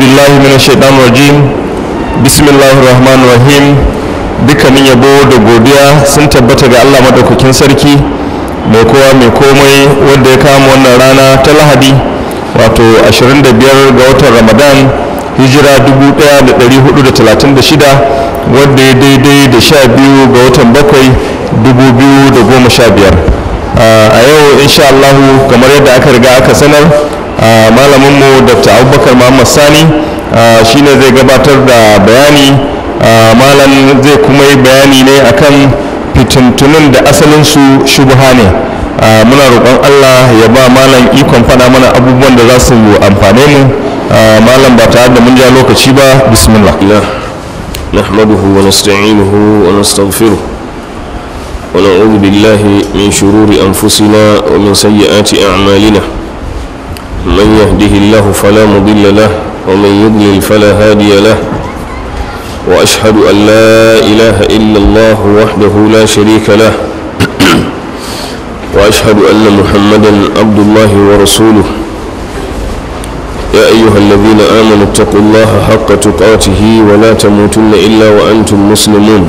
بالله من الشيطان الرجيم بسم الله الرحمن dukkanin yabo da godiya sun tabbata ga allah madaukakin sarki mai kowa mai komai wanda ya kama wannan rana ta lahadi wato 25 ga watan ramadan hijira 1436 wadda ya daidai da 12 ga watan bakwai 2015 ah, a yau insha kamar yadda aka riga aka sanar malaminmu dr abubakar muhammad sani shine zai gabatar da bayani malam zai kuma yi bayani ne akan fitintunin da asalinsu shubha ne muna roƙon allah ya ba malam ikon fada mana abubuwan da za su amfane mu malam ba tare da mun ja lokaci ba bismillah ونعوذ بالله من شرور أنفسنا ومن سيئات أعمالنا من يهده الله فلا مضل له ومن يضلل فلا هادي له وأشهد أن لا إله إلا الله وحده لا شريك له وأشهد أن محمدا عبد الله ورسوله يا أيها الذين آمنوا اتقوا الله حق تقاته ولا تموتن إلا وأنتم مسلمون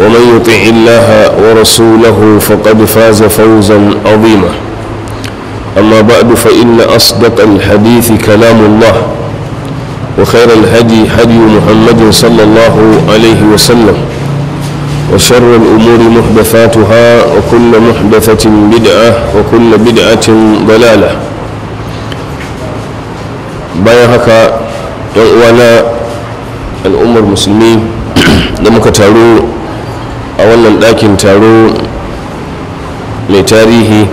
ومن يطع الله ورسوله فقد فاز فوزا عظيما أما بعد فإن أصدق الحديث كلام الله وخير الهدي هدي محمد صلى الله عليه وسلم وشر الأمور محدثاتها وكل محدثة بدعة وكل بدعة ضلالة بيهك يؤونا الأمة المسلمين لما لمكتروا a wannan ɗakin taro mai tarihi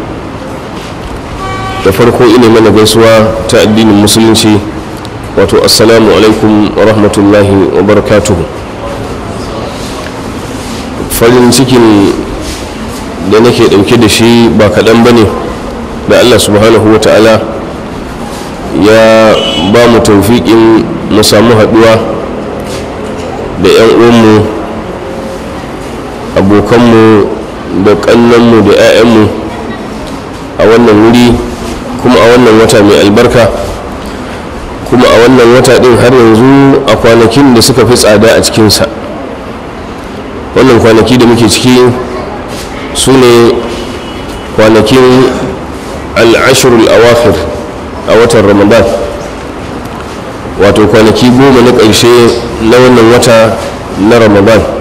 da farko ina mana gaisuwa ta addinin musulunci wato assalamu alaikum wa rahmatullahi wa barakatuhu farin cikin da nake ɗauke da shi ba kaɗan ba ne da allah subhanahu wa ta'ala ya ba mu taufiƙin mu samu haɗuwa da 'yan uwanmu abokanmu da ƙannanmu da 'ya'yanmu a wannan wuri kuma a wannan wata mai albarka kuma a wannan wata ɗin har yanzu a kwanakin da suka fi tsada a cikinsa wannan kwanaki da muke ciki su ne kwanakin al'ashirul awakir a watan ramadan wato kwanaki goma na ƙarshe na wannan wata na ramadan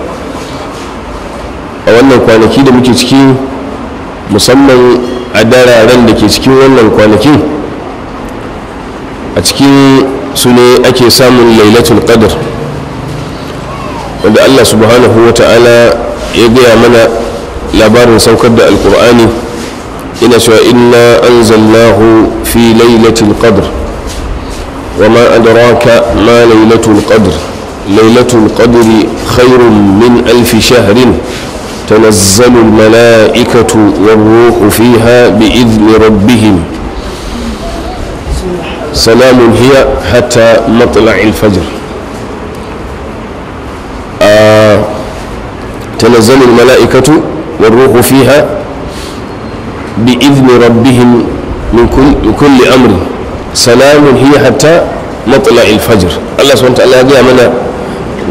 wannan kwanaki da muke ciki musamman a dararen da ke cikin wannan kwanaki a cikin su ne ake samun lailatul qadr wanda allah subhanahu wa ta'ala ya gaya mana labarin saukar da alkur'ani ina cewa inna anzalnahu fi lailatul qadr wa ma adraka ma lailatul qadr lailatul qadri khairun min alfi shahrin تنزل الملائكة والروح فيها بإذن ربهم سلام هي حتى مطلع الفجر آه تنزل الملائكة والروح فيها بإذن ربهم من كل, كل أمر سلام هي حتى مطلع الفجر الله سبحانه وتعالى قال لنا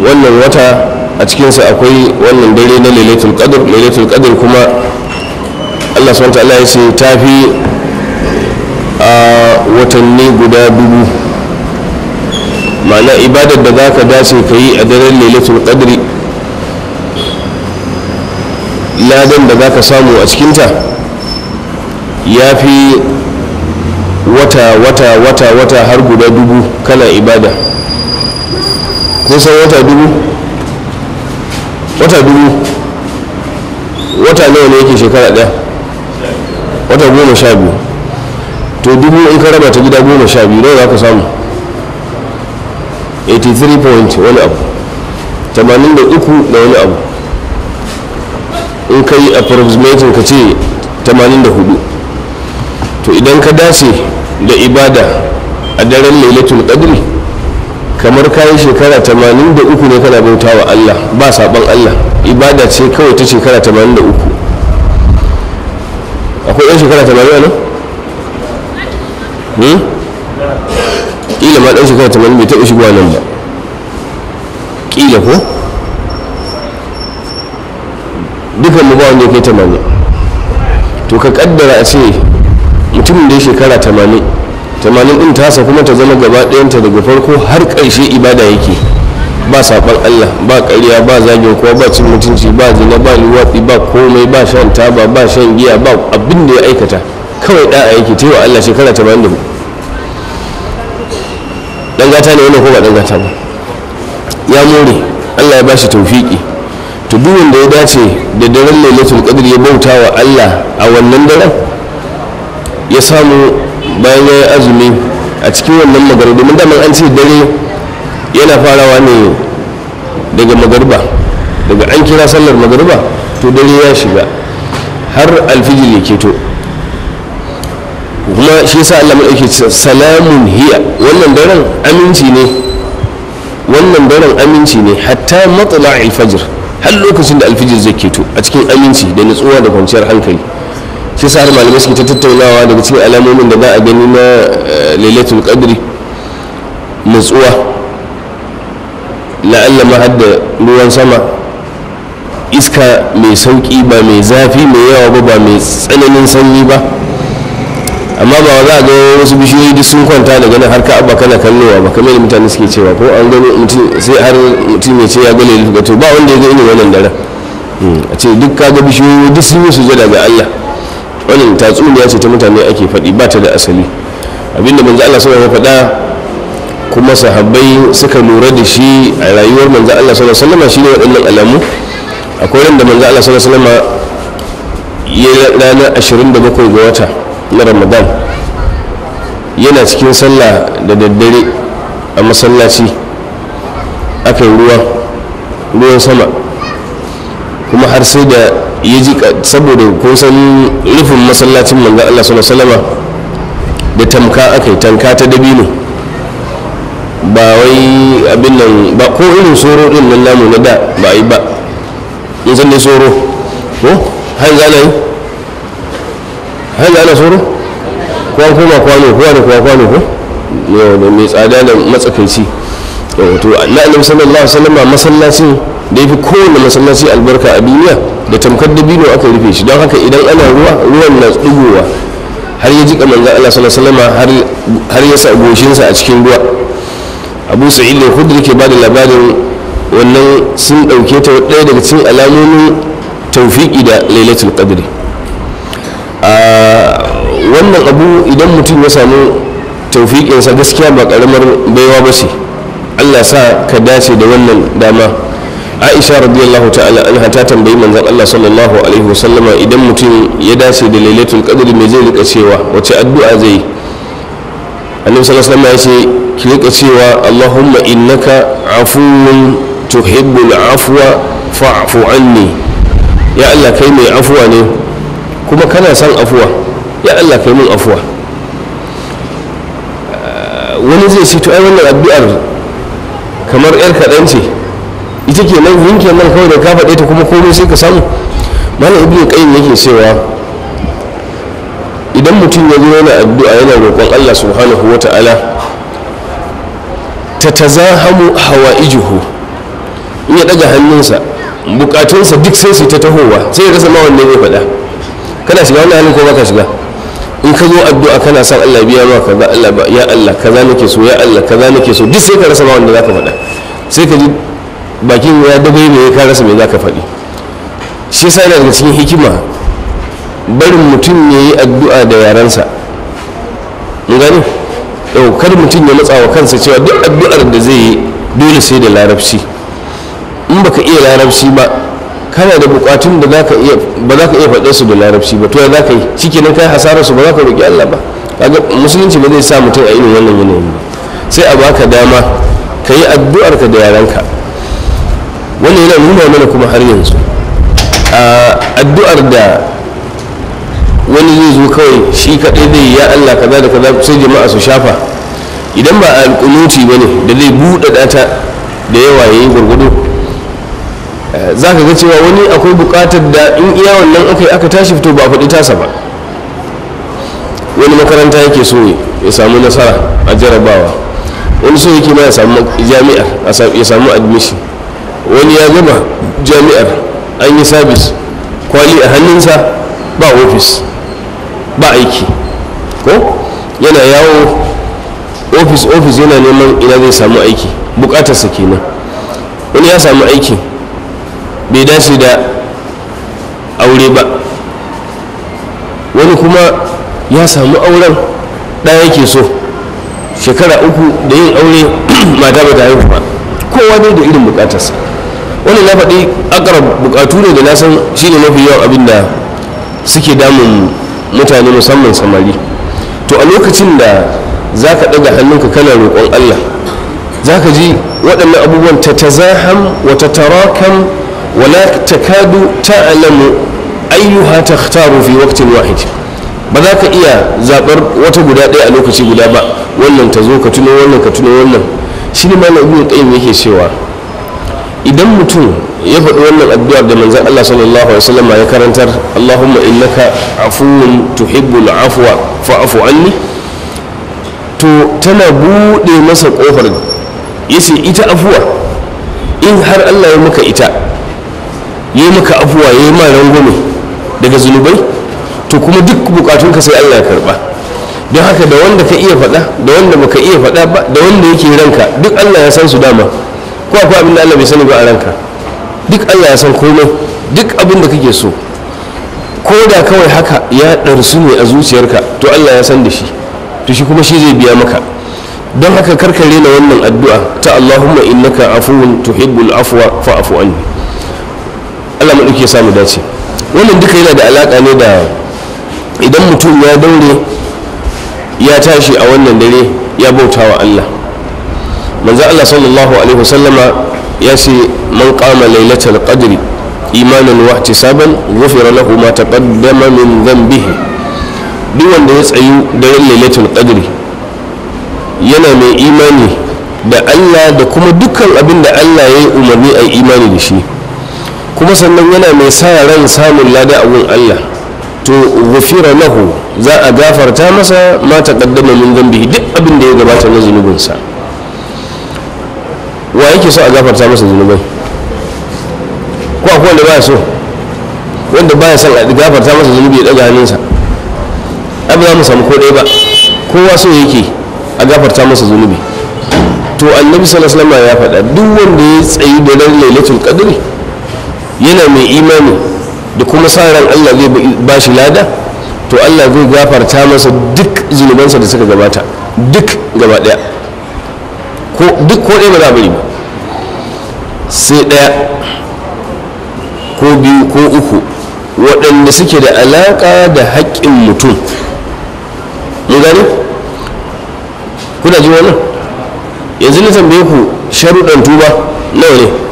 وأن الوتى a cikinsa akwai wannan dare na lailatul qadr lailatul qadr kuma Allah subhanahu ta'ala ya ce ta fi a watanni guda dubu ma'ana ibadar da za ka dace ka yi a daren lailatul qadr ladan da za ka samu a cikinta ya fi wata wata wata wata har guda dubu kana ibada san wata dubu wata dubu wata nawa ne yake shekara ɗaya wata goma sha biyu to dubu in ka raba ta gida goma sha biyu nawa za ka samu 83 point wani abu 83 da wani abu in ka yi approximation ka ce 84 to idan ka dace da ibada a daren lailatul qadri kamar kayi shekara 83 ne kana bauta wa Allah ba sabon Allah ibada ce kawai ta shekara 83 akwai ɗan shekara 80 ne? ne? ƙila ma ɗan shekara 80 bai taɓa shigowa nan ba ƙila ko? dukkan mu ba wanda ya kai 80 to ka ƙaddara a ce mutumin da ya shekara 80 tamanin din tasa kuma ta zama gaba ɗayanta daga farko har ƙarshe ibada yake ba saɓar allah ba ƙarya ba zagin kuwa ba cin mutunci ba zina ba liwaɗi ba komai ba shan taba ba shan giya ba abin da ya aikata kawai ɗa'a yake ta yi wa allah shekara tamanin da mu. ne wani ko ba ba ya more allah ya ba shi taufiƙi to duk wanda ya dace da daren lailatul qadr ya bauta wa Allah a wannan daren ya samu bayan ya yi azumi a cikin wannan magariba domin daman an ce dare yana farawa ne daga magariba daga an kira sallar magariba to dare ya shiga har alfijir ya keto kuma shi yasa Allah mai ce salamun hiya wannan daren aminci ne wannan daren aminci ne hatta matsala alfajir har lokacin da alfijir zai keto a cikin aminci da nutsuwa da kwanciyar hankali shi sa malamai suke ta tattaunawa daga cikin alamomin da za a gani na eh, lailatul qadri nutsuwa la'alla ma hadda ruwan sama iska mai sauki ba mai zafi mai yawa ba ba mai tsananin sanyi ba amma ba za a ga wasu bishiyoyi duk sun kwanta daga nan har ka abba kana kallowa ba kamar mutane suke cewa ko an gani mutum sai har mutum ya ce ya ga lailatul qadri ba wanda ya ga irin wannan daren hmm, a ce duk kaga bishiyoyi duk sun yi sujada ga Allah wannan tatsuniya ce ta mutane ake faɗi ba ta da asali abinda manzo Allah sallallahu alaihi faɗa kuma sahabbai suka lura da shi a rayuwar manzo Allah sallallahu alaihi wasallam shine waɗannan alamu akwai ran da manzo Allah sallallahu alaihi wasallam ya ranar 27 ga wata na Ramadan yana cikin sallah da daddare a masallaci aka yi ruwa ruwan sama kuma har sai da ya ji saboda kusan rufin masallacin manzan Allah sallallahu salama da tamka aka yi tamka ta dabino ba wai abin nan ba ko irin soro din nan namu na da ba a yi ba in san dai soro ko har zana yi har zana soro ko an koma kwano ko da kwano ko mai tsada da matsakaici to na annabi sallallahu alaihi wasallam masallacin da yafi kowane masallaci albarka a duniya da tamkar dabino aka rufe shi don haka idan ana ruwa ruwan na tsugowa har ya jika manzan Allah sallallahu alaihi har ya sa goshinsa a cikin ruwa Abu Sa'id da khudri ke da labarin wannan sun dauke ta ɗaya daga cikin alamomin tawfiki da lailatul qadri wannan abu idan mutum ya samu tawfikinsa gaskiya ba karamar baiwa ba su. Allah sa ka dace da wannan dama aisha radiyallahu ta'ala anha ta tambayi manzon Allah sallallahu alaihi wasallama idan mutum ya dace da lailatul qadri me zai rika cewa wace addu'a zai annabi sallallahu alaihi wasallama ya ce ki rika cewa Allahumma innaka afuwun tuhibbul afwa fa'fu anni ya Allah kai mai afuwa ne kuma kana son afuwa ya Allah kai min afuwa wani zai ce to ai wannan addu'ar kamar yar kaɗan ce ita ke nan yanke nan kawai da ka faɗe ta kuma komai sai ka samu mana ibn qayyim yake cewa idan mutum ya zo yana addu'a yana roƙon Allah subhanahu wa ta'ala ta tazahamu hawa'ijuhu in ya daga hannunsa bukatunsa duk sai su ta tahowa sai ya rasa ma wanda ya faɗa kana shiga wannan halin ko baka shiga in ka zo addu'a kana son Allah biya ma kaza Allah ya Allah kaza nake so ya Allah kaza nake so duk sai ka rasa ma wanda zaka faɗa sai ka ji bakin ya dabai mai ka rasa mai za ka faɗi shi sai yana daga cikin hikima barin mutum ya yi addu'a da yarensa mun gani yau kar mutum ya matsawa kansa cewa duk addu'ar da zai yi dole sai da larabci in baka iya larabci ba kana da bukatun da ba za ka iya faɗe su da larabci ba to ya za ka yi nan kai hasarar su ba za ka roƙi Allah ba kaga musulunci ba zai sa mutum a irin wannan yanayin ba sai a baka dama ka yi addu'arka da yaranka wanda yana nuna mana kuma har yanzu addu'ar da wani zai zo kawai shi kaɗai dai ya allah kaza da kaza sai jama'a su shafa idan ba alƙunuti ba ne da zai buɗe ɗata da yawa ya yi gwargwado za ka ga cewa wani akwai buƙatar da in iya wannan aka yi aka tashi fito ba a faɗi tasa ba wani makaranta yake so ya samu nasara a jarabawa wani so yake ma ya samu jami'ar ya samu admission wani ya gama jami'ar an yi sabis kwali a hannunsa ba ofis ba aiki ko yana yawo ofis ofis yana neman ina zai samu aiki bukatarsa kenan wani ya samu aiki bai dace da aure ba wani kuma ya samu auren ɗaya yake so shekara uku da yin aure mata ba ta haihu ba kowa ne da irin bukatarsa wani na faɗi akara bukatu ne da na san shi ne mafi yawan abin da suke damun mutane musamman samari to a lokacin da za ka ɗaga hannunka kana roƙon allah za ka ji waɗannan abubuwan ta tazaham wa ta tarakam wa la takadu alamu ayyuha ta fi waqtin wahid ba za ka iya zaɓar wata guda ɗaya a lokaci guda ba wannan ta zo ka tuno wannan ka tuno wannan shi ne malam ibn qayyim yake cewa idan mutum ya faɗi wannan addu'ar da manzon Allah sallallahu alaihi wasallam ya karantar Allahumma innaka afuwun tuhibbul afwa fa'fu anni to tana bude masa kofar yace ita afuwa in har Allah ya maka ita ya maka afuwa ya ma rangwame daga zunubai to kuma duk bukatunka sai allah ya karba don haka da wanda ka iya faɗa da wanda baka iya faɗa ba da wanda yake ranka duk allah ya san su dama ko akwai abin da allah bai sani ba a ranka duk allah ya san komai duk abin da kake so ko da kawai haka ya ɗarsu ne a zuciyarka to allah ya san da shi to shi kuma shi zai biya maka don haka karkare na wannan addu'a ta allahumma innaka afuwun tuhibbul afwa afu anni allah mu dace wannan duka yana da alaka ne da idan mutum ya daure ya tashi a wannan dare ya bauta wa allah manzo allah sallallahu alaihi wasallama ya ce man kama lailatul qadri imanin wa ihtisaban ghufira lahu ma taqaddama min dhanbihi duk wanda ya tsayu yin lailatul qadri yana mai imani da Allah da kuma dukkan abin da Allah ya yi umarni a imani da shi kuma sannan yana mai sa ran samun lada a gun Allah to gufira lahu za a gafarta masa ma kaddama min zambi duk abin da ya gabata na zunubinsa wa yake so a gafarta masa zunubai ko akwai wanda baya so wanda baya son a gafarta masa zunubi ya daga hannunsa abin za mu samu ko ɗaya ba kowa so yake a gafarta masa zunubi to annabi sallallahu alaihi wasallam ya faɗa duk wanda ya tsayi da ran lailatul qadri yana mai imani da kuma sa ran Allah zai ba shi lada to Allah zai gafarta masa duk zunubansa da suka gabata duk gaba daya duk ko ɗaya ba za bari ba sai ɗaya ko biyu ko uku waɗanda suke da alaƙa da haƙƙin mutum mun gani kuna ji wannan yanzu na tambaye ku sharuɗan tuba nawa ne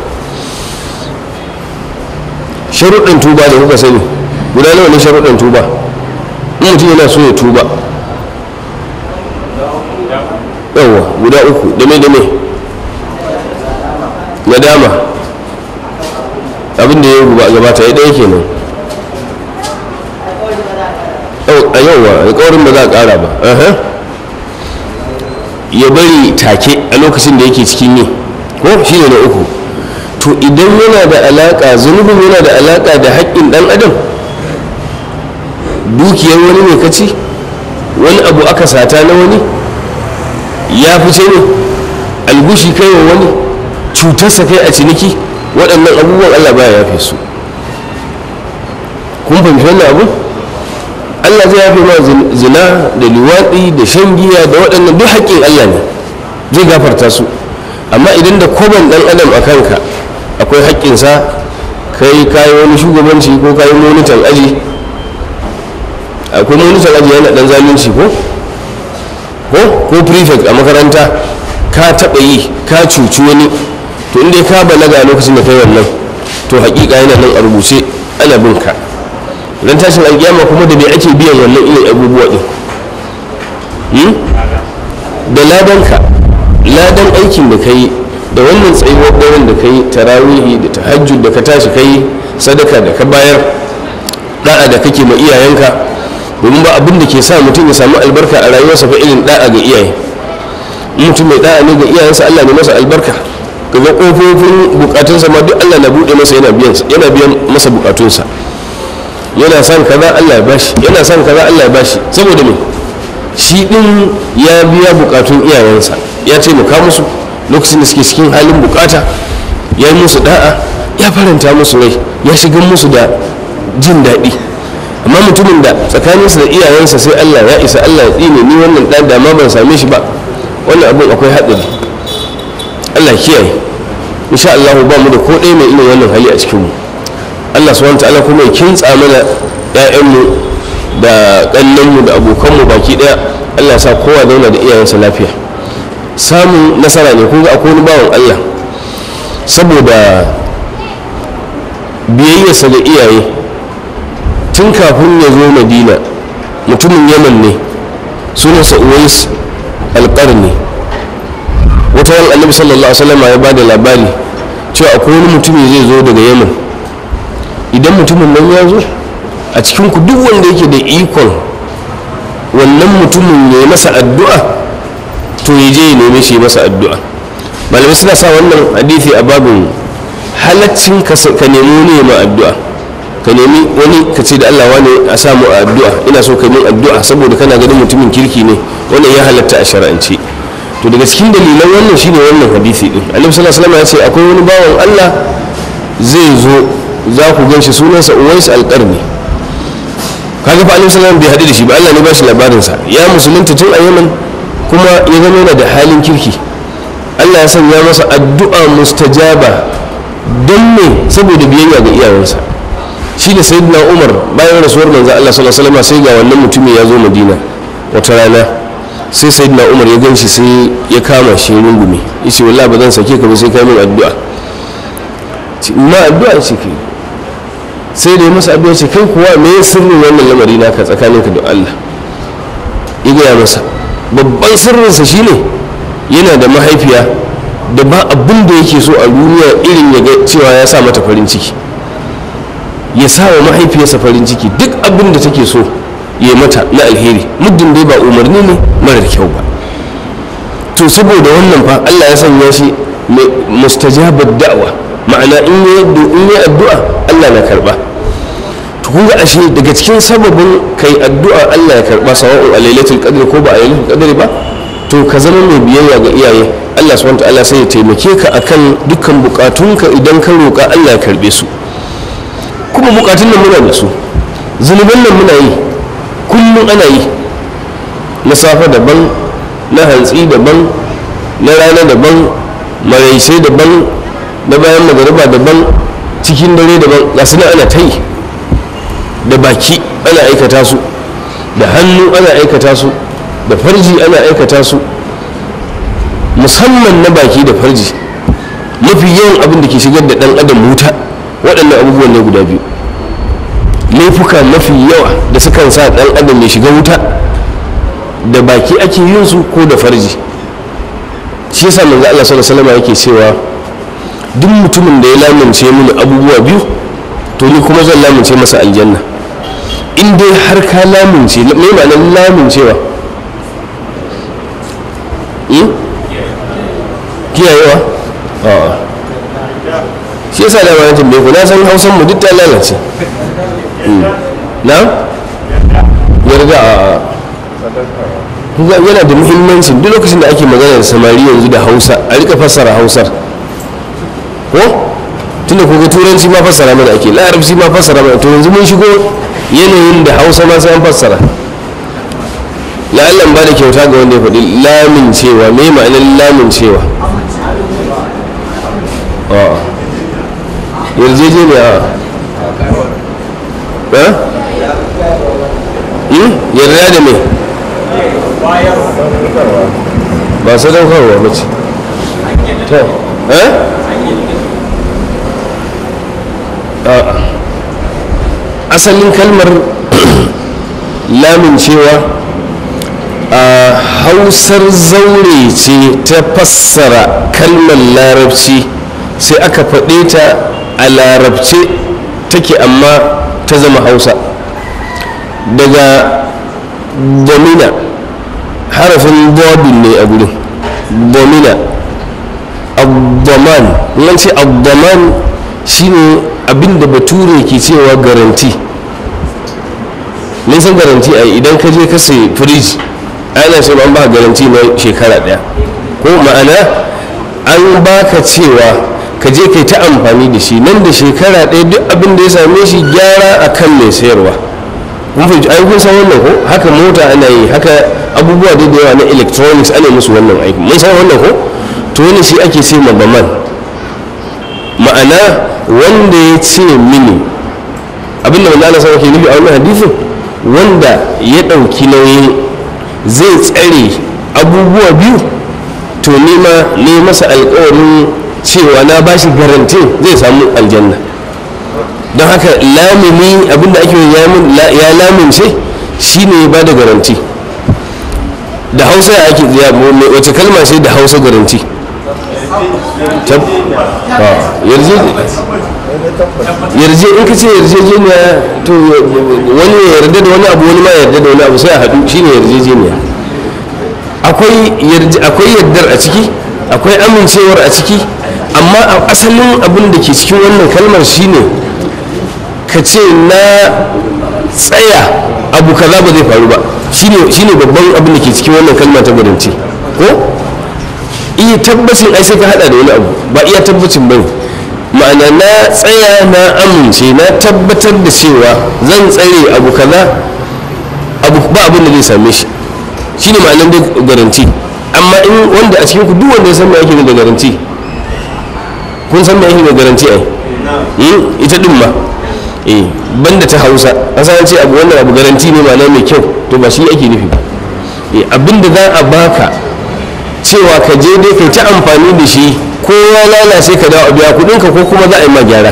sharuɗin tuba da kuka sani guda nawa ne sharuɗin tuba in mutum yana so ya tuba yawa guda uku dame dame nadama dama abinda ya gabata ya ɗaya kenan a yawa alkawarin ba za a ƙara ba ya bari take a lokacin da yake cikin ne ko shi ne na uku to idan yana da alaƙa zunubin yana da alaƙa da haƙƙin ɗan adam dukiyar wani ne kaci wani abu aka sata na wani ya fice ne algushi kai wa wani cutarsa kai a ciniki waɗannan abubuwan allah baya yafe su kun fahimci wannan abu allah zai yafe ma zina da liwaɗi da shan giya da waɗannan duk haƙƙin allah ne zai gafarta su amma idan da koban ɗan adam a kanka akwai haƙƙinsa kai kayi wani shugabanci ko kayi monitan aji akwai monitan aji yana ɗan zalunci ko ko prefect a makaranta ka taɓa yi ka cuci wani to inda ka balaga a lokacin da kai wannan to haƙiƙa yana nan a rubuce ana bin ka don tashin alƙiyama kuma da me ake biyan wannan irin abubuwa ɗin hmm? da ladanka ladan aikin da ka yi da wannan tsayuwar daren da ka yi tarawihi da tahajjud da ka tashi ka yi sadaka da ka bayar da'a da kake ma iyayenka domin ba abin da ke sa mutum ya samu albarka a rayuwarsa fa irin da'a ga iyaye mutum mai da'a ne ga iyayensa Allah ne masa albarka kaga kofofin bukatunsa ma duk Allah na bude masa yana biyan yana biyan masa bukatunsa yana san kaza Allah ya bashi yana san kaza Allah ya bashi saboda me shi din ya biya bukatun iyayensa ya ce mu ka musu lokacin da suke cikin halin bukata ya yi musu da'a ya faranta musu rai ya shiga musu da jin daɗi amma mutumin da tsakaninsa da iyayensa sai allah ya isa allah ya tsine ni wannan ɗan da ban same shi ba wannan abin akwai haɗari allah kiyaye insha allah ba mu da ko ɗaya mai irin wannan hali a cikinmu allah subhanahu ta'ala kuma ya kintsa mana 'ya'yanmu da ƙannenmu da abokanmu baki ɗaya allah ya sa kowa zauna da iyayensa lafiya samun nasara ne kuma akwai wani bawan allah saboda biyayyarsa da iyaye tun kafin ya zo madina mutumin yaman ne sunansa uwais alƙarni wata ran annabi sallallahu alaihi ya ba da labari cewa akwai wani mutumi zai zo daga yaman idan mutumin nan ya zo a cikin ku duk wanda yake da ikon wannan mutumin ya masa addu'a to ya je ya shi masa addu'a malamai suna sa wannan hadisi a babin halaccin ka nemi wani ya ma addu'a ka nemi wani ka ce da Allah wani a samu a addu'a ina so ka min addu'a saboda kana ganin mutumin kirki ne wannan ya halatta a shari'ance to daga cikin dalilan wannan shine wannan hadisi din annabi sallallahu ya ce akwai wani bawan Allah zai zo za ku ganshi sunansa Uwais al-Qarni kaga fa annabi sallallahu bai hadu da shi ba Allah ne ba shi labarinsa sa ya musulunta tun a Yemen kuma ya zama yana da halin kirki allah ya sanya masa addu'a mustajaba don me saboda biyayya ga iyayensa shi da sayyidina umar bayan rasuwar manzo allah sallallahu alaihi sai ga wannan mutumin ya zo madina wata rana sai sayyidina umar ya ganshi sai ya kama shi rungume yace wallahi ba zan sake ka ba sai ka min addu'a ma addu'a ce ke sai da ya masa addu'a ce kai kuwa me sirrin wannan lamari naka tsakaninka da allah ya gaya masa babban sirrinsa shine yana da mahaifiya da ba abin da yake so a duniya irin ya ga cewa ya sa mata farin ciki ya sa wa mahaifiyarsa farin ciki duk abin da take so ya mata na alheri muddin dai ba umarni ne marar kyau ba to saboda wannan fa Allah ya sanya shi mustajabar da'awa ma'ana in yi addu'a Allah na karba kun ga ashe daga cikin sababin ka yi addu'a Allah ya karba sawa’o a lailatul qadri ko ba a yi qadri ba to ka zama mai biyayya ga iyaye Allah wanta allah sai ya taimake ka akan dukkan bukatunka idan ka roƙa Allah ya karbe su kuma bukatun nan muna da su zunuban nan muna yi kullum ana yi na safa daban na hantsi daban na rana daban maraisai daban na bayan magariba daban cikin dare daban ga ana ta yi da baki ana aikata su da hannu ana aikata su da farji ana aikata su musamman na baki da farji mafi yawan abin da ke shigar da ɗan adam wuta waɗannan abubuwan ne guda biyu laifuka mafi yawa da sukan sa ɗan adam ya shiga wuta da baki ake yin su ko da farji shi yasa manzo Allah sallallahu alaihi yake cewa duk mutumin da ya lamince mini abubuwa biyu to ni kuma zan lamince masa aljanna in dai har ka lamunce mai ma'anar yi hmm? kiyayewa a shi yasa da ma'anar tambaye ku na san hausan mu duk ta lalace hmm. na yarda a yana da muhimmanci duk lokacin da ake magana da samari yanzu da hausa a rika fassara hausar ko tunda kuka turanci ma fassara mana ake larabci ma fassara mana to yanzu mun shigo yanayin da hausa ma sai an fassara la'allan ba da kyauta ga wanda ya faɗi lamin cewa me ma'anar lamin cewa yarjejeniya a hmm? yarda da mai ba sadaukarwa mace ta eh asalin kalmar lamin cewa a hausar zaure ce ta fassara kalmar larabci sai aka faɗe ta a larabce take amma ta zama hausa daga domina harafin dobin ne a gudun domina abdoman nan ce abdoman shine abinda bature ke cewa garanti ne san garanti a idan ka je ka firiji ana so an ba garanti na shekara daya ko ma'ana an baka cewa ka je kai ta amfani da shi nan da shekara daya duk abin da ya same shi gyara a kan mai sayarwa mun fahimci kun san wannan ko haka mota ana yi haka abubuwa da yawa na electronics ana musu wannan aiki mun san wannan ko to wani shi ake ce ma baman ma'ana wanda ya ce mini abinda wanda ana sa wake nufi a wannan hadisin wanda ya ɗauki nauyin zai tsare abubuwa biyu to nema ne masa alkawarin cewa na bashi garantin zai samu aljanna don haka lamini abinda ake ya lamince shi ne ba da garanti da hausa ya ake wace kalma sai da hausa garanti ah, yarje in ka ce yarjejeniya to wani ya yarda da wani abu wani ma yarda da wani abu sai a haɗu shine yarjejeniya akwai yardar a ciki akwai amincewar a ciki amma a asalin abin da ke cikin wannan kalmar shine ka ce na tsaya abu kaza ba zai faru ba shine babban abin da ke cikin wannan kalma ta gudunci ko iya tabbacin ai sai ka hada da wani abu ba iya tabbacin bane ma'ana na tsaya na amince na tabbatar da cewa zan tsare abu kaza abu ba abin da zai same shi shine ma'anar da garanti amma in wanda a cikin ku duk wanda ya san me da garanti kun san me ake da garanti ai hmm? ita din ma eh banda ta Hausa an ce abu wannan abu garanti ne ma'ana mai kyau to ba shi ake nufi ba eh, abinda za a baka cewa ka je dai kai ta amfani da shi ko ya lalace ka dawo a biya kudin ka ko kuma za a yi ma gyara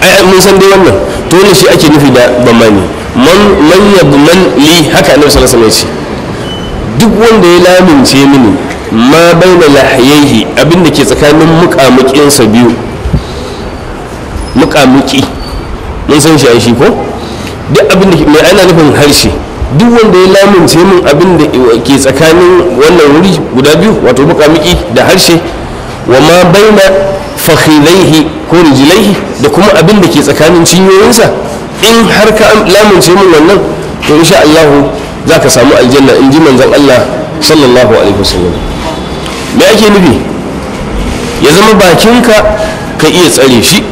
ai mun san dai wannan ne shi ake nufi da bamani man man yadman li haka annabi sallallahu alaihi wasallam duk wanda ya lamince mini ma baina lahiyaihi abinda ke tsakanin sa biyu Mukamuki mun san shi ai shi ko duk abinda mai ana nufin harshe duk wanda ya lamince min abin da ke tsakanin wannan wuri guda biyu wato mukamiki da harshe wa ma baina fakhidaihi ko rijlaihi da kuma abin da ke tsakanin cinyoyinsa in har ka lamince min wannan to insha Allah za ka samu aljanna in ji manzon Allah sallallahu alaihi wasallam me ake nufi ya zama bakinka ka iya tsare shi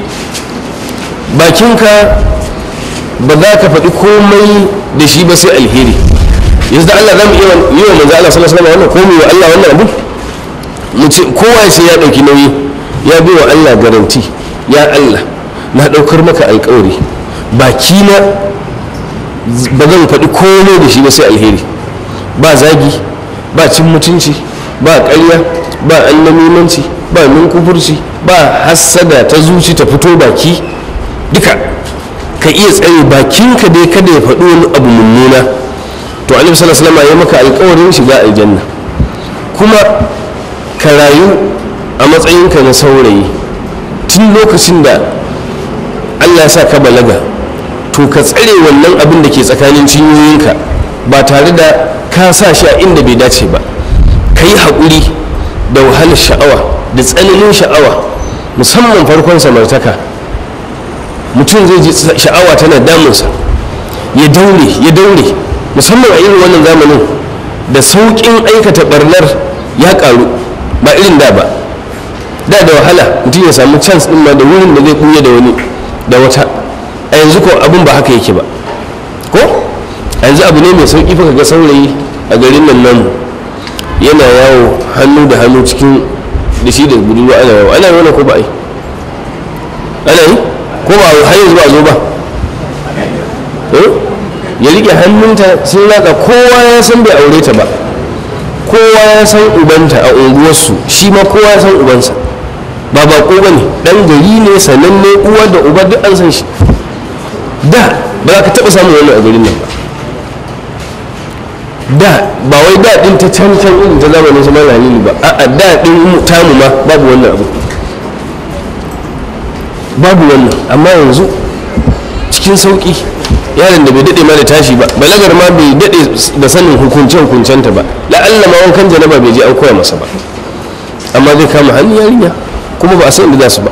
bakinka ba za ka faɗi komai da shi ba sai alheri yanzu da Allah za mu yi wa manzo Allah sallallahu alaihi wannan ko mu wa Allah wannan abu mu ce kowa sai ya ɗauki nauyi ya bi wa Allah garanti ya Allah na ɗaukar maka alƙawari baki na ba zan faɗi komai da shi ba sai alheri ba zagi ba cin mutunci ba ƙarya ba annamimanci ba ninkufurci ba hassada ta zuci ta fito baki duka ka iya tsare ka dai kada ya faɗi wani abu mummuna to alaihi sallallahu alaihi ya maka alƙawarin shiga aljanna kuma ka rayu a matsayinka na saurayi tun lokacin da allah ya sa ka balaga to ka tsare wannan abin da ke tsakanin cinyoyinka ba tare da ka sa shi a inda bai dace ba ka yi haƙuri da wahalar sha'awa da tsananin sha'awa musamman farkon samartaka mutum zai ji sha'awa tana damunsa ya daure ya daure musamman a irin wannan zamanin da sauƙin aikata barnar ya ƙaru ba irin da ba da da wahala mutum ya samu chance ɗin ma da wurin da zai kuye da wani da wata a yanzu ko abin ba haka yake ba ko a yanzu abu ne mai sauƙi fa ga saurayi a garin nan namu yana yawo hannu da hannu cikin da shi da budurwa ana yawo ana yawo ko ba ai ana yi ko ba har yanzu ba zo ba eh? ya rike hannunta sun laka kowa ya san bai aure ta ba kowa ya san ubanta a unguwarsu shi ma kowa ya san ubansa ba ba ba ne dan gari ne sananne uwa da uba duk an san shi da ba za ka taɓa samun wannan a garin nan ba da ba wai daɗin ta can can irin ta zamanin su malami ba a'a daɗin tamu ma babu wannan abu babu wannan amma yanzu cikin sauki yaron da bai daɗe ma da tashi ba balagar ma bai daɗe da sanin hukunce hukuncenta ba la'alla ma wankan janaba bai je an koya masa ba amma zai kama hannun yarinya kuma ba a san inda za su ba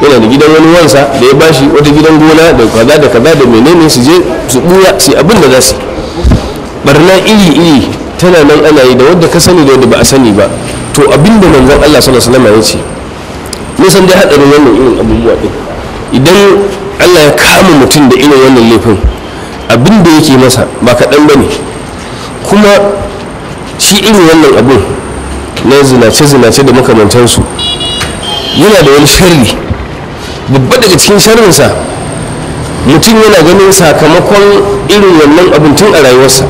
yana da gidan wani wansa da ya bashi wata gidan gona da kaza da kaza da menene su je su buya su abin da za su barna iri iri tana nan ana yi da wadda ka sani da wadda ba a sani ba to abin da manzon Allah sallallahu alaihi wasallam ya ce mun san dai haɗarin wannan irin abubuwa ɗin idan allah ya kama mutum da irin wannan laifin abin da yake masa ba kaɗan ba ne kuma shi irin wannan abin na zinace-zinace da makamantansu yana da wani sharri babba daga cikin sharrinsa mutum yana ganin sakamakon irin wannan abin tun a rayuwarsa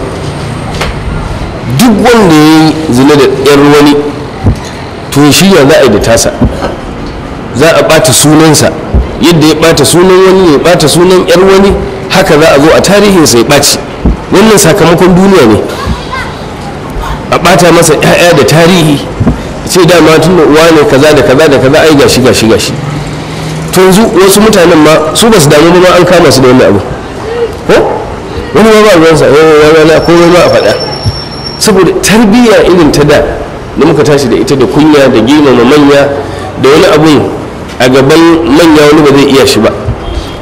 duk wanda ya yi zina da 'yar wani to shi ya za a yi da tasa za a ɓata sunansa yadda ya ɓata sunan wani ya ɓata sunan yar wani haka za a zo a tarihinsa ya ɓaci wannan sakamakon duniya ne a ɓata masa ƴaƴa da tarihi ce dama tun da uwa ne kaza da kaza da kaza ai gashi gashi gashi to yanzu wasu mutanen ma su ba su damu ba an kama su da wani abu ko wani ma ba ruwansa ko wani ma a faɗa saboda tarbiyya irin ta da da muka tashi da ita da kunya da girmama manya da wani abun a gaban manya wani ba zai iya shi ba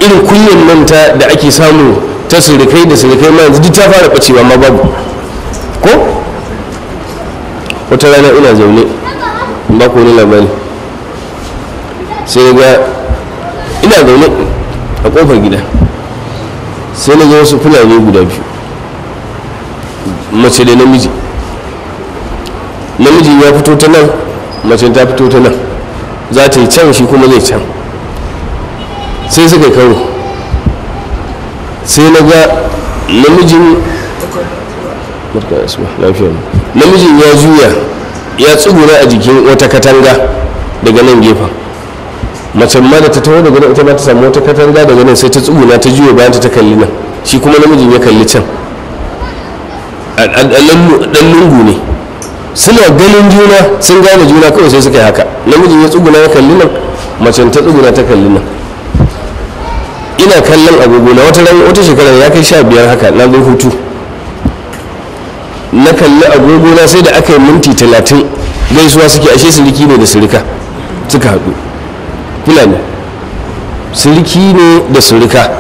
irin kunyan manta da ake samu ta surikai da surikai ma yanzu duk ta fara bacewa ma babu ko wata rana ina zaune ba ku wani labari sai ga ina zaune a kofar gida sai na ga wasu fulani guda biyu mace da namiji namiji ya fito ta nan mace ta fito ta nan za ta yi can shi kuma zai can sai suka karo sai na ga namijin namijin ya juya ya tsugura a jikin wata katanga daga nan gefen macen ma da ta taho daga nan ita ma ta samu wata katanga daga nan sai ta tsuguna ta juya bayan ta kalli nan shi kuma namijin ya kalli can a ɗan lungu ne suna ganin juna sun gane juna kawai sai suka yi haka namijin ya tsuguna ya kalli nan mace ta tsuguna ta kalli nan ina kallon agogo na wata ran wata shekara ya kai sha biyar haka na zo hutu na kalli agogo na sai da aka yi minti talatin gaisuwa suke ashe siriki ne da sirika suka haɗu fulani siriki ne da sirika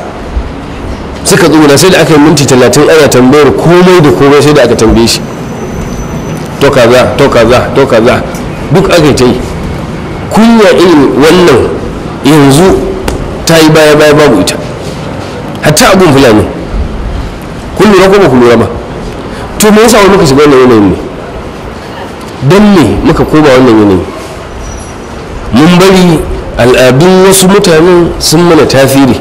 suka tsuguna sai da aka yi minti talatin ana tambayar komai da komai sai da aka tambaye shi to kaza to kaza to kaza duk aka ta yi kunya irin wannan yanzu ta yi baya baya babu ita hatta abin fulani kun lura ko ba ku lura ba to me yasa wani muka shiga wannan yanayin ne dan ne muka koma wannan yanayi mun bari al'adun wasu mutanen sun mana tasiri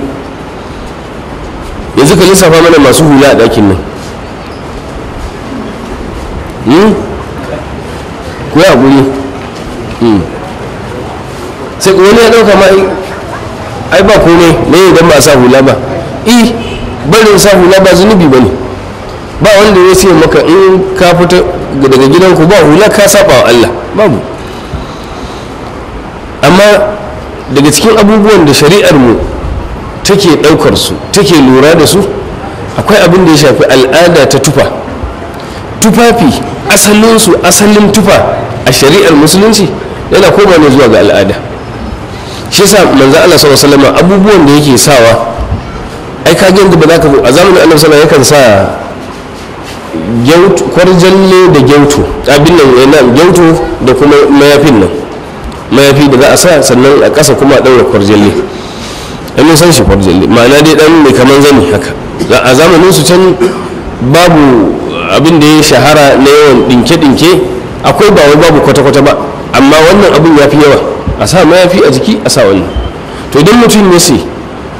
yanzu ka lissafa mana masu hula a ɗakin nan hmm? ku ya guri hmm. sai wani ya dauka ma ai ba komai ne idan ba sa hula ba i barin sa hula ba zunubi ba ne ba wanda ya siya maka in ka fita daga gidanku ba hula ka saba wa Allah babu amma daga cikin abubuwan da shari'ar mu take daukar su take lura da su akwai abin da ya shafi al'ada ta tufa tufafi asalin su asalin tufa a shari'ar musulunci yana koma ne zuwa ga al'ada shi sa manzo Allah sallallahu alaihi abubuwan da yake sawa ai ka ga yanda ba za ka a zamanin Allah sallallahu yakan sa gyautu kwarjalle da gyautu abin nan yana gyautu da kuma mayafin nan mayafi da za a sa sannan a ƙasa kuma a ɗaura kwarjalle an san shi kwarjalle ma'ana dai ɗan mai kaman zani haka a zamanin su can babu abin da ya shahara na yawan ɗinke-ɗinke akwai ba wai babu kwata-kwata ba amma wannan abin ya fi yawa a sa fi a jiki a sa wannan to idan mutum ya ce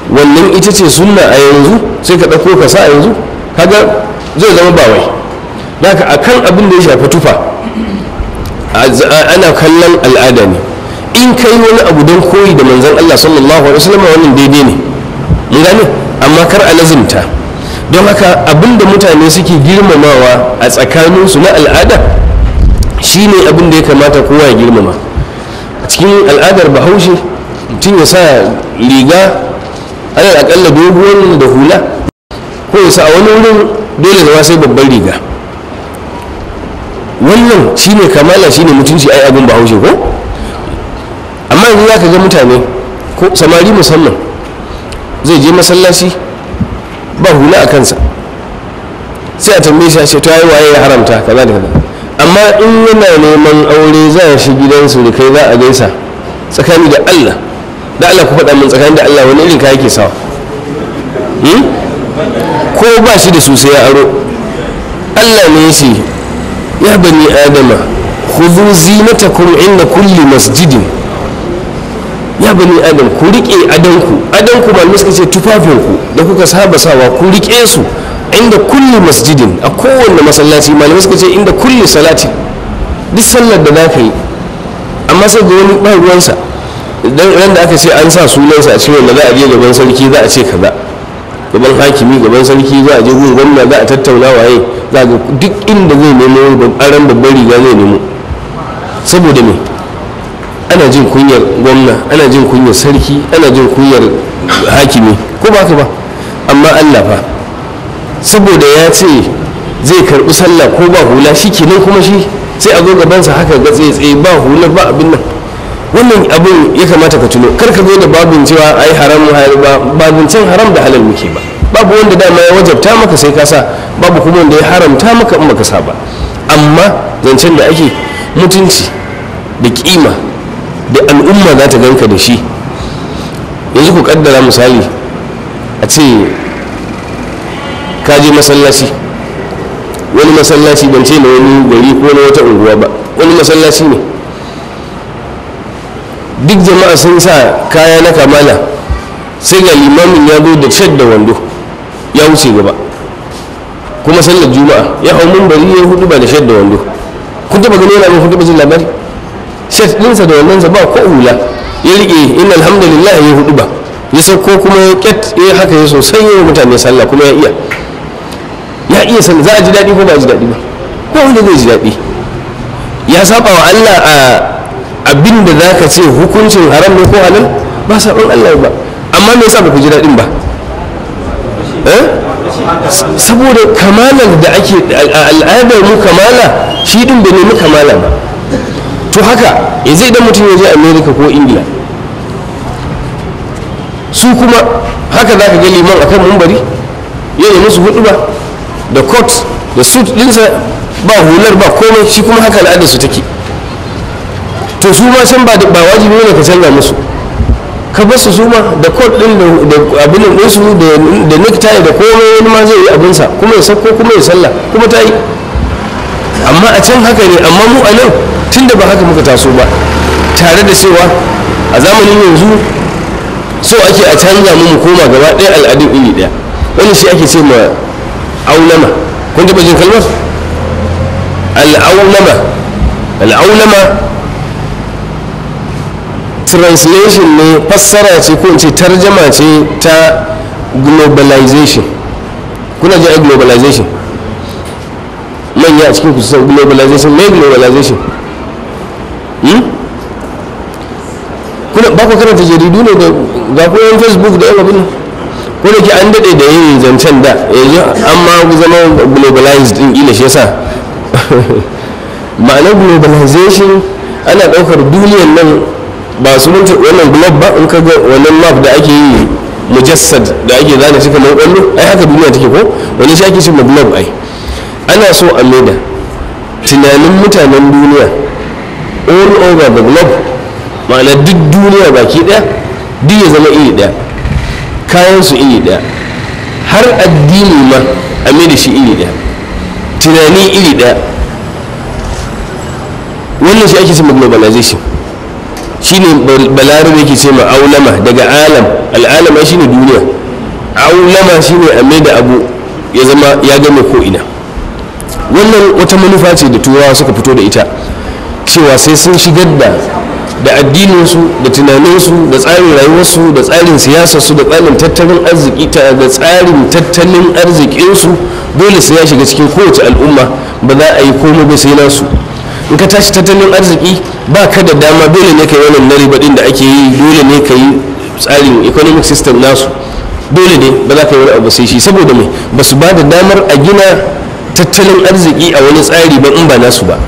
wannan ita ce sunna a yanzu sai ka ɗauko ka sa a yanzu kaga zai zama ba wai ka akan abin da ya shafi tufa ana kallon al'ada ne in ka yi wani abu don koyi da manzan Allah sallallahu alaihi wasallam wannan daidai ne mun gane amma kar a lazimta don haka abin da mutane suke girmamawa a tsakaninsu na al'ada shi ne abin da ya kamata kowa ya girmama cikin al'adar bahaushe mutum ya sa riga ana akalla doguwan da hula ko ya sa a wani wurin dole zama sai babban riga wannan shi ne kamala shi ne mutunci ai abin bahaushe ko amma yanzu za ka ga mutane ko samari musamman zai je masallaci ba hula a kansa sai a tambaye shi a ce ta yi waye ya haramta kaza da kaza amma in yana neman aure za a shi gidan kai za a gaisa tsakani da allah da allah ku faɗa min tsakani da allah wani irin ka ke sawa hmm? ko ba shi da sosai ya aro allah ne ce ya bani adama khudhu zinatakum inda kulli masjidin ya bani adam ku riƙe adanku adanku ba suka ce tufafinku da kuka saba sawa ku riƙe su inda kulli masjidin a kowanne masallaci malamai suka ce inda kulli salati duk sallar da za ka yi amma sai ga wani ba ruwansa don ran da aka ce an sa sunansa a cewa da za a je gaban sarki za a ce kaza gaban hakimi gaban sarki za a je gun gwamna za a tattauna waye za ga duk inda zai nemo aran babban riga zai nemo saboda me ana jin kunyar gwamna ana jin kunyar sarki ana jin kunyar hakimi ko ba ka ba amma Allah fa saboda ya ce zai karbi sallah ko ba hula shi kenan kuma shi sai a zo gabansa haka ga tsaye ba hular ba abin nan wannan abin ya kamata ka tuno kar ka zo da babin cewa ai haram ba babin cin haram da halal muke ba babu wanda dama ya wajabta maka sai ka sa babu kuma wanda ya haramta maka in baka sa ba amma zancen da ake mutunci da kima da al'umma za ta ganka da shi yanzu ku kaddara misali a ce ka je masallaci wani masallaci ban ce na wani gari ko na wata unguwa ba wani masallaci ne duk jama'a sun sa kaya na kamala sai ga limamin ya zo da shed da wando ya wuce gaba kuma sallar juma'a ya hau mun bari ya hudu ba da shed da wando kun taba gani yana mai hudu ba jin labari shed ɗinsa da wannansa ba ko hula ya riƙe in alhamdulillah ya hudu ba ya sauko kuma ya ƙet ya haka ya sosai ya mutane sallah kuma ya iya ya iya sallah za a ji daɗi ko ba a ji daɗi ba ko wanda zai ji daɗi ya saba wa Allah a abin da za ka ce hukuncin haram ne ko halal ba saɓon Allah ba amma me yasa ba ku ji daɗin ba eh? saboda kamalar da ake al'adar mu kamala shi din bai nemi kamala ba to haka yanzu idan mutum ya je america ko india su kuma haka za ka ga liman akan mumbari ya yi musu hudu ba da kot da suit dinsa ba hular ba komai shi kuma haka al'adar su take to su ma san ba wajibi ne ka canza musu ka ba su ma da court din da abin da su da necktie da komai wani ma zai yi abinsa kuma ya sako kuma ya sallah kuma ta yi amma a can haka ne amma mu a nan tunda ba haka muka taso ba tare da cewa a zamanin yanzu so ake a canza mu mu koma gaba ɗaya al'adun iri ɗaya wani shi ake ce ma al'aulama kun taba jin kalmar al'aulama al'aulama translation ne fassara ce ko ce tarjama ce ta globalization kuna ji a globalization manya a cikin kusa globalization mai globalization kuna ba ku karanta jaridu ne ga koyon facebook da yawa abin ko da ke an daɗe da yin zancen da yanzu an ma zama globalized din ila shi yasa ma'anar globalization ana ɗaukar duniyan nan ba su mutu wannan globe ba in ka ga wannan map da ake yi mujassad da ake zana shi kamar kwallo ai haka duniya take ko wani shi ake cewa globe ai ana so a maida tunanin mutanen duniya all over the globe ma'ana duk duniya baki ɗaya duk ya zama iri ɗaya kayan su iri daya har addini ma a mai da shi iri daya tunani iri daya wannan shi ake sama globalization ne balarin yake ce ma aulama daga alam al'alama ne duniya aulama ne a mai da abu ya zama ya gama ko'ina. wannan wata manufa ce da turawa suka fito da ita cewa sai sun shigar da da addininsu da tunaninsu da tsarin rayuwarsu da tsarin siyasarsu da tsarin tattalin arziki da tsarin tattalin arzikinsu dole sai ya shiga cikin kowace al'umma ba za a yi komo ba sai nasu in ka tashi tattalin arziki ba ka da dama dole ne ka yi wannan nari da ake yi dole ne ka yi tsarin economic system nasu dole ne ba za ka yi wani abu sai shi saboda mai ba su ba da damar a gina tattalin arziki a wani tsari ba in ba nasu ba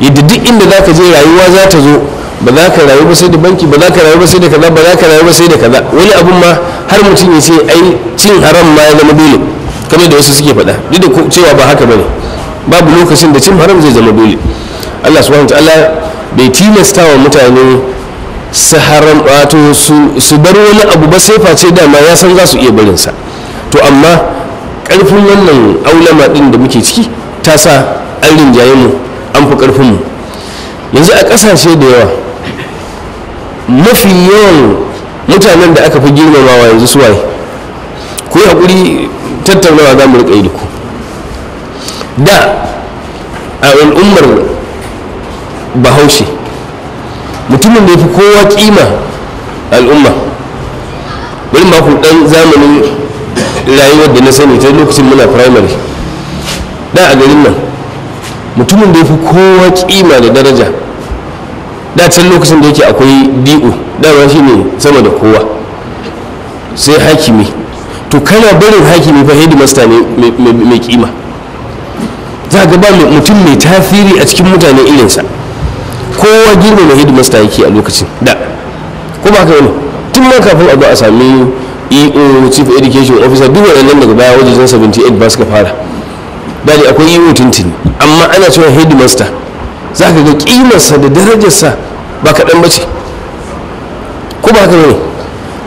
yadda duk inda za ka je rayuwa za ta zo ba za ka rayu ba sai da banki ba za ka rayu ba sai da kaza ba za ka rayu ba sai da kaza wani abun ma har mutum ya ce ai cin haram ma ya zama dole kamar da wasu suke faɗa duk da cewa ba haka bane babu lokacin da cin haram zai zama dole Allah subhanahu ta'ala bai tilasta wa mutane su haram wato su bar wani abu ba sai face dama ya san za su iya barin sa to amma karfin wannan aulama din da muke ciki ta sa an rinjaye mu an fi karfin mu yanzu a ƙasashe da yawa mafi yawan mutanen da aka fi girmamawa yanzu suwaye ku yi haƙuri tattaunawa za mu riƙa yi da ku da a al'ummar bahaushe mutumin da ya fi kowa kima al'umma bari ma ku ɗan zamanin rayuwar da na sani ta lokacin muna firamare da a garin nan mutumin da ya fi kowa kima da daraja da can lokacin da yake akwai di'u dama shi ne sama da kowa sai hakimi to kana barin hakimi fa masta ne mai kima za ga ba mutum mai tafiri a cikin mutane irinsa kowa girma mai masta yake a lokacin da ko ba ka yi tun ma kafin a a sami eo chief education officer duk waɗannan daga baya wajen 78 ba suka fara dali akwai eo tuntuni amma ana cewa masta za ka ga kimarsa da darajarsa ba kaɗan ba ce ko ba haka ne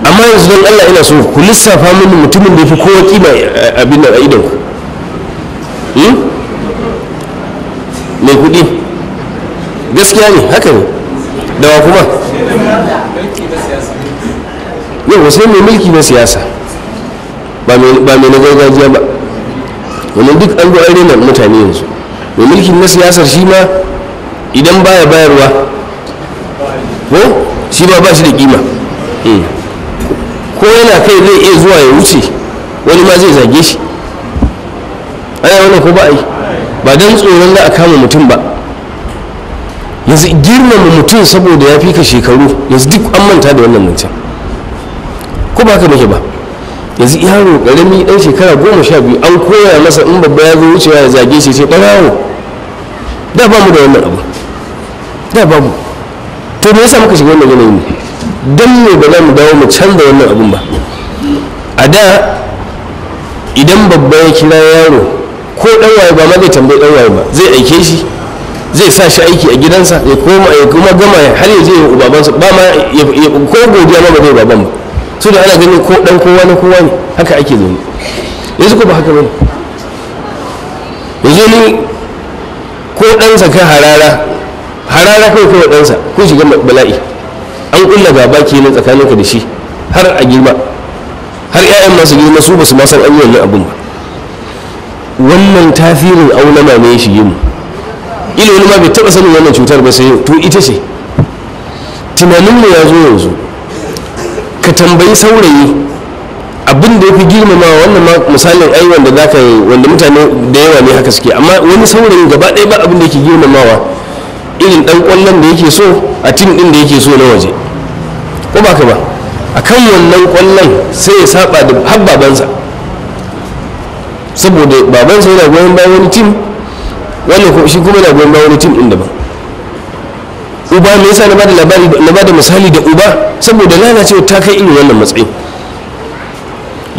amma yanzu don allah ina so ku lissafa mini mutumin da ya fi kowa kima abin nan a idon ku hmm? mai kuɗi gaskiya ne haka ne Da wa kuma yau sai mai mulki na siyasa ba mai na gargajiya ba wani duk an zo na mutane yanzu mai mulkin na siyasar shi ma idan baya bayarwa ko shi ma ba shi da kima hmm. ko yana kai zai iya zuwa ya wuce wani ma zai zage shi ana wani ko ba yi ba don tsoron za a kama mutum ba yanzu girmama mutum saboda ya fi ka shekaru yanzu duk an manta da wannan mutum ko ba ka muke ba yanzu yaro karami dan shekara goma sha biyu an koya masa in babba ya zo wucewa ya zage shi sai ɗan da ba mu da wannan abu da ba mu to eh, me yasa muka shiga wannan ne don me ba za mu dawo mu canza wannan abun ba a da idan babba ya kira yaro ko dan waye ba ma zai tambayi dan waye ba zai aike shi zai sa shi aiki a gidansa ya koma ya kuma gama har ya yi ya babansa ba ma ya ko godiya ma ba zai baban ba su da ana ganin ko dan kowa na kowa ne haka ake zaune yanzu ko ba haka bane yanzu ni ko dan saka harara harara kai kai ɗansa kun shiga bala'i an kulla gaba kenan tsakaninka da shi har a girma har 'ya'yan masu girma su ba su ma san an yi abin ba wannan tasirin ma ne ya shige mu ilo ma bai taɓa sanin wannan cutar ba sai to ita ce tunanin mu ya zo yanzu ka tambayi saurayi abin da ya fi girmamawa wannan ma misalin ai wanda zaka yi wanda mutane da yawa ne haka suke amma wani saurayi gaba ɗaya ba abin da yake girmamawa irin dan kwallon da yake so a tim din da yake so na waje ko ba ka ba a kan wannan kwallon sai ya saba da har babansa saboda babansa yana goyon bayan wani tim wani shi kuma yana goyon bayan wani tim din daban uba me yasa na bada labari na bada misali da uba saboda lalacewa ta kai irin wannan matsayi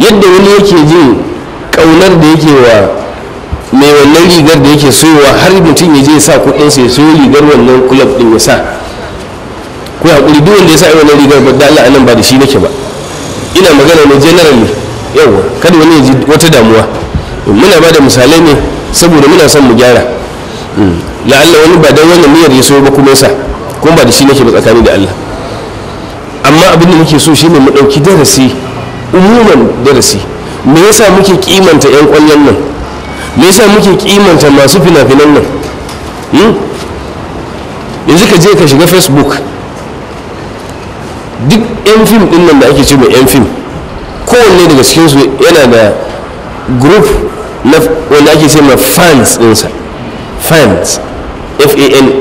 yadda wani yake jin kaunar da yake wa mai wannan rigar da yake soyowa har mutum ya je sa kudin ya so rigar wannan kulab ɗin ya sa ko hakuri duk wanda ya sa wannan rigar ba da Allah anan ba da shi nake ba ina magana ne ne yawa kada wani ya ji wata damuwa muna ba da misalai ne saboda muna son mu gyara hmm, Allah wani ba dan wannan niyyar ya so ba kuma ya sa kuma ba da shi nake ba tsakani da Allah amma abin da muke so shine mu ɗauki darasi umuman darasi me yasa muke kimanta 'yan kwallon nan me yasa muke kimanta masu fina-finan nan hmm? yanzu ka je ka shiga facebook duk yan fim din nan da ake ce mai yan fim kowanne daga cikinsu yana da group na wanda ake ce ma fans dinsa fans n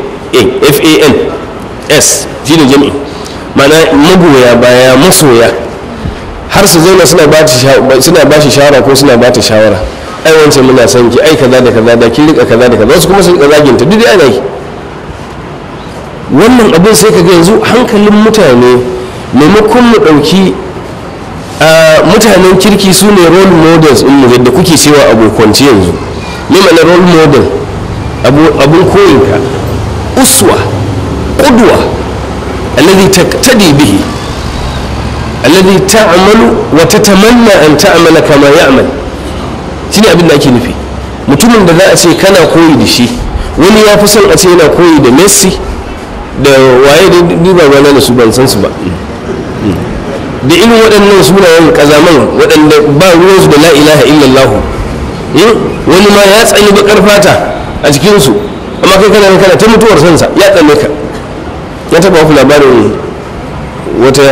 s shi da jami'i mana magoya baya masoya har su zauna suna ba shi shawara ko suna ba ta shawara ai wancan muna son ki ai kaza da kaza da ki rika kaza da kaza wasu kuma sun rika zagin ta duk ana yi wannan abin sai ka yanzu hankalin mutane maimakon mu ɗauki mutanen kirki su ne role models in mu yadda kuke cewa abokanci yanzu ne mana role model abun koyinka uswa kudwa alladhi taqtadi bihi alladhi ta'malu wa tatamanna an ta'mala kama ya'mal shine abin da ake nufi mutumin da za a ce kana koyi da shi wani ya fi son a ce yana koyi da messi da waye da duba ba da su ban san su ba da irin waɗannan sunayen kazaman waɗanda ba ruwansu da la ilaha illallahu hmm? wani ma ya tsani baƙar fata a jikinsu amma kai kana kana ta mutuwar sansa ya tsalle ka ya taɓa wafi labarin wata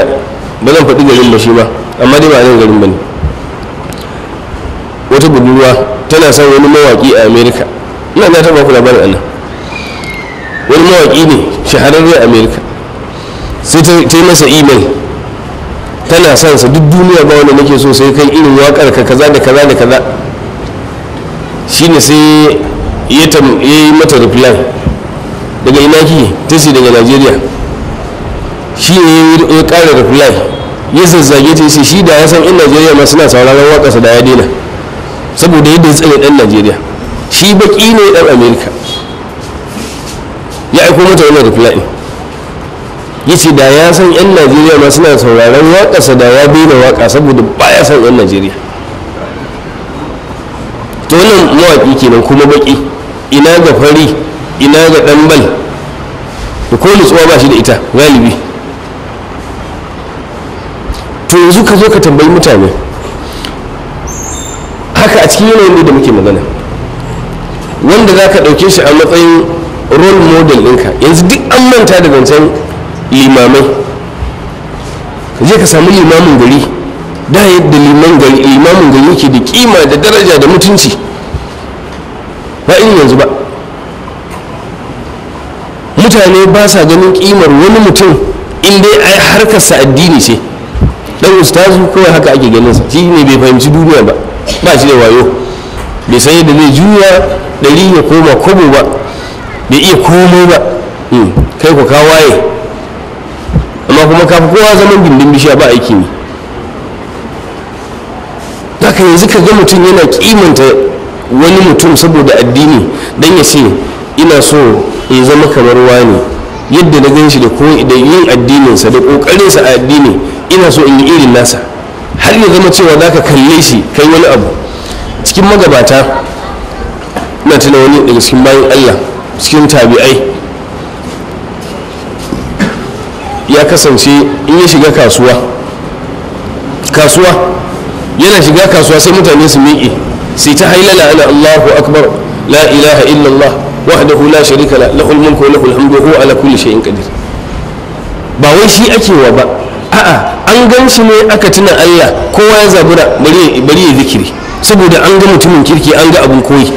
ba zan faɗi garin ba shi ba amma dai ba zan garin ba ne budurwa tana son wani mawaki a america ina za ta baku labarin ana wani mawaki ne shahararren america sai ta yi masa imel tana son sa duk duniya ba wanda nake so sai kai irin wakar ka kaza da kaza da kaza shine sai ya yi mata reply daga ina ki ta ce daga nigeria shi ne ya kare reply ya zazzage ta ce shi da ya san in nigeria ma suna sauraron wakarsa da ya daina saboda yadda ya tsaye dan najeriya shi baki ne dan amerika ya aiko mata wannan reply ya ce da ya san yan najeriya ma suna sauraron waƙarsa da ya daina waƙa saboda baya san yan najeriya to wannan mawaƙi kenan kuma baki ina ga fari ina ga ɗan da ko nutsuwa ba shi da ita galibi to yanzu ka zo ka tambayi mutane haka a cikin yanayin da muke magana wanda za ka ɗauke shi a matsayin role model ɗinka yanzu duk an manta da zancen limamai je ka samu limamin gari da yadda limamin gari yake da kima da daraja da mutunci ba in yanzu ba mutane ba sa ganin kimar wani mutum in dai a harkarsa addini ce dan ustazu kawai haka ake ganin sa shi ne bai fahimci duniya ba ba shi da wayo bai san yadda zai juya ɗari ya koma kobo ba bai iya komai ba hmm. kai ku kawaye amma kuma kafa kowa zaman gindin bishiya ba aiki ne haka yanzu ka ga mutum yana kimanta wani mutum saboda addini don ya ce ina so ya zama kamar wani yadda na gan shi da yin addininsa da ƙoƙarinsa a addini ina so in yi irin nasa har ya zama cewa za ka kalle shi kai wani abu cikin magabata na tuna wani daga cikin bayan allah cikin tabi'ai ya kasance in ya shiga kasuwa kasuwa yana shiga kasuwa sai mutane su miƙe sai ta hailala ana allahu akbar la ilaha illallah wahdahu la sharika la lahul mulku wa lahul hamdu huwa ala kulli shay'in qadir ba wai shi ake wa ba gan shi ne aka tuna Allah kowa ya zabura bari ya zikiri saboda an ga mutumin kirki an ga abin koyi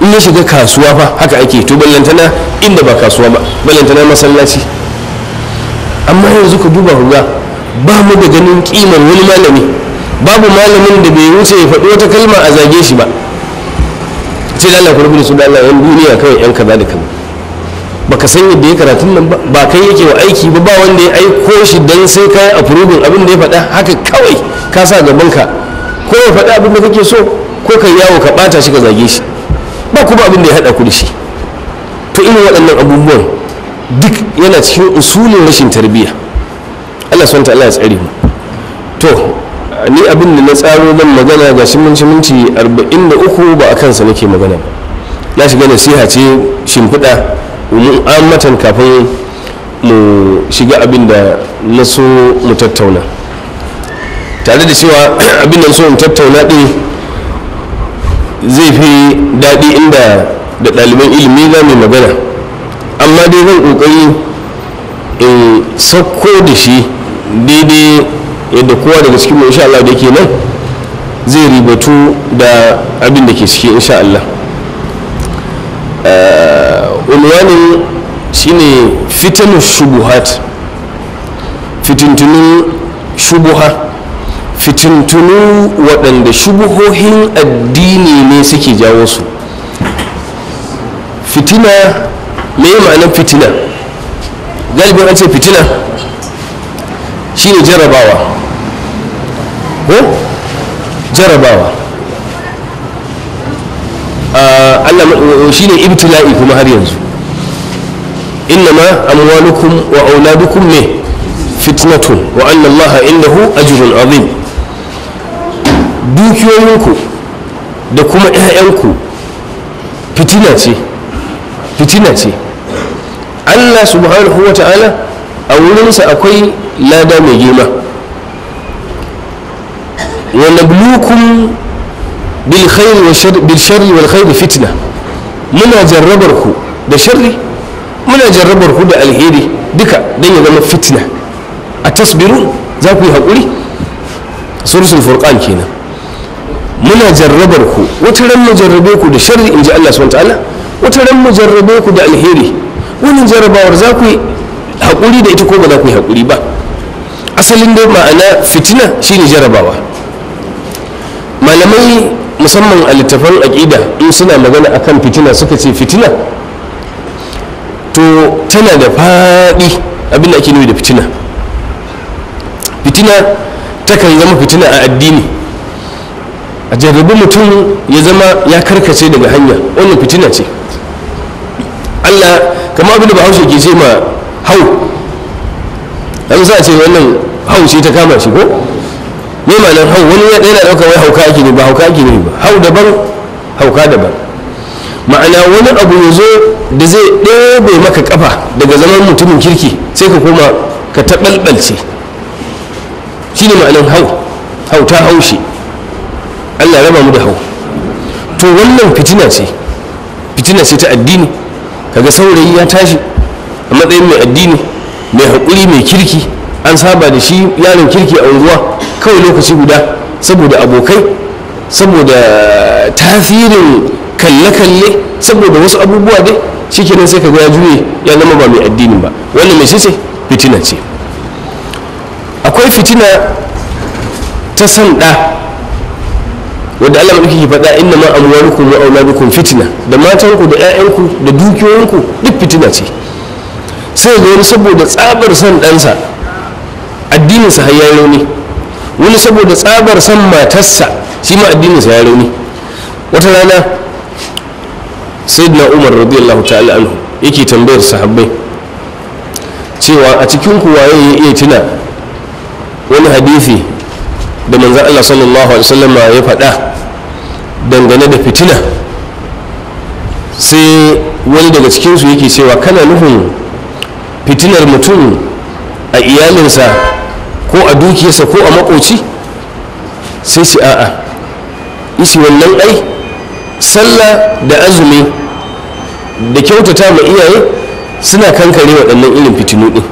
in ya shiga kasuwa fa haka ake to ballantana inda ba kasuwa ba ballantana masallaci amma yanzu ka duba ruga ba mu da ganin kimar wani malami babu malamin da bai wuce ya faɗi wata kalma a zage shi ba sai Allah ku rubuta su da Allah yan duniya kawai yan kaza da kaza baka san yadda ya karatun nan ba kai yake wa aiki ba ba wanda ya aiko shi dan sai ka yi approving abin da ya faɗa haka kawai ka sa gaban ka ko ya faɗa abin da kake so ko ka yawo ka ɓata shi ka zage shi ba kuma abin da ya haɗa ku da shi to irin waɗannan abubuwan duk yana cikin usulin rashin tarbiyya Allah subhanahu allah ya tsare mu to ni abin da na tsaro ban magana ga shi mun minti 43 ba a kansa nake magana ba na shiga nasiha ce shimfiɗa matan kafin mu shiga abin da na so mu tattauna tare da cewa abin da so mu tattauna ɗin zai fi daɗi inda da ɗaliban ilimi za mai magana amma dai zan ƙoƙari in sauko da shi daidai yadda kowa daga cikin mu insha Allah da ke nan zai ribatu da abin da ke ciki insha Allah bayanin shine fitinu shubuhat fitintunu shubuha fitintunu waɗanda shubuhohin addini ne suke jawo su fitina me ma'anar fitina galibin an ce fitina shine jarabawa ko jarabawa ah, Allah shine ibtila'i kuma har yanzu innama amwalukum wa auladukum ne fitnatun wa anna allaha indahu ajrun azim dukiyoyinku da kuma 'ya'yanku fitina ce fitina ce allah subhanahu wa ta'ala a wurinsa akwai lada mai girma wa nablukum bil khairi wal sharri fitna muna jarrabar ku da sharri muna jarrabar ku da alheri duka don ya zama fitina a tasbiru za ku yi haƙuri surusul furqan kenan muna jarrabar ku wata ran mu jarrabe ku da sharri in ji Allah subhanahu ta'ala wata ran mu jarrabe ku da alheri wannan jarrabawar za ku yi haƙuri da ita ko ba za ku yi haƙuri ba asalin dai ma'ana fitina shine jarrabawa malamai musamman a littafan aƙida in suna magana akan fitina suka ce fitina tana da faɗi abinda ake nufi da fitina fitina ta kan zama fitina a addini a jarrabi mutum ya zama ya karkace daga hanya wannan fitina ce allah kama abinda ba haushe ke ce ma hau an sa ce wannan hau ce ta kama shi ko mai ma nan hau wani yana ɗauka wai hauka ake ne ba hauka ake ne ba hau daban hauka daban ma'ana wani abu ya zo da zai ɗebe maka ƙafa daga zaman mutumin kirki sai ka koma ka taɓalɓalce shi ne hau hau ta haushe allah raba mu da hau to wannan fitina ce fitina ce ta addini kaga saurayi ya tashi a matsayin mai addini mai haƙuri mai kirki an saba da shi yaron kirki a unguwa kawai lokaci guda saboda abokai saboda tasirin kalle-kalle saboda wasu abubuwa dai shikenan sai ka ya juye ya zama ba mai addini ba wannan mai ce fitina ce akwai fitina ta san ɗa wadda Allah maɗauki ke faɗa inna ma amwalukum wa auladukum fitina da matanku da 'ya'yanku da dukiyoyinku duk fitina ce sai ga wani saboda tsabar san ɗansa addininsa har yayi rauni wani saboda tsabar san matarsa shi ma addininsa ya rauni wata rana sayyidina umar radiyallahu ta'ala anhu yake tambayar sahabbai cewa a cikin ku ya iya tuna wani hadisi da manzan Allah sallallahu alaihi wasallam ya faɗa dangane da fitina sai wani daga cikinsu yake cewa kana nufin fitinar mutum a iyalinsa ko a dukiyarsa ko a makoci sai su a'a isi wannan ai sallah da azumi da kyautata ma iyaye suna kankare waɗannan irin fitinu ɗin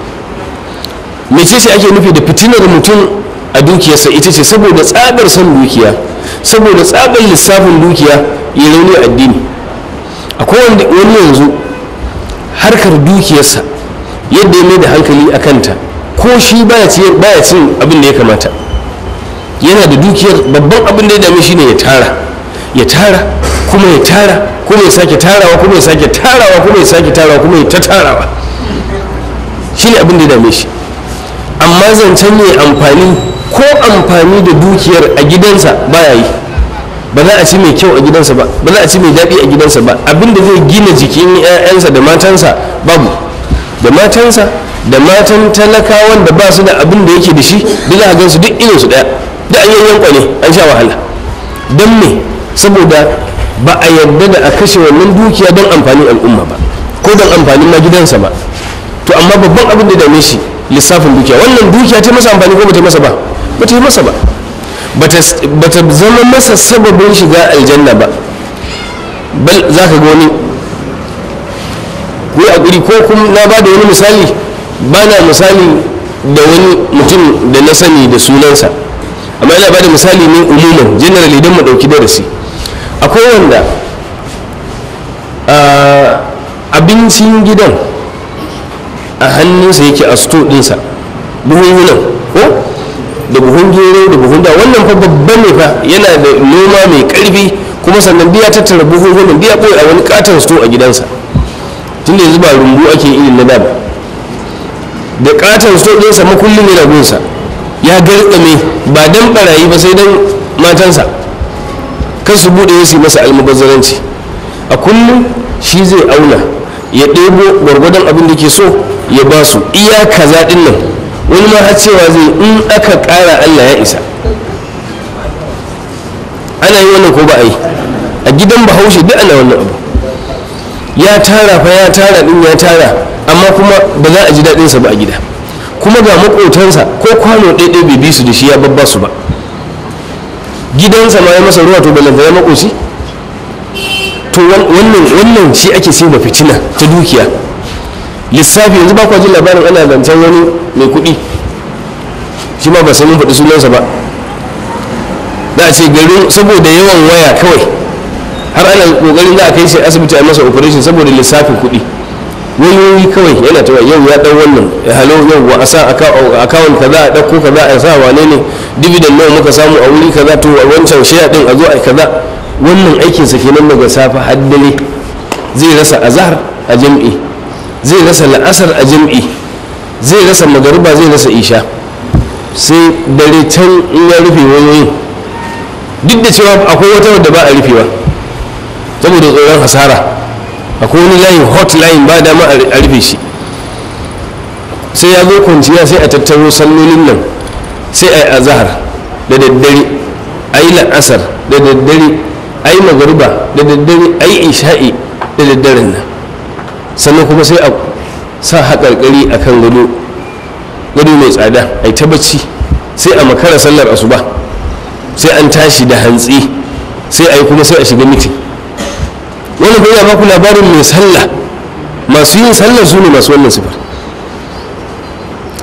mece ce ake nufi da fitinar mutum a dukiyarsa ita ce saboda tsabar san dukiya saboda tsabar lissafin dukiya ya rauni addini akwai wani yanzu harkar dukiyarsa yadda ya mai da hankali a kanta ko shi baya cin abin da ya kamata yana da dukiyar babban abin da ya dame shine ya tara ya tara kuma ya tara kuma ya sake tarawa kuma ya sake tarawa kuma ya sake tarawa kuma ya ta tarawa shine abin da ya dame shi amma zancen ne amfani ko amfani da dukiyar a gidansa baya yi ba za a ci mai kyau a gidansa ba ba za a ci mai daɗi a gidansa ba abin da zai gina jikin 'ya'yansa da matansa babu da matansa da matan talakawan da ba su da abin da yake da shi duk a gansu duk irin su daya da an yanyan kwane an sha wahala don me saboda ba a yarda da a kashe wannan dukiya don amfanin al'umma ba ko don amfanin ma gidansa ba to amma babban abin da dame shi lissafin dukiya wannan dukiya ta masa amfani ko ba ta masa ba ba ta yi masa ba ba ta zama masa sababin shiga aljanna ba bal za ka ga wani ku yi ko kuma na ba da wani misali ba na misali da wani mutum da na sani da sunansa amma yana ba da misali ne umuman general idan mu ɗauki darasi akwai wanda abincin gidan a hannunsa yake a sto ɗinsa buhunhunan ko da buhun gero da buhun da wannan fa bane ne fa yana da noma mai ƙarfi kuma sannan biya tattara buhunhunan biya ɓoye a wani katon sto a gidansa tunda yanzu ba rumbu ake irin na da da katon sojinsa makullin yana gunsa ya garkame ba dan barayi ba sai dan matansa kan su buɗe su masa almubazzaranci a kullum shi zai auna ya ɗebo gwargwadon abin da ke so ya ba su iya kaza nan wani ma har cewa zai in aka ƙara allah ya isa ana yi wannan ko ba a yi a gidan bahaushe duk ana wannan abu ya tara fa ya tara din ya tara amma kuma ba za a ji daɗinsa ba a gida kuma ga makotansa ko kwano ɗaiɗai bai bi su da shi ya babba su ba gidansa ma ya masa ruwa to balanta ya makoci to wannan shi ake sai da fitina ta dukiya lissafi yanzu ba kwa jin labarin ana zancen wani mai kuɗi shi ma ba sai mun faɗi sunansa ba da a ce garin saboda yawan waya kawai har ana ƙoƙarin za a kai shi asibiti a masa operation saboda lissafin kuɗi wayoyi kawai yana ta yau ya dan wannan ya eh, halo yau a sa akawun kaza a dauko kaza a sa wane ne dividend nawa muka samu a wuri kaza to wancan shaya din a zo a kaza wannan aikinsa kenan daga safa har zai rasa azhar a jam'i zai rasa la'asar a jam'i zai rasa magariba zai rasa isha sai dare can in ya rufe wayoyin duk da cewa akwai wata wadda ba a rufewa saboda tsoron hasara akwai wani layin hot layin ba dama a rufe shi sai ya zo kwanciya sai a tattaro sallolin nan sai a yi azahar da daddare a yi la'asar da daddare a yi magariba da daddare a yi isha'i da daddaren nan sannan kuma sai a sa haƙarƙari a kan gado gado mai tsada a yi tabbaci sai a makara sallar asuba sai an tashi da hantsi sai a yi kuma sai a shiga mitin wani bai ba ku labarin mai sallah masu yin sallah su ne masu wannan sifar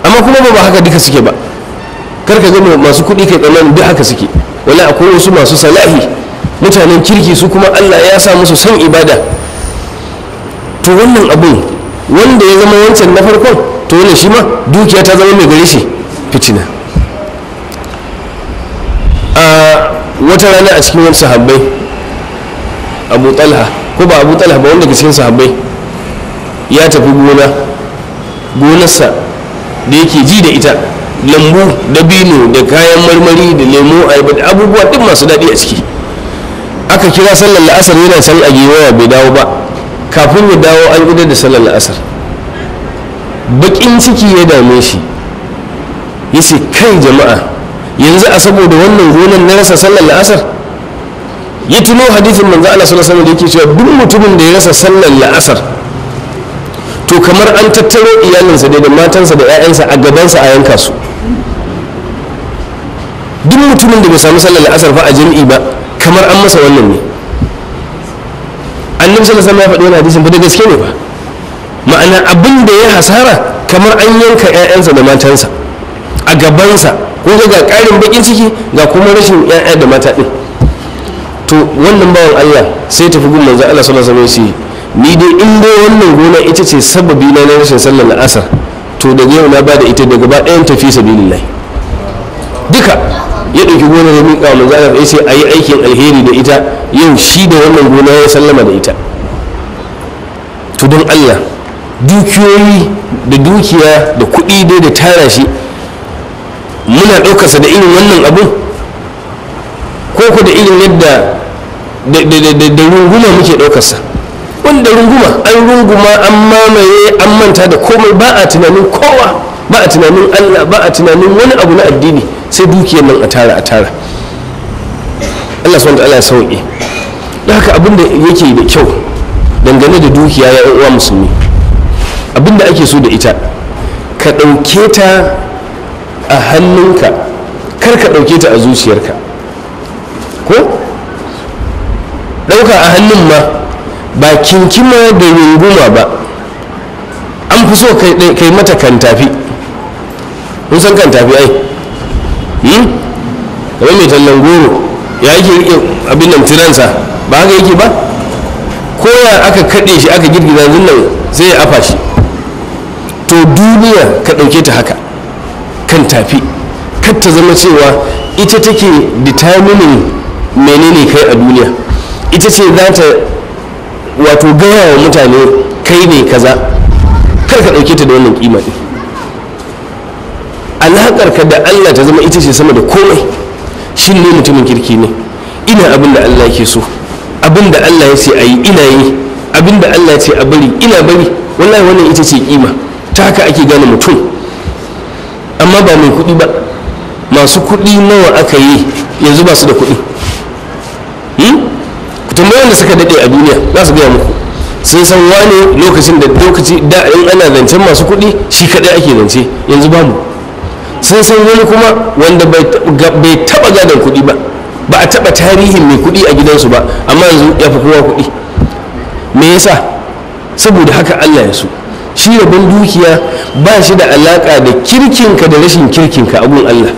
amma kuma ba haka duka suke ba karka ka masu kuɗi kai tsammanin duk haka suke wala akwai wasu masu salahi mutanen kirki su kuma allah ya sa musu son ibada to wannan abun wanda ya zama wancan na farkon to wannan shi ma dukiya ta zama mai gare shi fitina a ah, wata rana a cikin wani sahabbai abu talha ko ba abu talha ba wanda daga cikin sahabbai ya tafi gona gonarsa da yake ji da ita lambu da dabino da kayan marmari da lemo ayaba da abubuwa duk masu daɗi a ciki aka kira sallar la'asar yana sal a gewaya bai dawo ba kafin ya dawo an idar da sallar la'asar baƙin ciki ya dame shi ya ce kai jama'a yanzu a saboda wannan gonar na rasa sallar la'asar ya tuno hadithin manzo Allah sallallahu alaihi wasallam yake cewa duk mutumin da ya rasa sallar la'asar to kamar an tattaro iyalinsa da matansa da 'ya'yansa a gabansa a yanka su duk mutumin da bai samu sallar la'asar ba a jami'i ba kamar an masa wannan ne annabi sallallahu alaihi wasallam ya faɗi wannan hadisin ba da gaske ne ba ma'ana abin da ya hasara kamar an yanka 'ya'yansa da matansa a gabansa ko ga ƙarin bakin ciki ga kuma rashin 'ya'ya da mata ɗin to wannan bawan Allah sai tafi gun manzan Allah sallallahu alaihi wasallam ni dai in dai wannan gona ita ce sababi na na rashin sallar asar to da yau na ba da ita daga ba ɗayan tafi sabilillah duka ya ɗauki gona da miƙa wa manzan Allah sai yi aikin alheri da ita yau shi da wannan gona ya sallama da ita to don Allah dukiyoyi da dukiya da kuɗi dai da tara shi muna ɗaukarsa da irin wannan abu ko ku da irin yadda da runguma muke ɗaukarsa wanda runguma an runguma an mamaye an manta da komai ba a tunanin kowa ba a tunanin allah ba a tunanin wani abu na addini sai dukiyar nan a tara a tara allah Allah ya sauke da haka abin da yake da kyau dangane da dukiya ya uwa musulmi abin da ake so da ita ka ɗauke ta a hannunka kar ka ɗauke ta a zuciyarka ko ɗauka a hannun ma ba kinkima da yunguma ba an fi so kai mata kantafi mun san kantafi ai hmm? kamar mai tallan goro ya yake riƙe abin nan tiransa ba haka yake ba ko ya aka kaɗe shi aka girgiza nan zai ya afa shi to duniya ka ɗauke ta haka kan tafi kar ta zama cewa ita take determining menene kai a duniya ita ce za ta wato gaya wa mutane kai ne kaza kar ka ɗauke ta da wannan kima ɗin alaƙar ka da allah ta zama ita ce sama da komai shin ne mutumin kirki ne ina abin da allah ke so abin da allah ya ce a yi ina yi abin da allah ya ce a bari ina bari wallahi wannan ita ce kima ta haka ake gane mutum amma ba mai kuɗi ba masu kuɗi nawa aka yi yanzu ba su da kuɗi me wanda suka dade a duniya za su gaya muku sun san wani lokacin da lokaci da in ana zancen masu kuɗi shi kaɗai ake zance yanzu babu sun san wani kuma wanda bai taɓa gadon kuɗi ba ba a taɓa tarihin mai kuɗi a gidansu ba amma yanzu ya fi kowa kuɗi me yasa saboda haka allah ya so shi rabon dukiya ba shi da alaƙa da kirkinka da rashin kirkinka a gun allah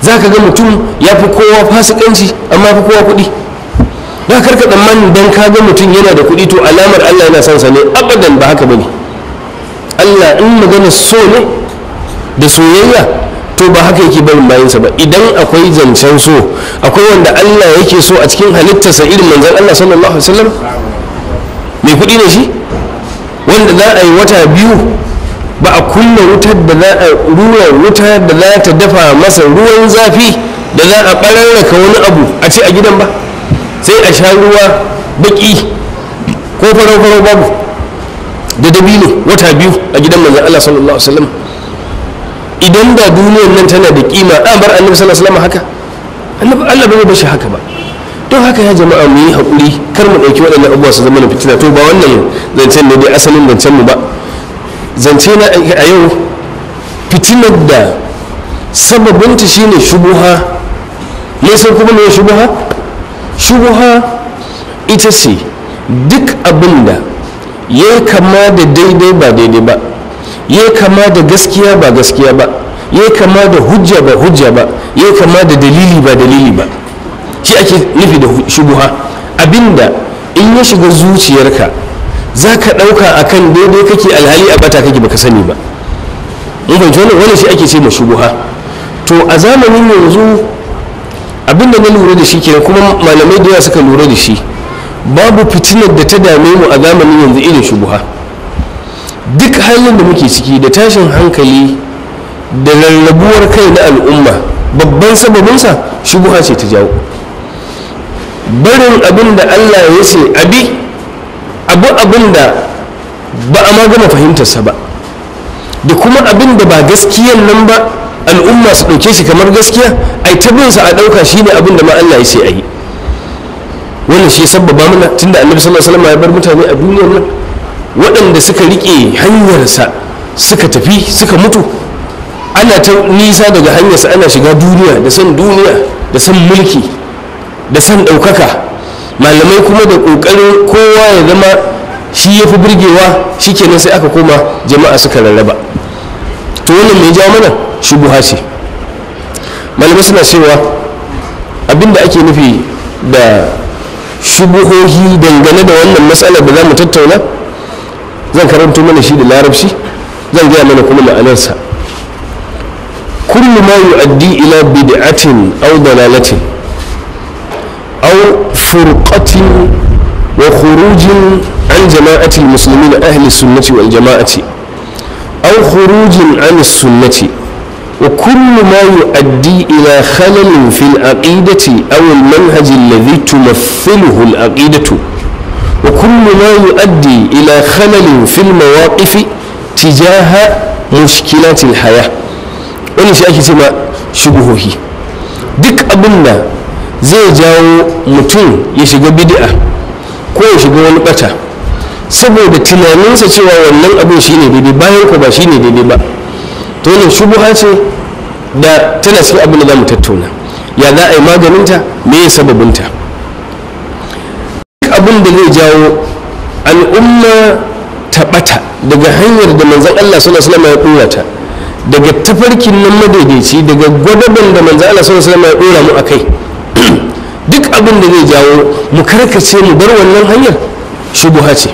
za ka ga mutum ya fi kowa fasikanci amma fi kowa kuɗi ba karka tsammanin don ga mutum yana da kuɗi to alamar allah yana son sa ne abadan ba haka bane allah in magana so ne da soyayya to ba haka yake barin bayansa ba idan akwai zancen so akwai wanda allah yake so a cikin halittarsa irin manzan allah sallallahu alaihi wasallam mai kuɗi ne shi wanda za a yi wata biyu ba a kunna wutar da za a ruwa wuta da za ta dafa masa ruwan zafi da za a ɓararraka wani abu a ce a gidan ba sai a sha ruwa baki ko farau-farau babu da dabino wata biyu a gidan manzan Allah sallallahu alaihi wasallam idan da duniyar nan tana da kima a bar annabi sallallahu alaihi wasallam haka Allah bai bashi haka ba don haka ya jama'a mu yi hakuri kar mu ɗauki waɗannan abubuwa su zama na fitina to ba wannan zancen ne dai asalin zancen mu ba zance na a yau fitinar da sababinta shine shubuha ne sai kuma ne shubuha shubha ita ce duk abin da ya kama da daidai ba daidai ba ya kama da gaskiya ba gaskiya ba ya kama da hujja ba hujja ba ya kama da dalili ba dalili ba shi ake nufi da shubuha abinda in ya shiga zuciyarka za ka ɗauka a kan daidai kake alhali a bata kake baka sani ba in wani shi ake ce ma shubha to a zamanin yanzu abin da na lura da shi kenan kuma malamai da yawa suka lura da shi babu fitinar da ta dame mu a zamanin yanzu irin shubuha duk halin da muke ciki da tashin hankali da rarrabuwar kai na al'umma babban sababinsa shubuha ce ta jawo barin abin da allah ya ce abi abu abin da ba a ma gama fahimtarsa ba da kuma abin da ba gaskiyan nan ba al'umma su ɗauke shi kamar gaskiya ai ta bin a ɗauka shine abin da ma Allah ya sai a yi wannan shi sabbaba mana tunda annabi sallallahu alaihi wasallam ya bar mutane a duniyar nan waɗanda suka riƙe hanyarsa suka tafi suka mutu ana ta nisa daga hanyarsa ana shiga duniya da san duniya da san mulki da san ɗaukaka malamai kuma da ƙoƙarin kowa ya zama shi ya fi burgewa shi sai aka koma jama'a suka rarraba to wannan mai ja mana shubuha ce malamai suna cewa abinda ake nufi da shubuhohi dangane da wannan matsalar da za mu tattauna zan karanto mana shi da larabci zan gaya mana kuma ma'anarsa kullu ma yu'addi ila bid'atin aw dalalatin au furqatin wa khurujin an jama'atil muslimin ahli sunnati wal jama'ati au khurujin an sunnati وكل ما يؤدي إلى خلل في العقيدة أو المنهج الذي تمثله العقيدة وكل ما يؤدي إلى خلل في المواقف تجاه مشكلات الحياة wani shi ake cewa shubuhohi duk abin zai jawo mutum ya shiga bid'a ko ya shiga wani bata saboda tunaninsa cewa wannan abin shine daidai bayan ko ba shine daidai ba to wannan shubuha ce da tana cikin abin da za mu tattauna ya za a yi maganinta me ya sababinta duk abin da zai jawo al'umma ta bata daga hanyar da manzan Allah suna suna mai ɗora ta daga tafarkin nan madaidaici daga gwadaban da manzan Allah suna suna mai ya mu mu kai duk abin da zai jawo mu karkace mu bar wannan hanyar shubuha ce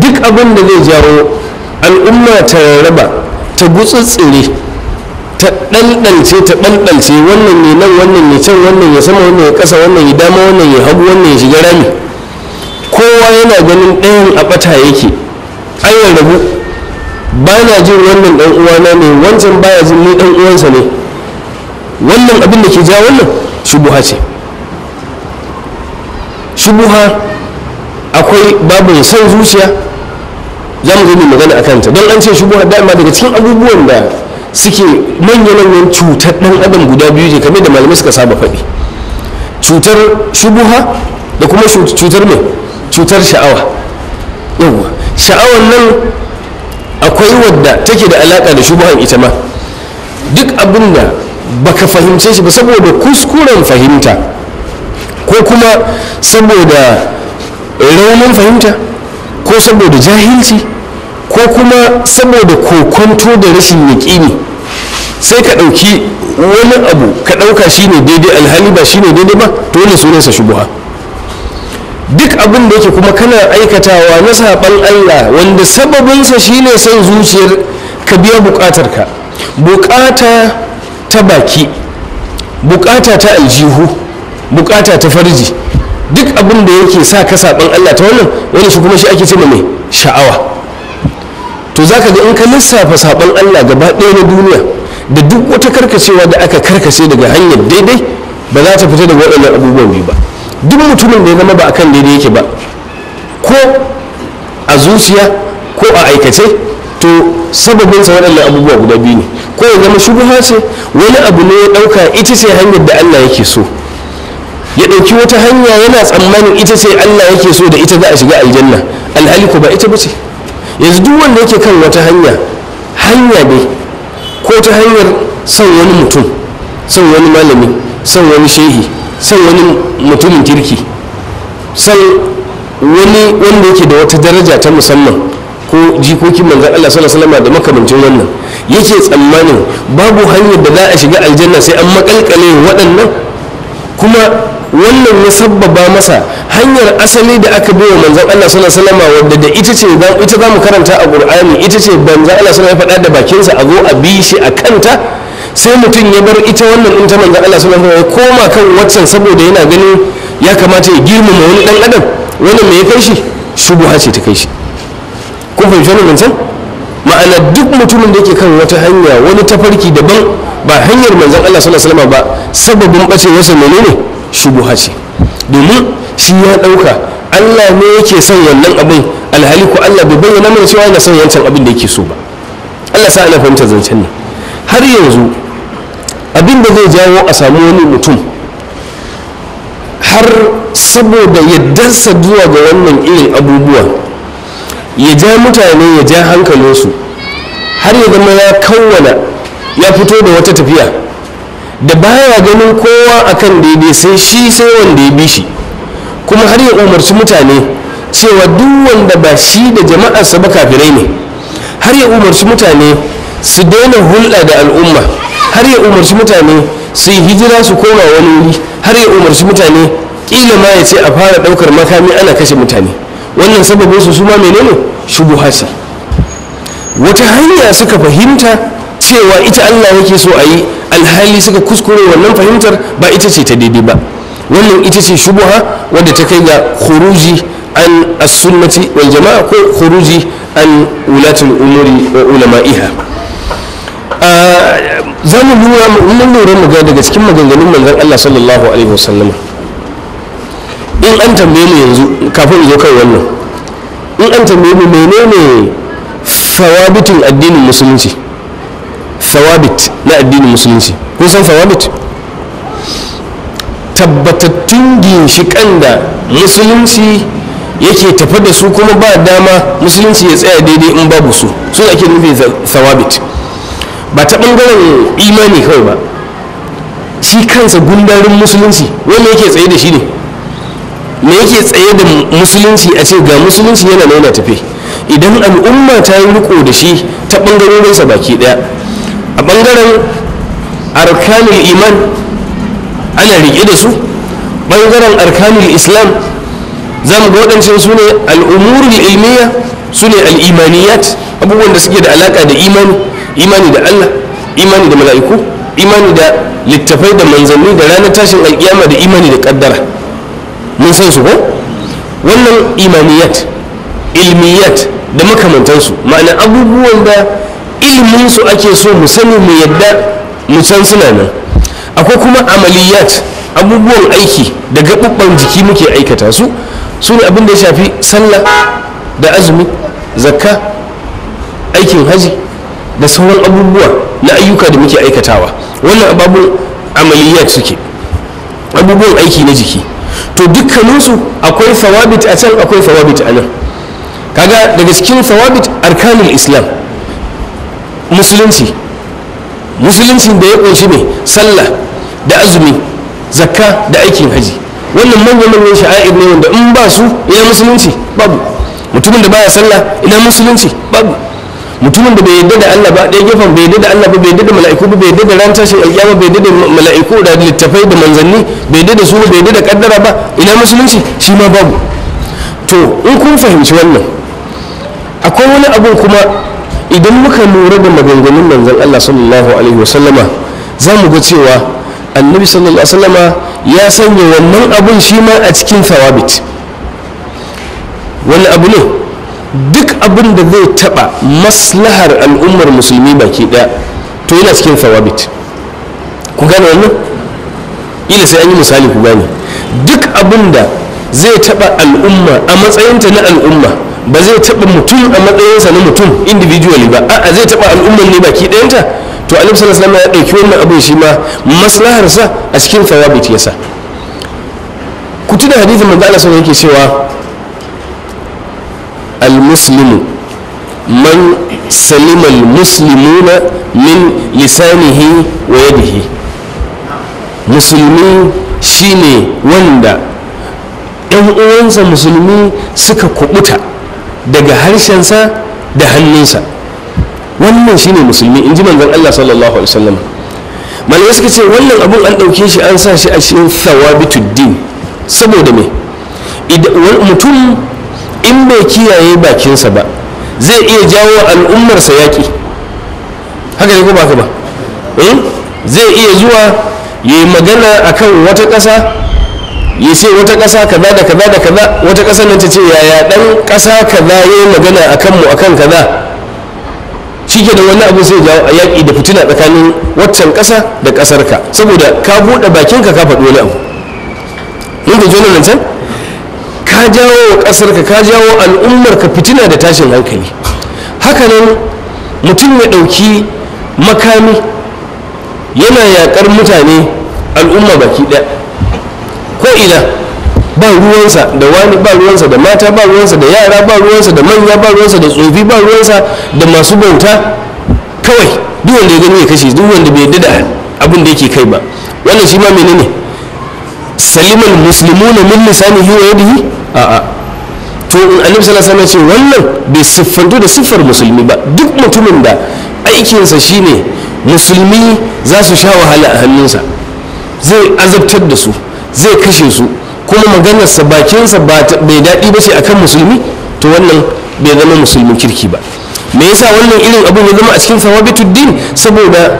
duk abin da zai jawo al'umma ta raba ta tsire ta ɗanɗance ta ɗanɗance wannan ne nan wannan ne can wannan ya sama wannan ya ƙasa wannan ya dama wannan ya hagu wannan ya shiga rami kowa yana ganin ɗayan a ɓata yake ayyar rabu ba na jin wannan ɗan uwana ne wancan baya jin ni ɗan uwansa ne wannan abin da ke ja wannan shubuha ce shubuha akwai babu son zuciya za mu zai magana a kanta don an ce shubuha dama daga cikin abubuwan da suke manya-manyan cutar ɗan adam guda biyu ne kamar da malamai suka saba faɗi cutar shubuha da kuma cutar mai cutar sha'awa yawwa sha'awar nan akwai wadda take da alaƙa da shubuhan ita ma duk abin da baka fahimce shi ba saboda kuskuren fahimta ko kuma saboda raunin fahimta ko saboda jahilci ko kuma saboda kokonto da rashin ne sai ka ɗauki wani abu ka ɗauka shine daidai alhali ba shine daidai ba to wani sunansa shubuha duk abin da yake kuma kana aikatawa na saɓan allah wanda sababinsa shine son zuciyar ka biya buƙatar ka buƙata ta baki buƙata ta aljihu buƙata ta farji duk abin da yake sa ka saɓan allah ta wannan wani shi kuma shi ake ce mai sha'awa to za ka ga in ka lissafa saɓon allah gaba ɗaya na duniya da duk wata karkacewa da aka karkace daga hanyar daidai ba za ta fita daga waɗannan abubuwan biyu ba duk mutumin da ya zama ba a kan daidai yake ba ko a zuciya ko a aikace to sababinsa waɗannan abubuwa guda biyu ne ko ya zama shubuha ce wani abu ne ya ɗauka ita ce hanyar da allah yake so ya ɗauki wata hanya yana tsammanin ita ce allah yake so da ita za a shiga aljanna alhali ko ba ita ba ce yanzu duk wanda yake kan wata hanya hanya ne ko ta hanyar son wani mutum son wani malami son wani shehi son wani mutumin kirki son wani wanda yake da wata daraja ta musamman ko jikokin manzan Allah sallallahu alaihi da makamancin wannan yake tsammanin babu hanyar da za a shiga aljanna sai an makalkale waɗannan kuma wannan ya sabbaba masa hanyar asali da aka bi wa manzan Allah sallallahu alaihi wadda da ita ce ita zamu karanta a Qur'ani ita ce manzon Allah sallallahu alaihi wasallam ya faɗa da bakinsa a zo a bi shi a kanta sai mutum ya bar ita wannan din ta manzan Allah sallallahu ya koma kan waccan saboda yana ganin ya kamata ya girmama wani dan adam wannan me ya kai shi shubuha ce ta kai shi ku fahimci wannan ma'ana duk mutumin da yake kan wata hanya wani tafarki daban ba hanyar manzan Allah sallallahu alaihi ba sababin ne menene shubuha ce domin shi ya dauka Allah ne yake son wannan abin alhali ko Allah bai bayyana mana cewa yana son yancan abin da yake so ba Allah sa ana fahimta zancen ne har yanzu abin da zai jawo a samu wani mutum har saboda yaddarsa zuwa ga wannan irin abubuwa ya ja mutane ya ja hankalinsu har ya zama ya kawwana ya fito da wata tafiya da baya ganin kowa a kan daidai sai shi sai wanda ya bi shi kuma har ya umarci mutane cewa duk wanda ba shi da jama'arsa ba kafirai ne har ya umarci mutane su daina hulɗa da al'umma har ya umarci mutane su yi hijira su koma wani wuri har ya umarci mutane ƙila ma ya ce a fara ɗaukar makami ana kashe mutane wannan sababin su su ma menene shubuhasi wata hanya suka fahimta cewa ita allah yake so a yi alhali suka kuskure wannan fahimtar ba ita ce ta daidai ba wannan ita ce shubuha wadda ta kai ga khuruji an as-sunnati wal jama'a ko khuruji an ulatul umuri wa ulama'iha za mu wa mun lura mu ga daga cikin maganganun manzon Allah sallallahu alaihi wasallam in an tambaye mu yanzu kafin zo kai wannan in an tambaye mu menene fawabitin addinin musulunci fawabit na addinin musulunci kun san fawabit tabbatattun ginshiƙan da musulunci yake tafi da su kuma ba dama musulunci ya tsaya daidai in babu su su ake nufin fawabit ba ta ɓangaren imani kawai ba shi kansa gundarin musulunci wanda yake tsaye da shi ne me yake tsaye da musulunci a ce ga musulunci yana nuna tafe idan al'umma ta yi riko da shi ta ɓangarorinsa baki ɗaya a ɓangaren arkanul iman ana rike da su ɓangaren arkanul islam za mu waɗancan su ne al'umurul ilmiya su ne al'imaniyat abubuwan da suke da alaƙa da imani imani da allah imani da mala'iku imani da littafai da manzanni da ranar tashin alƙiyama da imani da ƙaddara mun san su ko wannan imaniyat ilmiyat da makamantansu ma'ana abubuwan da iliminsu ake so mu sani mu yadda mu san suna nan akwai kuma amaliyat abubuwan aiki da gaɓuɓɓan jiki muke aikata su su ne abin ya shafi sallah da azumi zakka aikin haji da sauran abubuwa na ayyuka da muke aikatawa wannan ababun amaliyat suke abubuwan aiki na jiki to dukkaninsu akwai fawabit a can akwai fawabit a nan kaga daga cikin sawabit arkanul islam musulunci musuluncin da ya kunshi ne sallah da azumi zakka da aikin haji wannan manyan manyan sha'a'ir ne wanda in ba su ina musulunci babu mutumin da baya sallah ina musulunci babu mutumin da bai yadda da Allah ba ɗaya gefen bai yadda da Allah ba bai yadda da mala'iku ba bai yadda da ran tashin alƙiyama bai yadda da mala'iku da littafai da manzanni bai yadda da su bai yadda da kaddara ba ina musulunci shi ma babu to in kun fahimci wannan akwai wani abin kuma idan muka lura da maganganun manzan Allah sallallahu alaihi wasallama za mu ga cewa annabi sallallahu alaihi wasallama ya sanya wannan abun shi ma a cikin thawabit wani abu ne duk abin da zai taba maslahar al'ummar musulmi baki daya to yana cikin thawabit ku gane wannan ila sai an yi misali ku gane duk abin da zai taba al'umma a matsayinta na al'umma ba zai taba mutum a matsayinsa na mutum individually ba a'a zai taba al'ummar ne baki ɗayanta to annabi sallallahu alaihi ya ɗauki wannan abin shi ma maslaharsa a cikin thawabit yasa ku tuna hadithin manzo Allah sallallahu yake cewa al-muslimu man salima al-muslimuna min lisanihi wa yadihi musulmi shine wanda ɗan uwansa musulmi suka kubuta daga harshensa da hannunsa wannan shine musulmi in ji manzon Allah sallallahu alaihi wasallam malai suka ce wannan abun an ɗauke shi an sa shi a cikin thawabituddin saboda me mutum in bai kiyaye bakinsa ba zai iya jawo al'ummarsa yaƙi haka ne ko ba ka ba eh? zai iya zuwa ya yi magana akan wata ƙasa ya ce wata ƙasa kaza da kaza da kaza wata ƙasa nan ta ce yaya ɗan ƙasa kaza ya yi magana a kanmu a kan kaza shi da wani abu sai jawo a yaƙi da fitina tsakanin waccan ƙasa da ƙasar ka saboda ka buɗe bakinka ka faɗi wani abu mun ka jona nan ka jawo ƙasar ka ka jawo al'ummar ka fitina da tashin hankali hakanan mutum ya ɗauki makami yana yaƙar mutane al'umma baki ɗaya ko ina ba ruwansa da wani ba ruwansa da mata ba ruwansa da yara ba ruwansa da manya ba ruwansa da tsofi ba ruwansa da masu bauta kawai duk wanda ya gani ya kashe duk wanda bai yadda da abin da yake kai ba wannan shi ma menene saliman sani min yadda ya a a'a to in sallallahu alaihi ce wannan bai siffantu da siffar musulmi ba duk mutumin da aikinsa shine musulmi za su sha wahala a hannunsa zai azabtar da su zai kashe su kuma maganarsa bakinsa bai daɗi ba ce akan musulmi to wannan bai zama musulmi kirki ba me yasa wannan irin abu ya zama a cikin sawabituddin saboda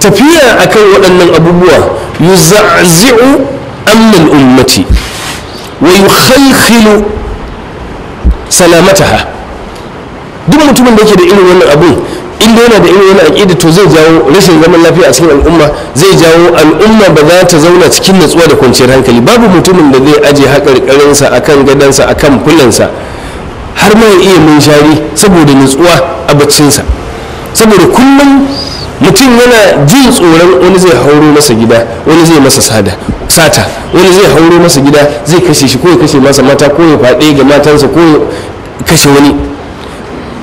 tafiya akan waɗannan abubuwa za'azi'u amnan ummati wa yukhalkhilu salamataha duk mutumin da ke da irin wannan abu in yana da irin wannan aƙida to zai jawo rashin zaman lafiya a cikin al'umma zai jawo al'umma ba za ta zauna cikin natsuwa da kwanciyar hankali babu mutumin da zai aje haƙarƙarinsa akan gadansa kan fulansa har ma ya iya munshari saboda natsuwa a baccinsa saboda kullum mutum yana jin tsoron wani zai hauro masa gida wani zai masa sada sata wani zai hauro masa gida zai kashe shi ko ya kashe masa mata ko ya faɗe ga matansa ko ya kashe wani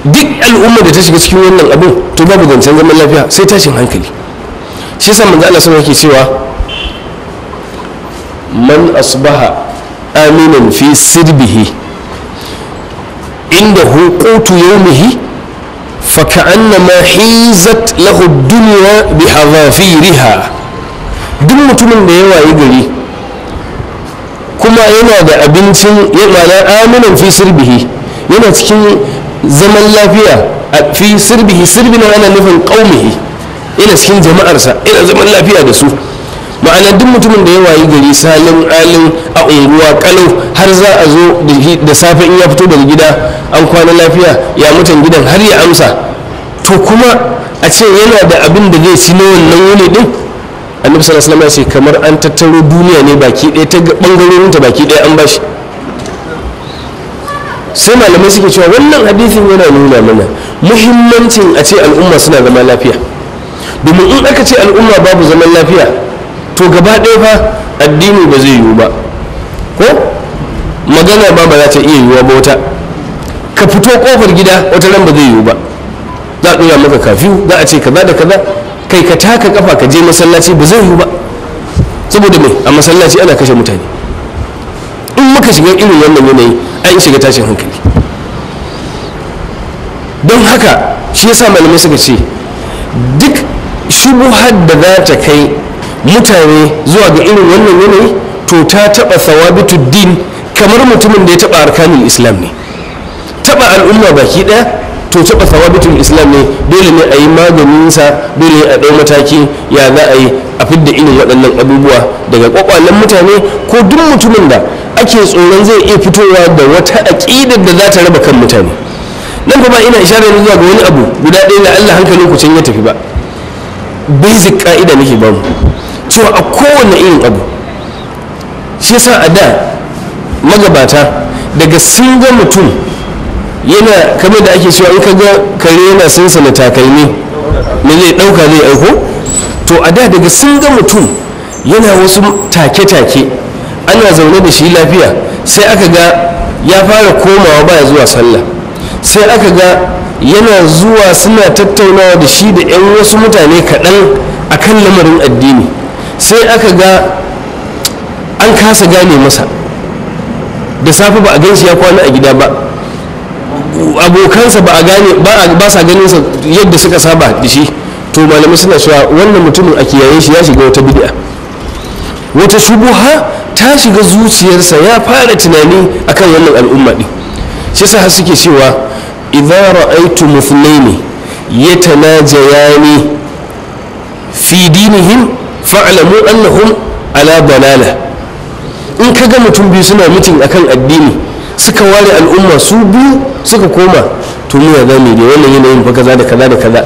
duk al'ummar da ta shiga cikin wannan abin to babu zancen zaman lafiya sai tashin hankali shi yasa manzo Allah wasallam yake cewa man asbaha aminan fi sirbihi inda hukutu yawmihi fa ka'annama hizat lahu dunya bi hadafiriha duk mutumin da ya wayi gari kuma yana da abincin yana aminan fi sirbihi yana cikin zaman lafiya a fi sirbihi sirbi na ana nufin ƙaumihi ina cikin jama'arsa ina zaman lafiya da su ma'ana duk mutumin da ya wayi gari salin alin a unguwa kalau har za a zo da safe in ya fito daga gida an kwana lafiya ya mutan gidan har ya amsa to kuma a ce yana da abin da zai ci na wannan wuni din annabi sallallahu alaihi wasallam ya ce kamar an tattaro duniya ne baki ɗaya ta bangarorin ta baki ɗaya an bashi sai malamai suke cewa wannan hadisin yana nuna mana muhimmancin a ce al'umma suna zama lafiya domin in aka ce al'umma babu zaman lafiya to gaba ɗaya fa addini ba zai yiwu ba ko magana ba ba za ta iya yiwuwa ba wata ka fito kofar gida wata ran ba zai yiwu ba za a ɗora maka kafiyu za a ce kaza da kaza kai ka taka kafa ka je masallaci ba zai yiwu ba saboda mai a masallaci ana kashe mutane kuka shiga irin wannan yanayi an shiga tashin hankali don haka shi yasa malamai suka ce duk shubuhar da za ta kai mutane zuwa ga irin wannan yanayi to ta taba sawabitu din kamar mutumin da ya taba arkanin islam ne taba al'umma baki ɗaya to taba thawabitul islam ne dole ne a yi maganinsa dole a ɗau mataki ya za a yi a fidda irin waɗannan abubuwa daga ƙwaƙwalen mutane ko duk mutumin da ake tsoron zai iya fitowa da wata aƙidar da za ta raba kan mutane nan kuma ina ishara yanzu zuwa ga wani abu guda ɗaya da Allah hankali ku can ya tafi ba basic ka'ida nake ba mu cewa a kowane irin abu shi yasa a da magabata daga sun ga mutum yana kamar da ake cewa in ka ga kare yana sansana takalmi na zai ɗauka zai aiko to a da daga sun ga mutum yana wasu take-take ana zaune da shi lafiya sai aka ga ya fara komawa baya zuwa sallah sai aka ga yana zuwa suna tattaunawa da shi da 'yan wasu mutane kaɗan a kan lamarin addini sai aka ga an kasa gane masa da safe ba a gan shi ya kwana a gida ba abokansa ba a gane ba sa ganin sa yadda suka saba da shi to malamai suna cewa wannan mutumin a kiyaye shi ya shiga wata bid'a wata shubuha ta shiga zuciyarsa ya fara tunani akan wannan al'umma din shi sa suke cewa idza ra'aytu muthlaini yatanajayani fi dinihim fa'lamu annahum ala balala in kaga mutum biyu suna a akan addini suka ware al'umma su biyu suka koma to mu ya ne wannan yanayin fa kaza da kaza da kaza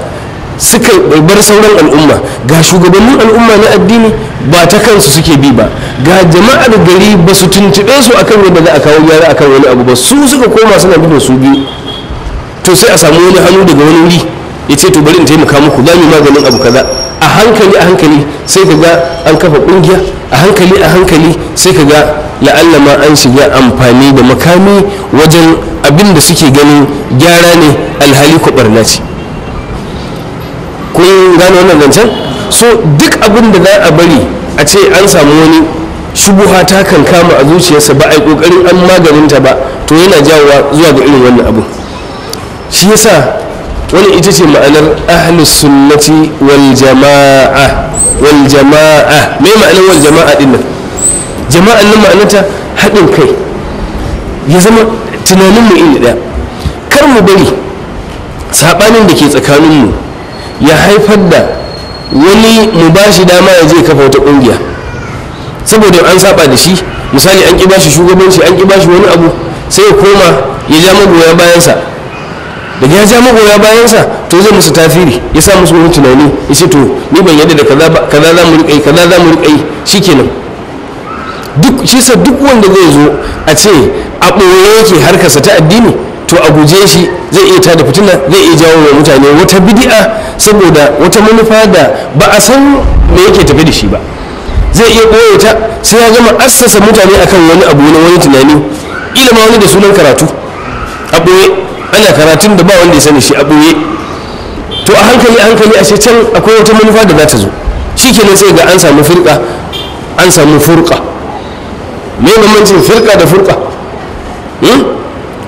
suka bar sauran al'umma ga shugabannin al'umma na addini ba ta kansu suke bi ba ga jama'ar gari ba su tuntube su akan yadda za a kawo gyara akan wani abu ba su suka koma suna bi su biyu to sai a samu wani hannu daga wani wuri ya ce to bari in taimaka muku za mu maganin abu kaza a hankali a hankali sai ka ga an kafa kungiya a hankali a hankali sai ka ga la'alla ma an shiga amfani da makami wajen abin da suke ganin gyara ne alhali kwabarna ce kun gano wannan zancen so duk abin da za a bari a ce an samu wani shubuha ta kan kama a zuciyarsa ba a yi kokarin an maganinta ba to yana jawowa zuwa ga irin wannan abu shi yasa wani ita ce ma'anar ahlus sunnati wal jama'a wal jama'a me ma'anar wal jama'a din nan jama'an nan ma'anarta haɗin kai ya zama tunanin mu inda ɗaya kar mu bari saɓanin da ke tsakaninmu ya haifar da wani mu ba shi dama ya je kafa wata ƙungiya saboda an saba da shi misali an ƙi shi shugabanci an ƙi shi wani abu sai ya koma ya ja magoya bayansa da ya ja magoya bayansa to zai musu tasiri ya sa musu wani tunani ya ce to ni ban yadda da kaza za mu riƙa kaza za mu riƙa yi shikenan duk shi sa duk wanda zai zo a ce a ɓoye yake harkarsa ta addini to a guje shi zai iya tada fitina zai iya jawo wa mutane wata bidi'a saboda wata manufa da ba a san me yake tafi da shi ba zai iya koya ta sai ya gama assasa mutane akan wani abu na wani tunani ilima wani da sunan karatu a ɓoye ana karatun da ba wanda ya sani shi a ɓoye to a hankali a hankali ashe can akwai wata manufa da za ta zo shi kenan sai ga an samu firka an samu furka me bambancin firka da furka hmm?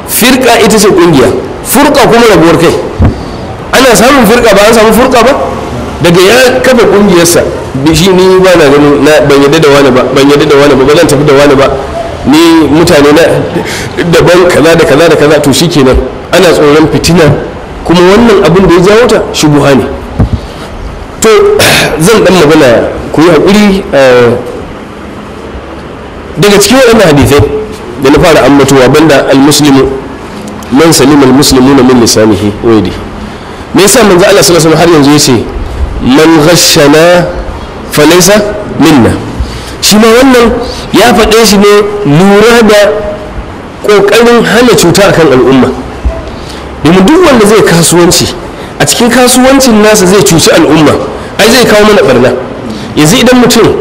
firka ita ce kungiya furka kuma rabuwar kai ana samun furka ba an samu furka ba daga ya kafa kungiyarsa shi ni ba na ganin na ban yadda da wani ba ban yadda da wani ba zan tafi da wani ba ni mutane na daban kaza da kaza da kaza to shikenan ana tsoron fitina kuma wannan abin da ya jawo ta buha ne to zan dan magana ku yi hakuri eh, daga cikin waɗannan hadithai da na fara ambatowa banda al-muslimu man salim al na min lisanihi wa me yasa manzo Allah sallallahu alaihi har yanzu yace man ghashana falaysa minna shi ma wannan ya faɗe shi ne lura da ƙoƙarin hana cuta akan al'umma domin duk wanda zai kasuwanci a cikin kasuwancin nasa zai cuci al'umma ai zai kawo mana barna yanzu idan mutum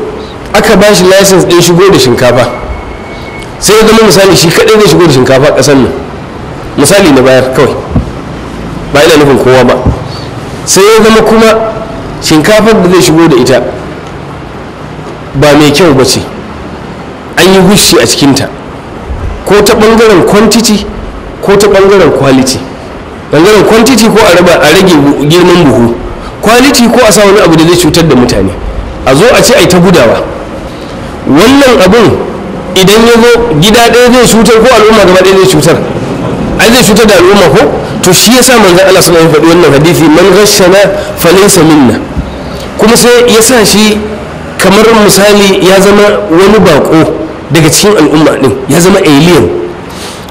aka ba shi license ɗin shigo da shinkafa sai ya zama misali shi kaɗai zai shigo da shinkafa ƙasar nan misali na bayar kawai ba ina nufin kowa ba sai ya zama kuma shinkafar da zai shigo da ita ba mai kyau ba ce an yi hushi a cikinta ko ta ɓangaren kwantiti ko ta ɓangaren kwaliti ɓangaren kwantiti ko a rage girman buhu kwaliti ko a sa wani abu da zai cutar da mutane a zo a ce a yi ta gudawa wannan abin idan ya zo gida ɗaya zai cutar ko al'umma gaba ɗaya zai cutar ai zai cutar da al'umma ko to shi yasa manzon Allah sallallahu alaihi faɗi wannan hadisi man ghashana falaysa minna kuma sai ya sa shi kamar misali ya zama wani bako daga cikin al'umma din ya zama alien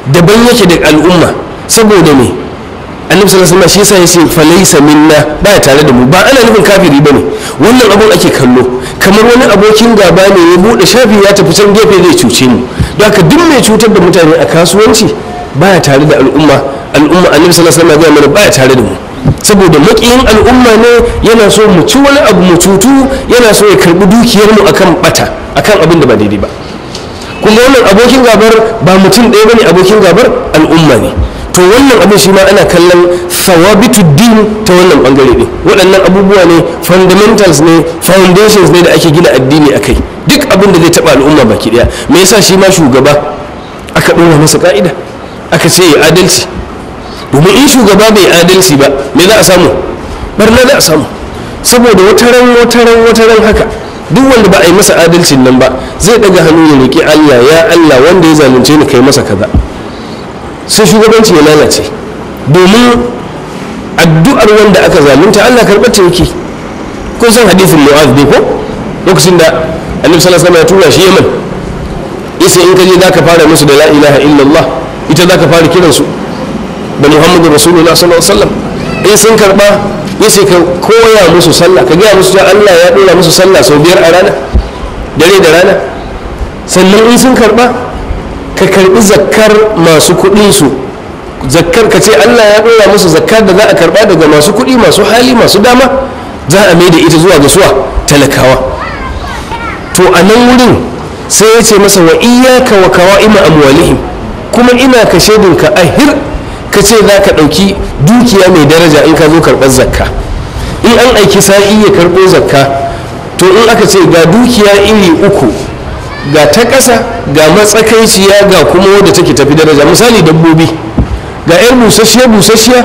daban yake daga al'umma saboda me annabi sallallahu alaihi shi yasa yace ce falaysa minna ba tare da mu ba ana nufin kafiri bane wannan abun ake kallo kamar wani abokin gaba ne ya bude shafi ya tafi can gefe zai cuce mu don haka duk mai cutar da mutane a kasuwanci baya tare da al'umma al'umma annabi sallallahu alaihi wasallam mana baya tare da mu saboda makiyin al'umma ne yana so mu ci wani abu mu tutu yana so ya karbi dukiyar mu akan bata akan abin da ba daidai ba kuma wannan abokin gabar ba mutum ɗaya bane abokin gabar al'umma ne to wannan abin shi ma ana kallon thawabitu din ta wannan bangare ne waɗannan abubuwa ne fundamentals ne foundations ne da ake gina addini a kai duk abin da zai taɓa al'umma baki ɗaya me yasa shi ma shugaba aka ɗora masa ka'ida aka ce ya adalci domin in shugaba bai adalci ba me za a samu barna za a samu saboda wata ran wata ran wata ran haka duk wanda ba a yi masa adalcin nan ba zai daga hannu ya roki Allah ya Allah wanda ya zalunce ni kai masa kaza sai shugabanci ya lalace domin addu'ar wanda aka zalunta Allah karɓar ta yake kun san hadisin Mu'az dai ko lokacin da Annabi sallallahu alaihi ya tura shi Yaman yace in ka je zaka fara musu da la ilaha illallah ita zaka fara kiransu da muhammadu rasulullah sallallahu alaihi wasallam in sun karba yace ka koya musu sallah ka gaya musu cewa Allah ya dora musu sallah sau biyar a rana dare da rana sannan in sun karba ka karbi zakkar masu kuɗin su zakkar ka ce Allah ya dora musu zakkar da za a karba daga masu kuɗi masu hali masu dama za a mai da ita zuwa ga suwa talakawa to a nan wurin sai ya ce masa wa iyaka wa kawa'ima amwalihim kuma ina ka shaidinka ahir ka ce za ka ɗauki dukiya mai daraja in ka zo karɓar zakka in an aiki sa'i ya karɓo zakka to in aka ce ga dukiya iri uku ga ta ƙasa ga matsakaiciya ga kuma wadda take tafi daraja misali dabbobi ga 'yar busasshiya busasshiya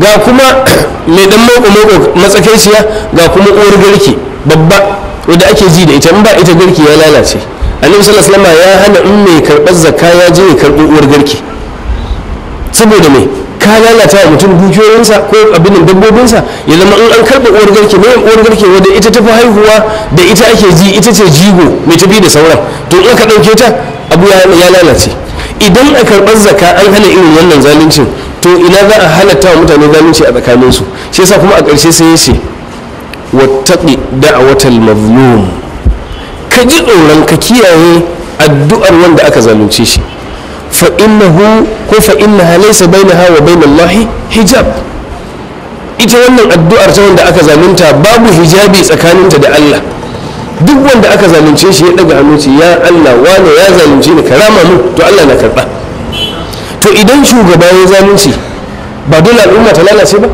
ga kuma mai dan mako matsakaiciya ga kuma uwar garki babba wadda ake ji da ita in ba ita garki ya lalace annabi sallallahu alaihi ya hana in mai karɓar zakka ya je ya karɓi uwar garki saboda mai ka lalata wa mutum dukiyoyinsa ko abinin dabbobinsa ya zama in an karɓa uwar garke mai uwar garke wadda ita tafi haihuwa da ita ake ji ita ce jigo mai tafi da sauran to in ka ɗauke ta abu ya lalace idan a karɓar zaka an hana irin wannan zaluncin to ina za a halatta wa mutane zalunci a tsakaninsu shi yasa kuma a ƙarshe sai ya ce da wata mazlum ka ji tsoron ka kiyaye addu'ar wanda aka zalunce shi fa innahu ko fa innaha hawa bainaha bainallahi hijab ita wannan addu'ar ta wanda aka zalunta babu hijabi tsakaninta da Allah duk wanda aka zalunce shi ya daga hannu ce ya Allah wane ya zalunce ni karama mu to Allah na karba to idan shugaba ya zalunci ba dole al'umma ta lalace ba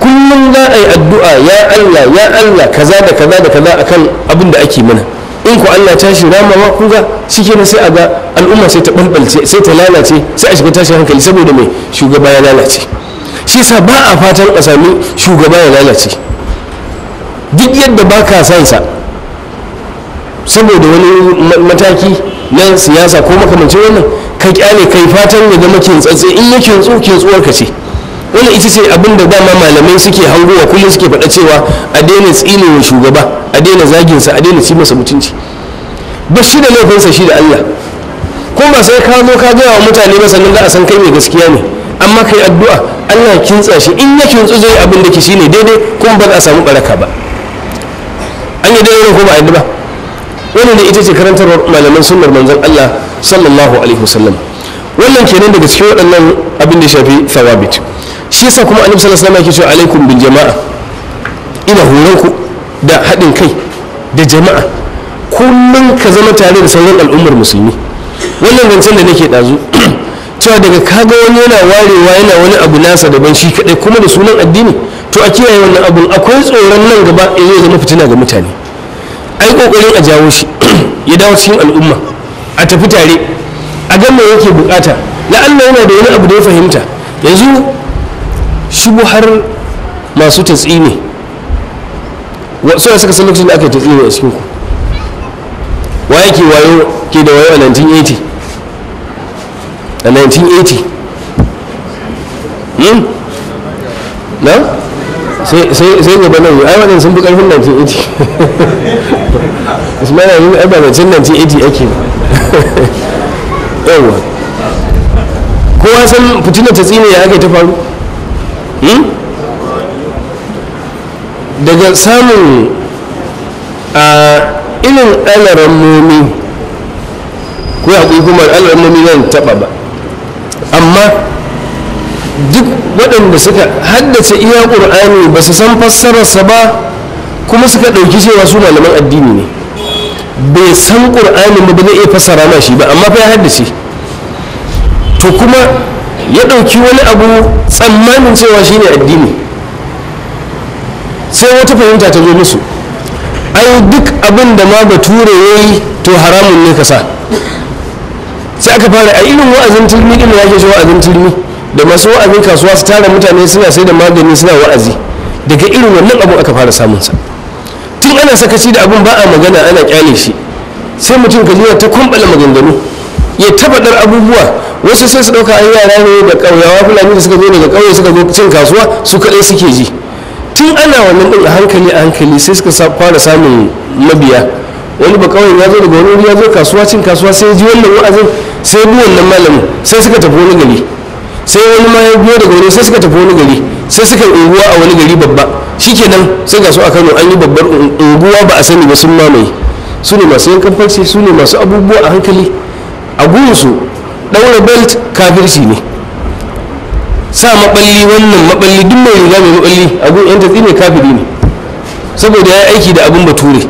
kullum za a yi addu'a ya Allah ya Allah kaza da kaza da kaza akan abin da ake mana in ku Allah tashi shi rama ma kuga shike sai a ga al'umma sai ta balbalce sai ta lalace sai a shiga tashin hankali saboda mai shugaba ya lalace shi sa ba a fatan a sami shugaba ya lalace duk yadda ba ka san sa saboda wani mataki na siyasa ko makamancin wannan ka kyale kai fatan ya zama kintsatse in ya kintsu kintsuwar ka ce wani ita ce abin da dama malamai suke wa kullum suke faɗa cewa a daina tsini wa shugaba a daina zaginsa a daina ci masa mutunci ba shi da laifinsa shi da allah kuma sai ka zo ka gaya wa mutane ba sannan za a san kai mai gaskiya ne amma kai addu'a allah kintsa shi in ya kintsu zai abin da ke shine daidai kuma ba za a samu baraka ba an yi daidai ko ba a yi ba wannan da ita ce karantarwar malaman sunnar manzon allah sallallahu alaihi wasallam wannan kenan daga cikin waɗannan abin da shafi thawabit shi yasa kuma annabi sallallahu alaihi wasallam yake cewa alaikum bil jama'a ina horon ku da haɗin kai da jama'a kullum ka zama tare da sauran al'ummar musulmi wannan zancen da nake ɗazu cewa daga kaga wani yana warewa yana wani abu nasa daban shi kadai kuma da sunan addini to a kiyaye wannan abu akwai tsoron nan gaba ɗaya zai zama fitina ga mutane ai kokarin a jawo shi ya dawo cikin al'umma a tafi tare a ga me yake bukata la'alla yana da wani abu da ya fahimta yanzu har masu tatsi ne wasu da suka san lokacin da aka tatsi ne a cikin ku waye ke wayo ke da wayo a 1980 a 1980 hmm? na? sai gaba nan ai wannan sun fi karfin 1980 usman yi ai ba zancen 1980 ake yawon kowa san fitinar tatsini ya ake ta faru Hmm? daga samun a irin momi ko ya kuma momi yan taɓa ba amma duk waɗanda suka haddace iya ƙur'ani ba su san fassararsa ba kuma suka ɗauki cewa su malaman addini ne bai san ƙur'ani ba zai iya fassara ma shi ba amma fa ya haddace to kuma ya ɗauki wani abu tsammanin cewa shi ne addini sai wata fahimta ta zo musu ai duk abin da ma ture ya yi to haramun ne ka sa sai aka fara a irin wa'azin turmi ɗin ya ke shi wa'azin turmi da masu wa'azin kasuwa su tara mutane suna sai da magani suna wa'azi daga irin wannan abu aka fara samunsa tun ana sakaci da abin ba a magana ana kyale shi sai mutum ka ta kumbala maganganu ya taba dar abubuwa wasu sai su ɗauka an yara ne da ƙauyawa fulani da suka zo daga ƙauye suka zo cin kasuwa su kaɗai suke ji tun ana wannan ɗin a hankali a hankali sai suka fara samun mabiya wani ba ƙauyen ya zo daga wani wuri ya zo kasuwa cin kasuwa sai ji wannan wa'azin sai bi wannan malamin sai suka tafi wani gari sai wani ma ya biyo daga wani sai suka tafi wani gari sai suka unguwa a wani gari babba shikenan sai ga su a kano an yi babbar unguwa ba a sani ba sun mamaye su ne masu yan farce su ne masu abubuwa a hankali a gunsu ɗaura belt kafirci ne sa maɓalli wannan maɓalli duk mai riga mai maɓalli a gun yan tatsi ne kafiri ne saboda ya aiki da abin bature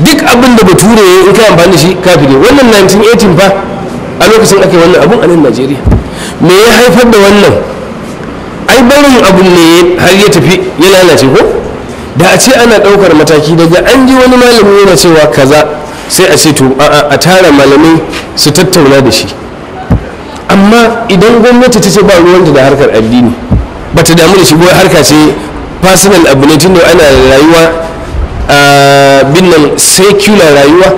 duk abin da bature ya in kai amfani shi kafiri wannan 1918 fa a lokacin ake wannan abun a nan najeriya me ya haifar da wannan ai barin abun ne har ya tafi ya lalace ko da a ce ana ɗaukar mataki daga an ji wani malami yana cewa kaza sai a ce a tara malamai su tattauna da shi amma idan gwamnati ta ce ba ruwanta da harkar addini ba ta damu da shi harka ce personal abu ne da ana rayuwa a binnan secular rayuwa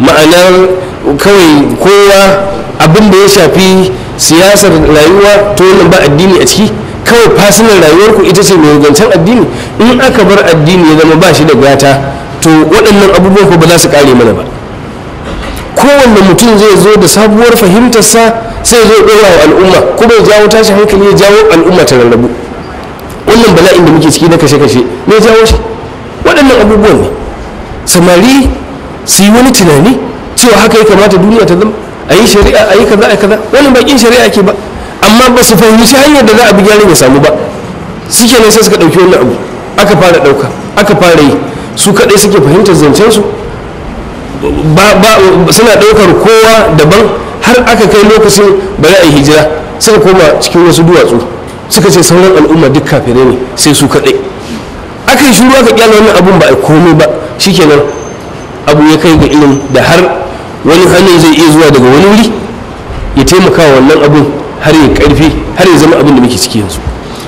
ma'anar kawai kowa abin da ya shafi siyasar rayuwa ta wannan ba addini a ciki kawai personal rayuwarku ita ce mai addini in aka bar addini ya zama ba shi da gata to waɗannan abubuwan ko ba za su ƙare mana ba kowanne mutum zai zo da sabuwar fahimtarsa sai zai ɗora wa al'umma kuma ya jawo tashi hankali ya jawo al'umma ta rarrabu wannan bala'in da muke ciki na kashe-kashe ne jawo shi waɗannan abubuwan ne samari su yi wani tunani cewa haka ya kamata duniya ta zama a yi shari'a a yi kaza a kaza wannan bakin shari'a ke ba amma ba su fahimci hanyar da za a bi gyaran ya samu ba suke ne sai suka ɗauki wannan abu aka fara ɗauka aka fara yi su kaɗai suke fahimtar zancensu suna ɗaukar kowa daban har aka kai lokacin ba za a yi hijira suka koma cikin wasu duwatsu suka ce sauran al'umma duk kafin ne sai su kaɗai aka yi shuru aka kyala wannan abun ba a komai ba shikenan abu ya kai ga irin da har wani hannun zai iya zuwa daga wani wuri ya taimaka wannan abun har ya karfi har ya zama abin da muke ciki yanzu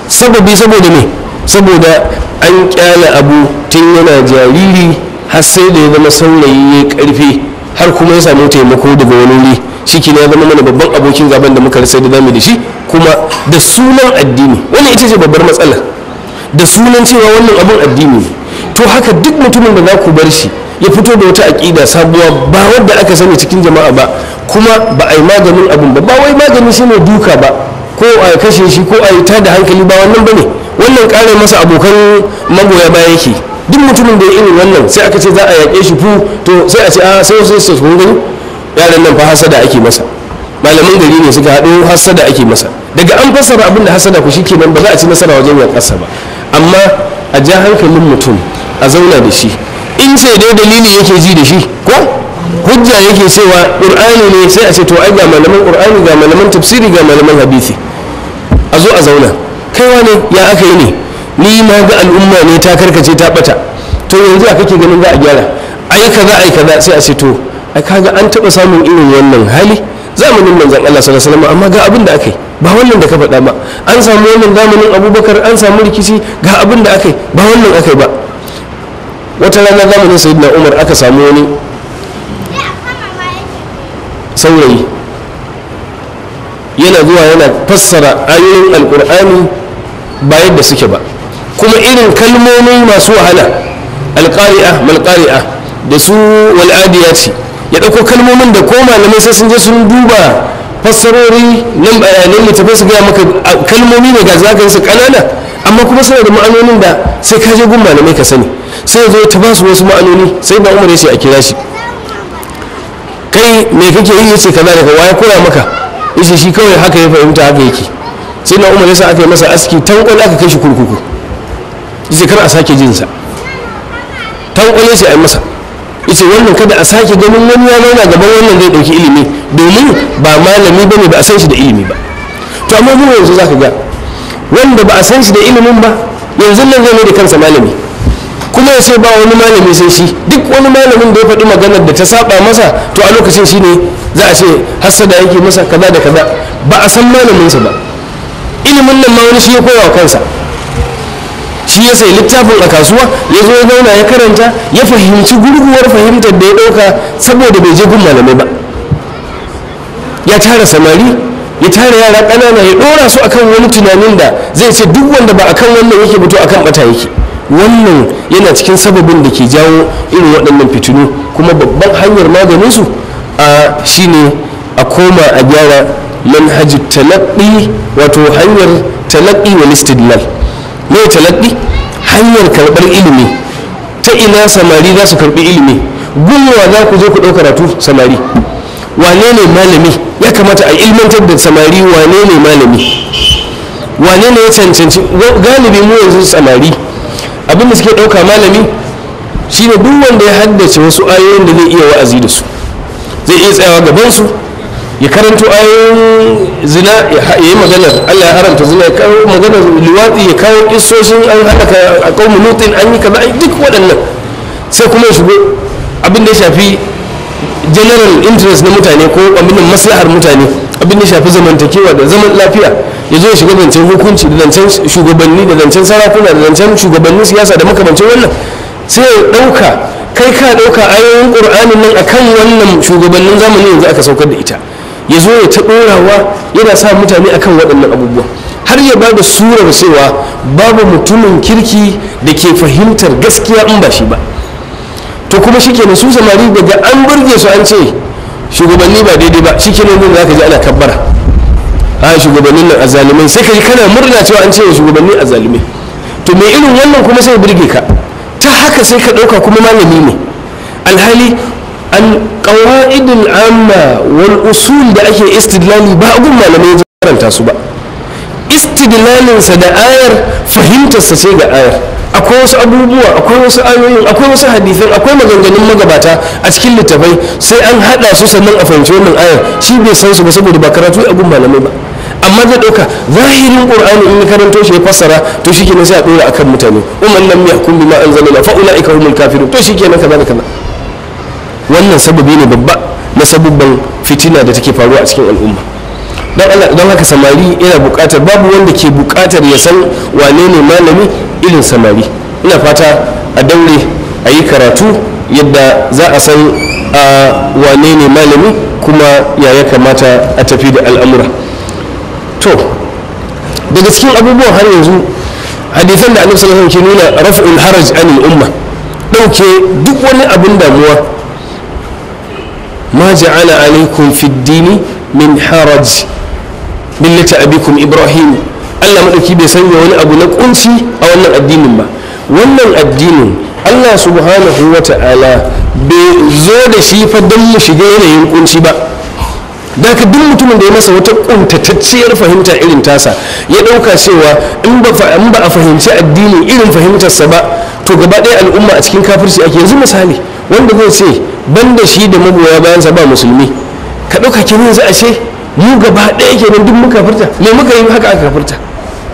sababi saboda me saboda an kyale abu tun yana jariri har sai da ya zama saurayi ya karfi har kuma ya samu taimako daga wani wuri shi ya zama mana babban abokin gaban da muka rasa da zamu da shi kuma da sunan addini wannan ita ce babbar matsala da sunan cewa wannan abun addini to haka duk mutumin da za ku bar shi ya fito da wata aƙida sabuwa ba wadda aka sani cikin jama'a ba kuma ba a yi maganin abun ba ba wai maganin shine duka ba ko a kashe shi ko a yi ta da hankali ba wannan ba ne wannan kare masa abokan magoya baya yake duk mutumin da ya irin wannan sai aka ce za a yaƙe shi fu to sai a ce a ah, sai wasu su sun gani yaran nan fa hasada ake masa malaman gari ne suka haɗo hasada ake masa daga an fassara abin da hasada ku nan ba za a ci nasara wajen yaƙarsa ba amma a ja hankalin mutum a zauna da shi in sai dai dalili yake ji da shi ko hujja yake cewa ƙur'ani ne sai a ce to ai ga malaman ƙur'ani ga malaman tafsiri ga malaman hadisi a zo a zauna kaiwa ne ya aka yi ne ni na ga al'umma ne ta karkace ta bata to yanzu a kake ganin za a gyara ai kaza ai kaza sai a ce to ai kaga an taba samun irin wannan hali zamanin manzon Allah sallallahu alaihi wasallam amma ga abin da aka yi ba wannan da ka faɗa ba an samu wannan zamanin Abubakar an samu rikici ga abin da aka yi ba wannan aka yi ba wata rana zamanin sayyidina Umar aka samu wani saurayi yana zuwa yana fassara ayoyin alkur'ani ba yadda suke ba kuma irin kalmomi masu wahala alƙari'a malƙari'a da su ya ce ya ɗauko kalmomin da ko malamai sai sun je sun duba fassarori nan bayanan eh, tafai su gaya maka kalmomi ne ga yi su ƙanana amma kuma suna da ma'anonin da sai ka je gun malamai ka sani sai zo ta ba su wasu ma'anoni sai ba umar ya ce a kira shi kai me kake yi ka kaza daga waya koya maka ce shi kawai haka ya fahimta haka yake sai na umar yasa aka yi masa aski tankwal aka kai shi kurkuku yace kar a sake jinsa tankwal shi a yi masa yace wannan kada a sake ganin wani ya zauna gaban wannan zai dauki ilimi domin ba malami ba ne ba a san shi da ilimi ba to amma mu yanzu za ka ga wanda ba a san shi da ilimin ba yanzu nan zai da kansa malami kuma ya sai ba wani malami sai shi duk wani malamin da ya faɗi maganar da ta saba masa to a lokacin shi ne za a ce hassada yake masa kaza da kaza ba a san malaminsa ba ilimin nan ma shi ya koya wa kansa shi ya sai littafin a kasuwa ya zo ya zauna ya karanta ya fahimci gurguwar fahimtar da ya ɗauka saboda bai je gun malamai ba ya tara samari ya tara yara ƙanana ya ɗora su akan wani tunanin da zai ce duk wanda ba akan wannan yake fito akan bata yake wannan yana cikin sababin da ke jawo irin waɗannan fitinu kuma babban hanyar maganinsu a shine a koma a gyara manhajut talabbi wato hanyar talabbi wal istidlal ne talabbi hanyar karɓar ilimi ta ina samari za su karɓi ilimi gwiwa za ku zo ku ɗau karatu samari wane ne malami ya kamata a ilmantar da samari wane ne malami wane ne ya cancanci galibi mu yanzu samari abinda suke ɗauka malami shine duk wanda ya haddace wasu ayoyin da zai iya wa'azi da su zai iya tsayawa gabansu ya karanto ayoyin zina ya yi maganar allah ya haramta zina ya kawo maganar luwaɗi ya kawo kisoshin an ka a kawo lutin an yi kaza duk waɗannan sai kuma ya shigo abin da ya shafi general interest na mutane ko abin da maslahar mutane abin da ya shafi zamantakewa da zaman lafiya ya zo ya shiga zancen hukunci da zancen shugabanni da zancen sarakuna da zancen shugabannin siyasa da makamancin wannan sai ya ɗauka kai ka ɗauka ayoyin ƙur'anin nan akan wannan shugabannin zamani yanzu aka saukar da ita ya zo ya ta ɗorawa yana sa mutane akan waɗannan abubuwa har ya ba da surar cewa babu mutumin kirki da ke fahimtar gaskiya in ba shi ba to kuma shi kenan su samari daga an burge su an ce shugabanni ba daidai ba shi kenan da zaka ji ana kabbara a shugabannin nan azalimai sai ka ji kana murna cewa an ce shugabanni azalimai to mai irin wannan kuma sai burge ka ta haka sai ka ɗauka kuma malami ne alhali القواعد العامة usul da ake istidlali ba abun malamai ya karanta su ba sa da ayar fahimtarsa sai ga ayar akwai wasu abubuwa akwai wasu ayoyin akwai wasu hadithan akwai maganganun magabata a cikin littafai sai an haɗa su sannan a fahimci wannan ayar shi bai san su ba saboda ba karatu a gun malamai ba amma zai ɗauka zahirin ƙur'ani in karanto shi ya fassara to shi kenan sai a ɗora akan mutane umman lam yahkum bima anzalna fa ulaika humul kafirun to shi kenan kaza da kaza wannan sababi ne babba na sabubban fitina da take faruwa a cikin al'umma don haka samari yana bukatar babu wanda ke bukatar ya san wane ne malami irin samari ina fata a daure a yi karatu yadda za a san a wane ne malami kuma ya ya kamata a tafi da al'amura to daga cikin abubuwan har yanzu hadisan da annabi sallallahu alaihi ke nuna raf'ul haraj anil umma dauke duk wani abin damuwa ma ja'ala alaikum fi dini min haraj millata abikum ibrahim Allah madauki bai sanya wani abu na kunci a wannan addinin ba wannan addinin Allah subhanahu wa ta'ala bai zo da shi fa don mu shiga yanayin kunci ba da ka duk mutumin da ya masa wata ƙuntatacciyar fahimta irin tasa ya ɗauka cewa in ba a fahimci addinin irin fahimtarsa ba to gaba ɗaya al'umma a cikin kafirci ake yanzu misali wanda zai ce ban da shi da magoya bayansa ba musulmi ka ɗauka kenan za a ce mu gaba ɗaya ke nan duk muka furta me muka yi haka aka furta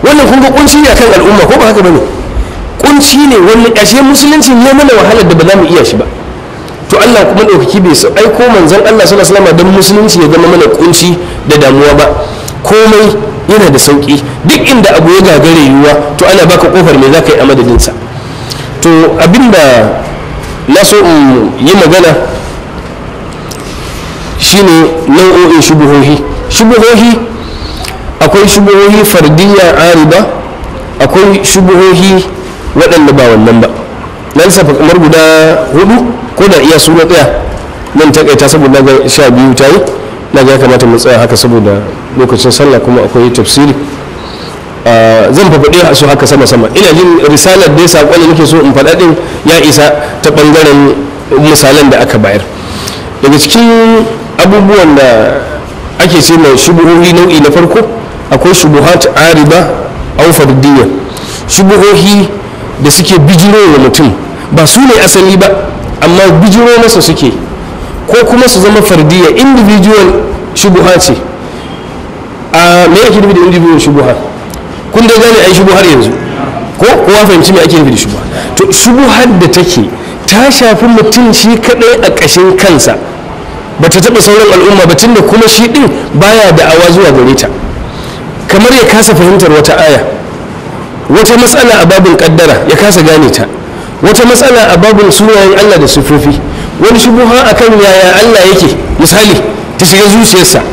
wannan kun ga kunci ne akan al'umma ko ba haka bane kunci ne wannan ƙashe musulunci ne mana wahalar da ba za mu iya shi ba to Allah kuma ɗaukaki bai sa aiko manzon Allah sallallahu alaihi wasallam don musulunci ya zama mana kunci da damuwa ba komai yana da sauki duk inda abu ya gagare yiwuwa to ana baka kofar me zaka yi a madadinsa to abinda na so in yi magana shine nau'o'in shubuhohi shubuhohi akwai shubuhohi fardiyya ariba akwai shubuhohi waɗanda ba wannan ba nan safa kamar guda hudu ko da iya suna tsaya nan ta takaita saboda ga sha biyu ta yi na ga kamata mu tsaya haka saboda lokacin sallah kuma akwai tafsiri zan faɗi su haka sama-sama ina jin risalar dai saƙon da nake so in faɗaɗin ya isa ta ɓangaren misalan da aka bayar daga cikin abubuwan da ake ce mai shubuhohi nau'i na farko akwai shubuhat ariba au fardiyya shubuhohi da suke bijiro wa mutum ba su ne asali ba amma bijiro masa suke ko kuma su zama fardiyya individual shubuha ce a me yake da individual shubuha kun dai gane ai shubu har yanzu ko kowa fahimci me ake nufi da shubu to shubu har da take ta shafi mutum shi kadai a ƙashin kansa ba ta taɓa sauran al'umma ba tun da kuma shi ɗin baya da awa zuwa gare ta kamar ya kasa fahimtar wata aya wata matsala a babin kaddara ya kasa gane ta wata matsala a babin sunayen allah da sufofi wani shubuha akan yaya allah yake misali ta shiga zuciyarsa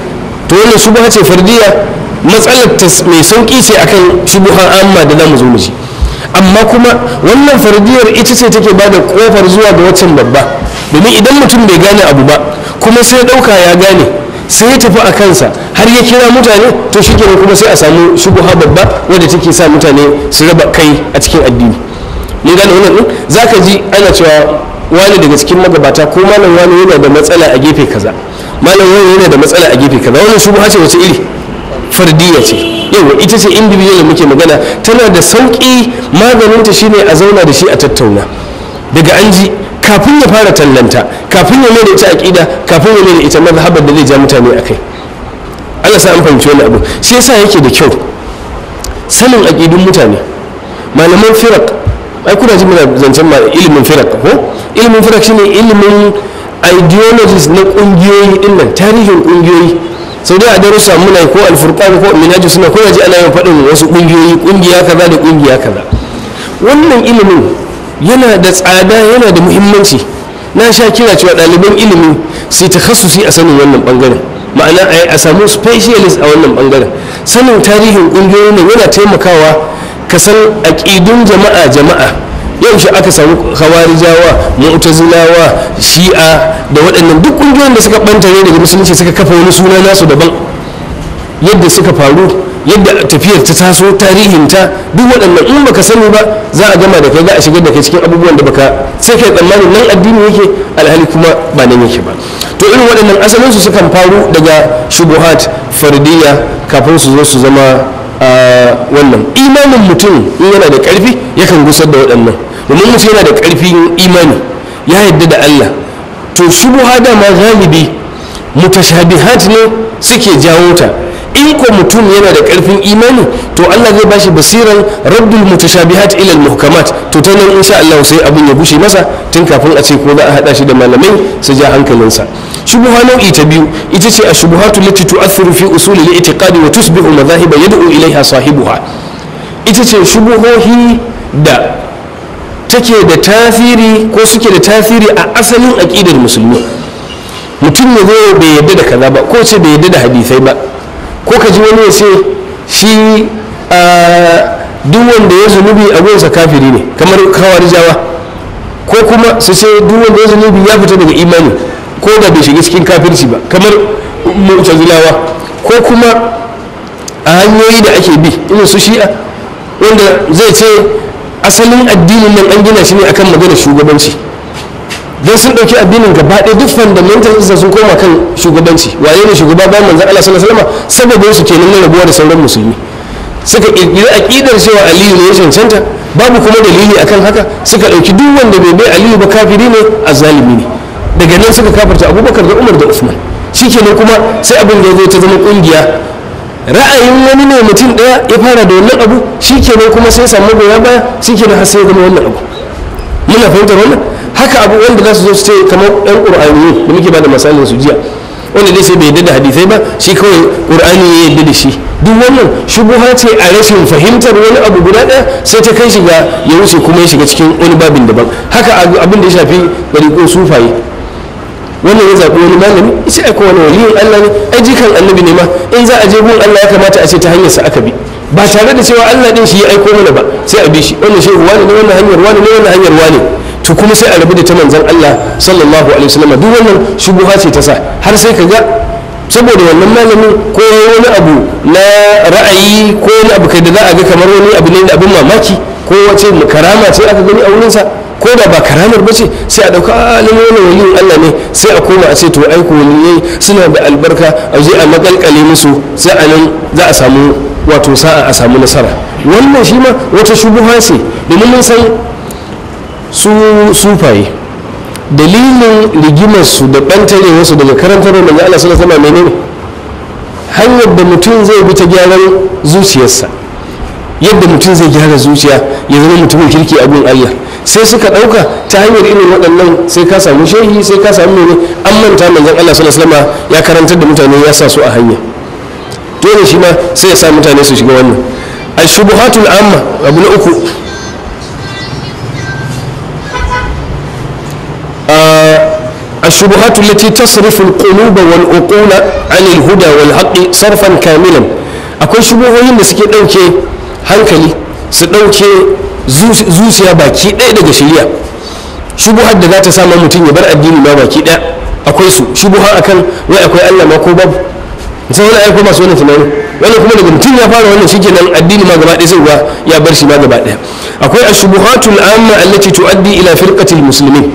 to wannan shubuha ce fardiya matsalar mai sauki ce akan shubuhan amma da zamu zo mu amma kuma wannan fardiyar ita ce take bada kofar zuwa ga waccan babba domin idan mutum bai gane abu ba kuma sai dauka ya gane sai ya tafi a kansa har ya kira mutane to shi kuma sai a samu shubuha babba wadda take sa mutane su raba kai a cikin addini mun gane wannan din zaka ji ana cewa wani daga cikin magabata ko malam wani yana da matsala a gefe kaza malam wani yana da matsala a gefe kaza wannan shubuha ce wace iri fardiya ce yawa ita ce individual da muke magana tana da sauƙi maganinta shine a zauna da shi a tattauna daga an ji kafin ya fara tallanta kafin ya mai da ita aƙida kafin ya mai da ita mazhabar da zai ja mutane a kai Allah sa an fahimci wani abu shi yasa yake da kyau sanin aƙidun mutane malaman firak ai kuna ji muna zancen ma ilimin firak ko ilimin firak shine ilimin ideologies na ƙungiyoyi din tarihin ƙungiyoyi sau dai a samu na ko alfurka ko minhaj suna ko yaji ana yin faɗin wasu ƙungiyoyi ƙungiya kaza da ƙungiya kaza wannan ilimin yana da tsada yana da muhimmanci na sha kira cewa ɗaliban ilimi su takhassusi a sanin wannan bangaren ma'ana a samu specialist a wannan bangaren sanin tarihin ƙungiyoyi ne yana taimakawa ka san aƙidun jama'a jama'a yau shi aka samu hawarijawa mu'tazilawa shi'a da waɗannan duk ƙungiyoyin da suka ne daga musulunci suka kafa wani suna nasu daban yadda suka faru yadda tafiyar ta taso tarihinta duk waɗannan in baka sani ba za a gama da kai za a shigar da kai cikin abubuwan da baka sai kai tsammanin nan addini yake alhali kuma ba nan yake ba to irin waɗannan asalinsu sukan faru daga shubuhat fardiyya kafin su zo su zama ah, wannan imanin mutum in yana da ƙarfi yakan gusar da waɗannan domin mutum yana da ƙarfin imani ya yadda da Allah to shubuha dama galibi mutashabihat ne suke jawo ta in ko mutum yana da ƙarfin imani to Allah zai bashi basiran rabbul mutashabihat ila muhkamat to ta nan insha Allah sai abun ya bushe masa tun kafin a ce ko za a hada shi da malamai su ja hankalinsa shubuha nau'i ta biyu ita ce a shubuhatu lati tu'athiru fi usuli al-i'tiqad wa tusbihu madhahiba yad'u ilaiha sahibuha ita ce shubuhohi da take da tasiri ko suke da tasiri a asalin aƙidar musulmi mutum ya zo bai yadda da kaza ba ko ce bai yadda da hadisai ba ko ka ji wani ya ce shi duk wanda ya zunubi a gonsa kafiri ne kamar kawar jawa ko kuma su ce duk wanda ya zunubi ya fita daga imani ko da bai shiga cikin kafirci ba kamar mu'tazilawa ko kuma a hanyoyi da ake bi irin su shi'a wanda zai ce asalin addinin nan an gina shi ne akan maganar shugabanci don sun ɗauki addinin gaba ɗaya duk fundamental isa sun koma kan shugabanci waye ne shugaba bayan manzon Allah sallallahu alaihi wasallam sababin su kenan na rabuwa da sauran musulmi suka kirkiri aqidar cewa Aliyu ne ya cancanta babu kuma dalili akan haka suka ɗauki duk wanda bai bai Aliyu ba kafiri ne azalimi ne daga nan suka kafarta Abubakar da Umar da Usman shikenan kuma sai abin da ya zo ta zama kungiya ra'ayin wani ne mutum daya ya fara da wannan abu shi kenan kuma sai samu goya baya shi kenan har sai zama wannan abu muna fahimtar wannan haka abu wanda za su zo su ce kamar ɗan ƙur'ani da muke bada misalin su jiya wanda dai sai bai yadda da hadisai ba shi kawai ƙur'ani ya yadda da shi duk wannan shubuha ce a rashin fahimtar wani abu guda ɗaya sai ta kai shiga ya wuce kuma ya shiga cikin wani babin daban haka abin da ya shafi ɗariƙo sufaye wannan ya zaɓi wani malami sai aiko wani waliyin Allah ne ai jikan annabi ne ma in za a je gun Allah ya kamata a ce ta hanyarsa aka bi ba tare da cewa Allah ɗin shi ya aiko mana ba sai a bi shi wannan shi wani ne wannan hanyar wani ne wannan hanyar wani to kuma sai a rabu da ta manzan Allah sallallahu alaihi wasallam duk wannan shubuha ce ta sa har sai ka ga saboda wannan malamin ko wani abu na ra'ayi ko wani abu kai da za a ga kamar wani abu ne da abin mamaki ko wace karama ce aka gani a wurinsa ko da ba karamar ba ce sai a ɗauka ah, alamomin waliyin Allah ne sai a koma a ce to aiko ne waliyai suna da albarka a je a makalkale musu sai a nan za a samu wato sa'a a samu nasara wannan shi ma wata shubuha ce domin mun san su sufaye dalilin rigimarsu da wasu daga karantar da Allah sallallahu alaihi wasallam hanyar da mutum zai bi ta gyaran zuciyarsa yadda mutum zai gyara zuciya ya zama mutumin kirki a gun Allah sai suka ɗauka ta hanyar irin waɗannan sai ka samu shehi sai ka samu mene an manta manzon Allah sallallahu alaihi ya karantar da mutane ya sa su a hanya dole shi ma sai ya sa mutane su shiga wannan ashubuhatul amma abu na uku الشبهات التي تصرف القلوب والعقول عن الهدى والحق صرفا كاملا akwai شبهه da suke ɗauke hankali su ɗauke zuciya baki ɗaya daga shari'a shubuhar da za ta samu mutum ya bar addini ma baki ɗaya akwai su shubuha akan wai akwai Allah ma ko babu sai wani aiko masu wannan tunanin wannan kuma daga mutum ya fara wannan nan addini ma gaba ɗaya sai ga ya bar shi ma gaba ɗaya akwai ashubuhatul amma allati tuaddi ila firqatil muslimin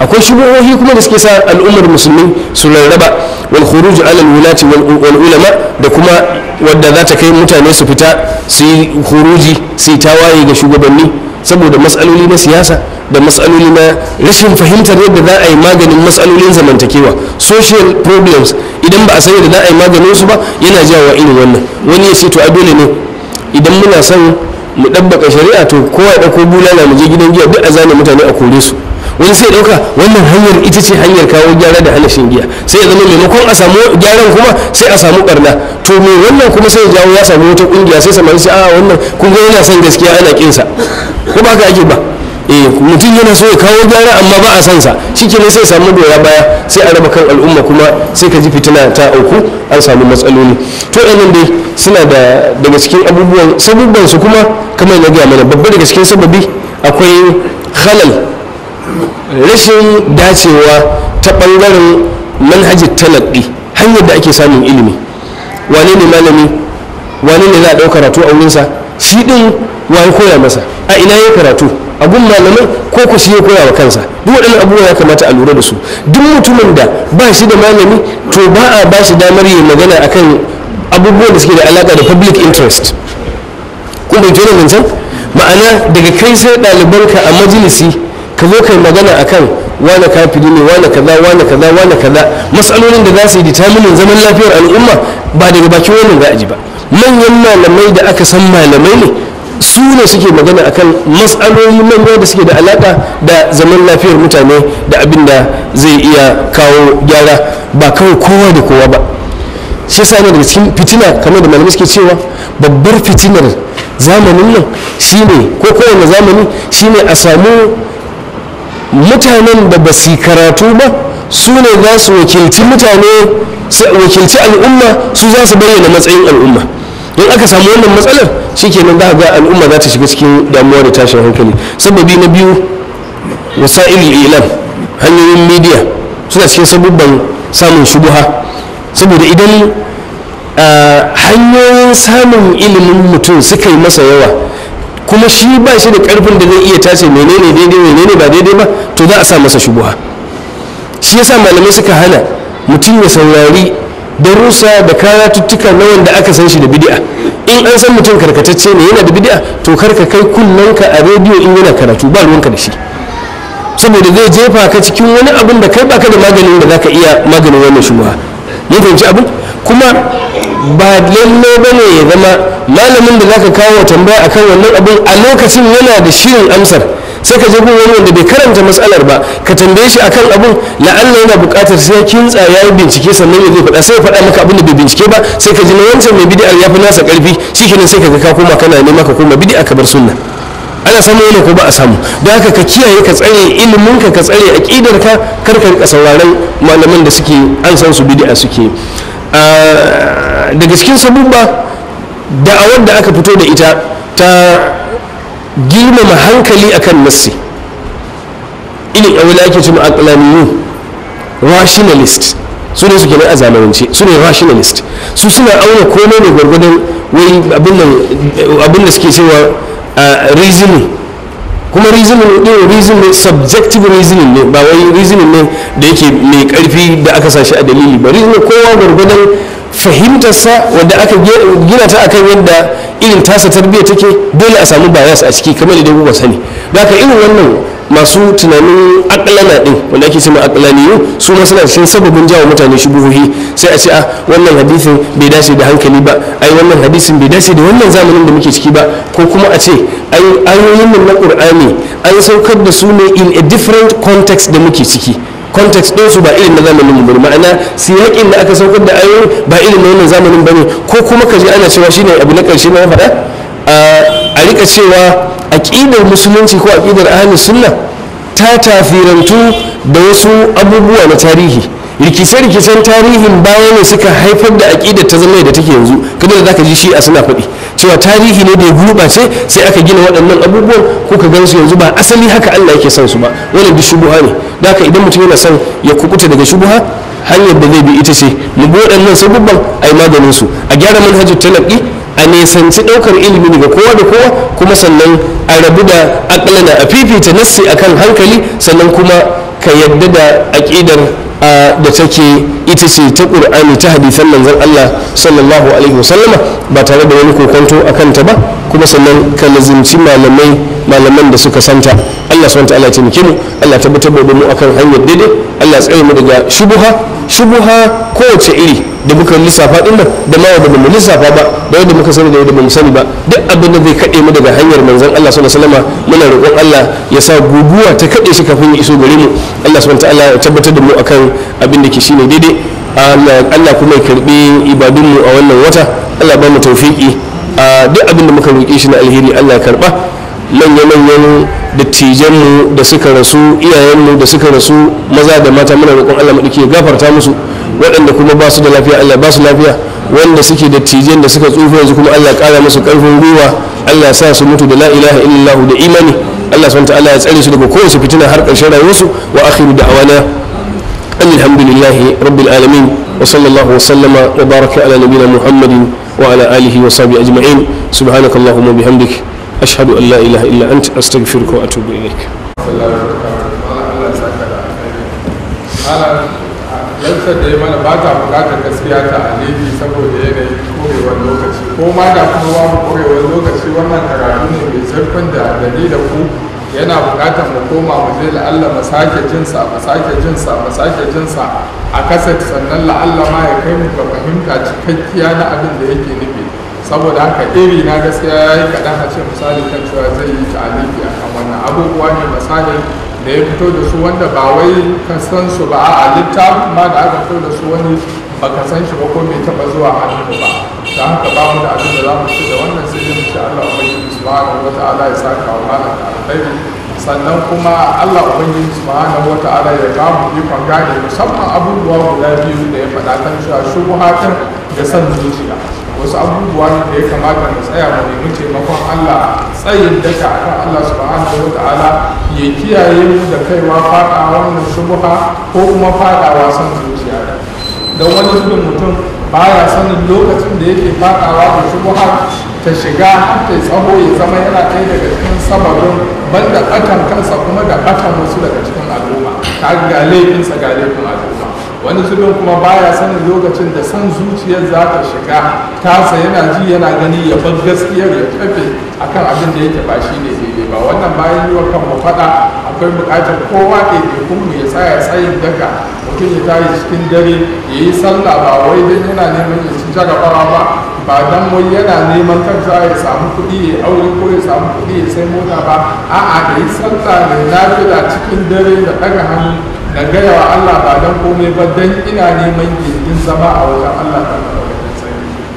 akwai shubuhohi kuma da suke sa al'ummar musulmi su rarraba wal khuruj ala al wal ulama da kuma wadda za ta kai mutane su fita su yi huruji su yi tawaye ga shugabanni saboda matsaloli na siyasa da matsaloli na rashin fahimtar yadda za a yi maganin matsalolin zamantakewa social problems idan ba a san da za a yi maganin su ba yana jawa irin wannan wani ya ce to a dole ne idan muna son mu ɗabbaka shari'a to kowa ya ɗauko bulala mu je gidan giya duk a zane mutane a kore su wani sai dauka wannan hanyar ita ce hanyar kawo gyara da hana shingiya giya sai ya zama maimakon a samu gyaran kuma sai a samu barna to me wannan kuma sai ya jawo ya samu wata kungiya sai samu sai a wannan kun ga yana son gaskiya ana kin sa ko ba ka ake ba eh mutum yana so ya kawo gyara amma ba a san sa shikenan sai samu doya baya sai a raba kan al'umma kuma sai ka ji fitina ta auku an samu matsaloli to ɗanin dai suna da daga cikin abubuwan sabubban su kuma kamar na gaya mana babba daga cikin sababi akwai halal rashin dacewa ta ɓangaren manhajin talabi hanyar da ake samun ilimi wane ne malami wane ne za a ɗauka karatu a wurinsa shi ɗin waye koya masa a ina ya karatu a gun malaman ko ku shi ya koya wa kansa duk waɗannan abubuwa ya kamata a lura da su duk mutumin da ba shi da malami to ba a ba shi damar yin magana akan abubuwan da suke da alaƙa da public interest kun bai kenan ma'ana daga kai sai ɗalibanka a majalisi ka zo kai magana akan wane kafiri ne wane kaza wane kaza wane kaza matsalolin da za su yi determinin zaman lafiyar al'umma ba daga bakin wannan za a ji ba manyan malamai da aka san malamai ne su ne suke magana akan matsaloli manya da suke da alaka da zaman lafiyar mutane da abin da zai iya kawo gyara ba kawai kowa da kowa ba shi yasa ne daga cikin fitina kamar da malamai suke cewa babbar fitinar zamanin nan shine ko kowane zamani shine a samu mutanen da ba su karatu ba su ne za su wakilci mutane wakilci al'umma su za su bayyana matsayin al'umma Don aka samu wannan matsalar shi nan za ga al'umma za ta shiga cikin damuwa da tashin hankali sababi na biyu wasa'il ilan hanyoyin midiya suna cikin sabubban samun shubuha saboda idan ah, hanyoyin samun ilimin mutum suka yi masa yawa kuma shi ba shi da karfin da zai iya tace menene daidai menene ba daidai ba to za a sa masa shubuha shi yasa malamai suka hana mutum ya saurari darussa da karatuttuka na wanda aka san shi da bidi'a in an san mutum karkatacce ne yana da bid'a to karka kai ka a rediyo in yana karatu ba ruwanka da shi saboda zai jefa ka cikin wani abin da kai baka da maganin da zaka iya maganin wannan shubuha ya fahimci abin kuma ba lalle ba ne ya zama malamin da zaka kawo tambaya akan wannan abin a lokacin yana da shirin amsar sai ka je wani wanda bai karanta matsalar ba ka tambaye shi akan abun la'alla yana buƙatar sai kintsa ya yi bincike sannan ya zai faɗa sai ya faɗa maka abin da bai bincike ba sai ka ji na wancan mai bidi'ar ya fi nasa ƙarfi shikenan sai ka ga ka koma kana nema ka koma bidi'a ka bar sunna ana samu wani ko ba a samu don haka ka kiyaye ka tsare ilimin ka ka tsare aƙidar ka kar ka sauraron malaman da suke an san su bidi'a suke Eh, daga cikin sabubba da'awar da aka fito da ita ta girmama hankali akan nassi ilin yawon da ake cewa aqlaniyu rationalist su ne suke nan a zamanance su ne rationalist su suna auna komai ne gwargwadon wani eh, abin da suke cewa eh, reasoning kuma reasoning din reasoning subjective reasoning ne ba wai reasoning ne da yake mai karfi da aka sashi a dalili ba reasoning kowa gwargwadon fahimtarsa wadda aka gina ta akan yadda irin tasa tarbiyya take dole a samu bias a ciki kamar idan ba sani da irin wannan masu tunanin akalana din wanda ake cewa akalaniyu su ma suna cikin sababin jawo mutane buhuhi sai a ce a ah, wannan hadisin bai dace da hankali ba ai wannan hadisin bai dace da wannan zamanin da muke ciki ba ko kuma a ce ai ayoyin nan na qur'ani an saukar da su ne in a different context da muke ciki context din su ba irin na zamanin mu ma'ana siyakin da aka saukar da ayoyin ba irin na wannan zamanin bane ko kuma kaje ana cewa shine abu na ƙarshe na faɗa ah, a rika cewa aƙidar musulunci ko aƙidar ahli sunna ta tafirantu da wasu abubuwa na tarihi rikice-rikicen tarihin baya ne suka haifar da aƙidar ta zama da take yanzu kada da zaka ji shi a suna faɗi cewa tarihi ne da ya gurɓace sai aka gina waɗannan abubuwan ko ka gansu yanzu ba asali haka Allah yake son su ba wannan duk shubuha ne da idan mutum yana son ya kukuta daga shubuha hanyar da zai bi ita ce mu bi waɗannan sabubban a yi maganin su a gyara manhajar talaƙi a nisanci ɗaukar ilimi daga kowa da kowa kuma sannan a rabu da akalana a fifita nassi akan hankali sannan kuma ka yadda da aƙidar da take ita ce ta ƙur'ani ta hadisan manzon Allah sallallahu alaihi wasallama ba tare da wani kokonto a kanta ba kuma sannan ka lazimci malamai malaman da suka santa Allah subhanahu wa ta'ala ya taimake mu Allah tabbatar da mu akan hanyar daidai Allah tsaye mu daga shubuha shubuha kowace iri da muka lissafa din nan da ma wanda mu lissafa ba da wanda muka sani da wanda bamu sani ba duk abin da zai kade mu daga hanyar manzon Allah sallallahu alaihi wasallam muna roƙon Allah ya sa guguwa ta kade shi kafin ya iso gare mu Allah subhanahu wataala ya tabbatar da mu akan abin da ke shine daidai Allah kuma ya karbi ibadunmu a wannan wata Allah ba mu tawfiki ah, duk abin da muka roƙe shi na alheri Allah ya karba manya-manyan dattijanmu da suka rasu iyayenmu da suka rasu maza da mata muna roƙon allah maɗauki gafarta musu waɗanda kuma ba su da lafiya allah ba su lafiya wanda suke dattijan da suka tsufa yanzu kuma allah ƙara musu ƙarfin gwiwa allah sa su mutu da la ilaha illallah da imani allah subhanahu ta'ala ya tsare su daga kowace fitina har ƙarshen rayuwarsu wa akhiru da'wana alhamdulillahi rabbil alamin wa sallallahu wa sallama wa baraka ala nabiyina muhammadin wa ala alihi wa sahbihi ajma'in subhanakallahumma bihamdika ashhadu an la ilaha illa anta astaghfiruka wa atubu ilaik da ya mana ba ta bukatar gaskiya ta alibi saboda yanayin korewar lokaci ko ma da kuma babu korewar lokaci wannan karatu ne mai zurfin da gani da ku yana bukatar mu koma mu je la'alla mu sake jinsa mu sake jinsa mu sake jinsa a kasar sannan la'alla ma ya kai mu ga fahimta cikakkiya na abin da yake nufi saboda haka iri na gaskiya ya yi kaɗan a ce misali kan cewa zai yi ta'aliki a kan wannan abubuwa ne misali da ya fito da su wanda ba wai ka san su ba a littafin ma da aka fito da su wani ba ka san shi ba ko bai taɓa zuwa hannu ba da haka ba mu da abin da za mu ci da wannan sai dai mu ci Allah ubangiji subhanahu ala ya sa kawo ba da alkhairi sannan kuma Allah ubangiji subhanahu ala ya ba mu ikon gane musamman abubuwa guda biyu da ya faɗa kan cewa shubuhatin da san zuciya wasu abubuwa da ya kamata mu tsaya mu nemi taimakon Allah tsayin daka akan Allah subhanahu wa ta'ala ya kiyaye mu da kaiwa fada wannan shubuha ko kuma faɗawa san zuciya da wani zubin mutum baya sanin lokacin da yake fadawa da shubuha ta shiga har ta tsaho ya zama yana ɗaya daga cikin sababin banda ɓatan kansa kuma da wasu daga cikin al'umma ta ga laifinsa ga laifin al'umma wani zubin kuma baya sanin lokacin da san zuciyar za ta shiga tasa yana ji yana gani ya bar gaskiyar ya tafe akan abin da yake ba shi ne daidai ba wannan bayan yi wa kan mu faɗa akwai bukatar kowa ke mu ya tsaya tsayin daga mutum ya tayi cikin dare ya yi sallah ba wai dan yana neman ya ci jarabawa ba ba dan wai yana neman za ya samu kuɗi ya aure ko ya samu kuɗi ya sai mota ba a'a ya yi sallah da lafiya cikin dare da ɗaga hannu na gaya wa Allah ba don komai ba don ina neman gindin zama a wajen Allah ta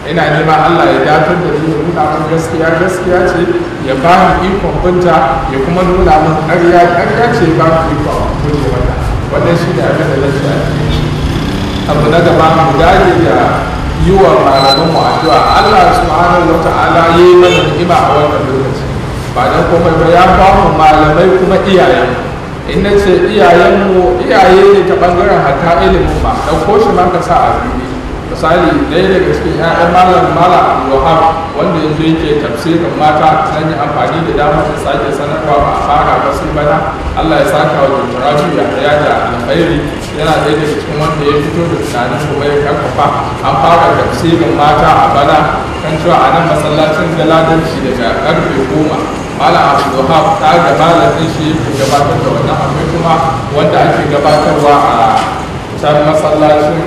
ina neman Allah ya datar da ni ya nuna min gaskiya gaskiya ce ya ba ni ikon binta ya kuma nuna min ƙarya ƙarya ce ba ni ikon guje wata wannan shi ne abin da lafiya abu na gaba mu dage da yi wa malaman mu addu'a Allah subhanahu wa ta'ala ya yi mana ni'ima a wannan lokaci ba dan komai ba ya ba mu malamai kuma iyayen mu in na ce iyayenmu iyaye ne ta bangaren hatta ilimin ba ɗauko shi ma ka sa a fili misali ɗaya daga cikin 'ya'yan malam malam abdulwahab wanda yanzu yake tafsirin mata nan yi amfani da damar da sake sanarwa ba a fara ba sun bana allah ya saka wa jimtarafi ya haya da alkhairi yana ɗaya daga cikin wanda ya fito da tunanin kuma ya karfafa an fara tafsirin mata a bana kan cewa a nan masallacin galadanci daga karfe goma malam ta tare da malamin shi yake gabatar da wannan akwai kuma wanda ake gabatarwa a can masallacin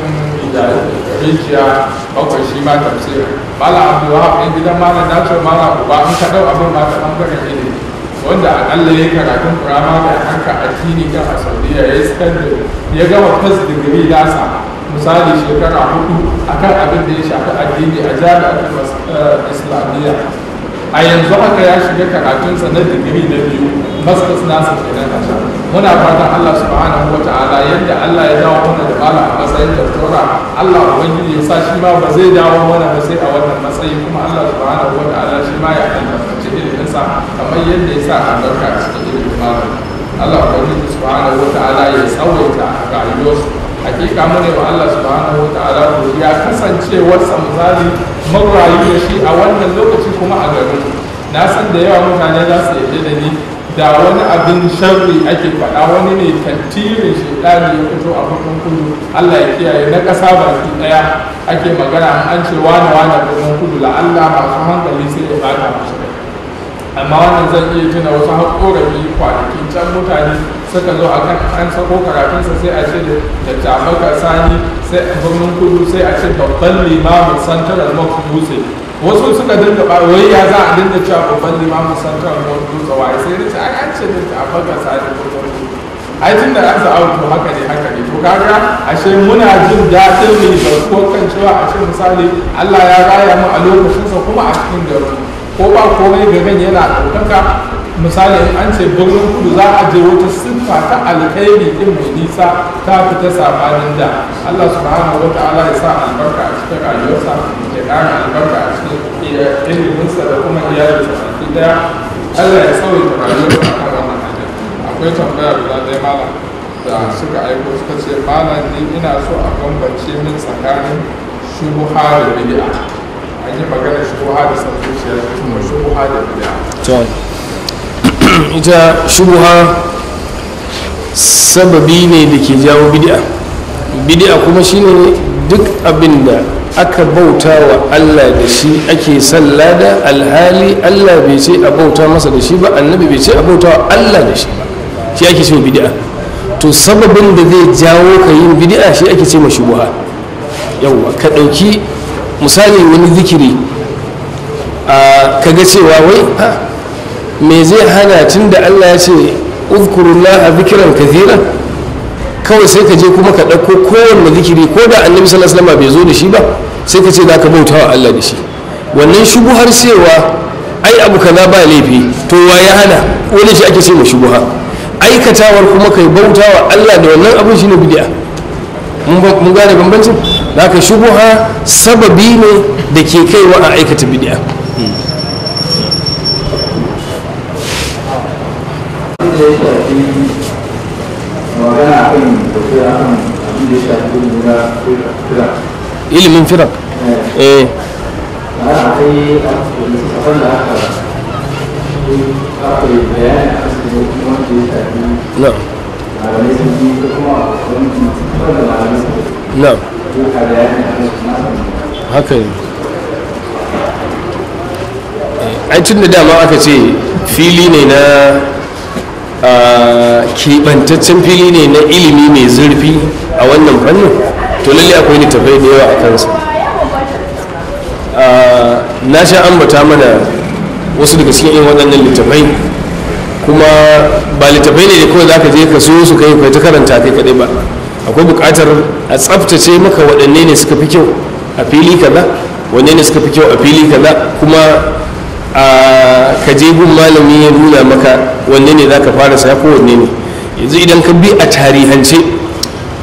rijiya bakwai shi ma tafsir malam abdulhaf ɗin gidan malam na ce malam uba in ka ɗau abin ma ta ɓangaren ilimi wanda akalla ya karatun kurama da hanka addini kan a saudiya ya yi ya gama fas digiri nasa misali shekara hudu akan abin da ya shafi addini a jami'ar eh, islamiyya a yanzu haka ya shiga karatunsa na digiri na biyu masters nasa kenan a can muna fatan Allah subhanahu wa ta'ala yadda Allah ya dawo mana da bala a matsayin doktora Allah ubangiji ya sa shi ma ba zai dawo mana ba sai a wannan matsayi kuma Allah subhanahu wa ta'ala shi ma ya albarkaci iliminsa kamar yadda ya sa albarka a cikin ilimin malam Allah ubangiji subhanahu wa ta'ala ya tsawaita rayuwarsa hakika mune ba Allah subhanahu wa ta'ala ya kasance wasa misali marayu da shi a wannan lokaci kuma a garin na san da yawa mutane za su yarda da ni da wani abin sharri ake faɗa wani ne tantirin da ya fito a farkon kudu Allah ya kiyaye na ƙasa su ɗaya ake magana an ce wani wani farkon kudu la Allah masu hankali sai ya bata mashi amma wannan zan iya tuna wasu haƙorafi kwanakin can mutane suka zo a kan an sako karatunsa sai a ce da jamaka sani sai a birnin kudu sai a ce babban limamin santarar mafi wasu suka dinga ba wai ya za a dinga cewa babban limamin santarar mafi dutse wa sai da ce ai an ce da jamaka sani ko ai tun da an a to haka ne haka ne to kaga ashe muna jin daɗin mai da ko kan cewa a ce misali Allah ya raya mu a lokacinsa kuma a cikin garin ko ba komai garin yana ɗaukaka misali an ce birnin kudu za a je wata siffa ta alkhairi din mai nisa ta fita sabanin da Allah subhanahu wa ta'ala ya sa albarka a cikin rayuwarsa ya kara albarka a cikin eh, iliminsa da kuma iyalinsa baki daya Allah ya sauya rayuwarsa a kan wannan hanyar akwai tambaya guda ɗaya malam da suka aiko suka ce malam ni ina so a bambance min tsakanin shubuha da bid'a an yi magana shubuha da san ya da kuma da ita shubuha sababi ne da ke jawo bidi'a bidi'a kuma shine duk abinda aka bauta wa Allah da shi ake da alhali Allah bai ce a bauta masa da shi ba annabi bai ce a bauta wa Allah da shi shi ake cewa bidi'a to sababin da zai jawo ka yin bidi'a shi ake ce shubuha yawwa ka ɗauki misalin wani zikiri a kaga cewa wai me zai hana tun da allah ya ce uzkurullah a bikiran kathira kawai sai ka je kuma ka ɗauko kowanne zikiri ko da annabi sallallahu alaihi bai zo da shi ba sai ka ce za ka bauta wa allah da shi wannan har cewa ai abu kaza ba laifi to wa ya hana wani shi ake ce shubu ha aikatawar kuma kai bauta wa allah da wannan abin shi ne bidiya mun gane bambancin da shubu ha sababi ne da ke kaiwa a aikata bidiya da shafi magana kan tafiya kan abin da shafi ilimin firak ilimin firak eh a a abin da aka aka yi bayani a kan wanda ya shafi na kuma sun ji ko kuma wanda malamai sun ji na ka bayani a kan haka ne eh, ai tun da dama aka ce fili ne na keɓantaccen fili ne na ilimi mai zurfi a wannan fannin to lalle akwai littafai da yawa a kansa na sha ambata mana wasu daga cikin waɗannan littafai kuma ba littafai ne da kawai za ka je ka so su kai kai ta karanta kai kaɗai ba akwai buƙatar a tsaftace maka waɗanne ne suka fi kyau a fili kaza wanne ne suka fi kyau a fili kaza kuma a je gun malami ya nuna maka wanne ne za ka fara saya ko wanne ne yanzu idan ka bi a tarihance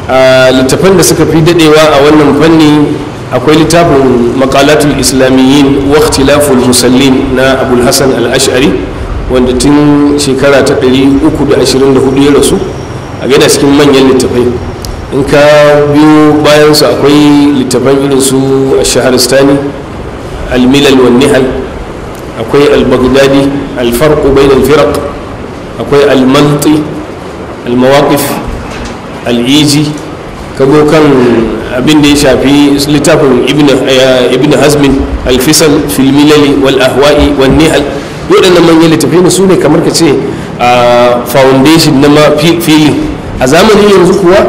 a littafan da suka fi dadewa a wannan fanni akwai littafin makalatul islamiyyin waqti laful musallin na abul hasan al-ash'ari wanda tun shekara ta 324 ya rasu a gaida cikin manyan littafai in ka biyo bayansu akwai littafan irin su a shaharistani al-milal wa nihal akwai al-baghdadi al-farq al-firaq akwai al-malti al-mawaqif al-iji kago kan abin da ya shafi littafin ibn eh, hazmin al-fisal fil milali wal ahwa'i wal nihal manyan littafai ne su ne kamar ka ce a foundation na filin? fili a zamanin yanzu kuwa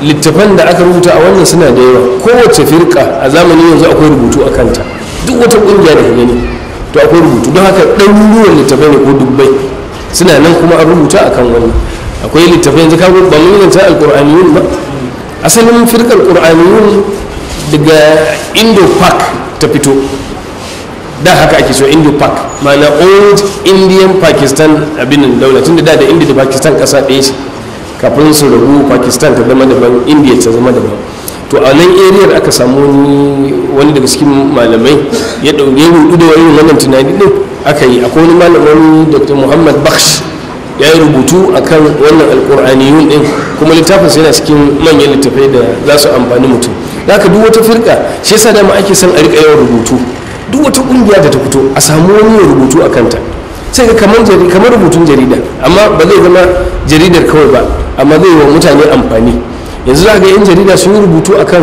littafan da aka rubuta a wannan suna da yawa kowace firka a zamanin yanzu akwai rubutu a kanta duk wata ƙungiya da hanyar. to akwai rubutu don haka ɗaruruwan littafai ne ko dubbai suna nan kuma an rubuta a kan wani akwai littafai yanzu kawo balilin ta yanzu alƙur'aniyun ba asalin firkar ƙur'aniyun daga indo park ta fito da haka ake so indo park mana old indian pakistan abinin daula tun da da da india da pakistan ƙasa ɗaya shi kafin su rabu pakistan ta zama daban india ta zama daban to a nan ariyar aka samu wani daga cikin malamai ya dauke rudu da wani wannan tunani ɗin aka yi akwai wani malamin dr muhammad baksh ya yi rubutu a kan wannan alkur'aniyun din kuma littafinsa yana cikin manyan littafai da za su amfani mutum da aka duk wata firka shi yasa dama ake son a riƙa yawan rubutu duk wata ƙungiya da ta fito a samu wani rubutu a kanta sai ka kamar rubutun jarida amma ba zai zama jaridar kawai ba amma zai yi wa mutane amfani yanzu za ga yan jarida sun yi rubutu a kan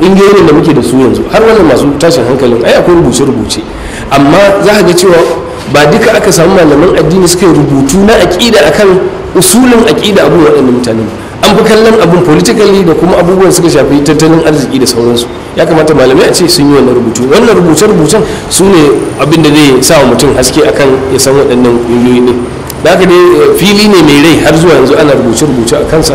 ingiyoyin da muke da su yanzu har wani masu tashin hankalin ai akwai rubuce rubuce amma za ga cewa ba duka aka samu malaman addini suka rubutu na aƙida akan usulin aƙida abin waɗannan mutane an fi kallon abin politically da kuma abubuwan suka shafi tattalin arziki da sauransu ya kamata malamai a ce sun yi wannan rubutu wannan rubuce-rubucen su ne abin da zai sa wa mutum haske akan ya san waɗannan ƙungiyoyi ne da haka dai eh, fili ne mai rai har zuwa yanzu ana rubuce-rubuce a kansa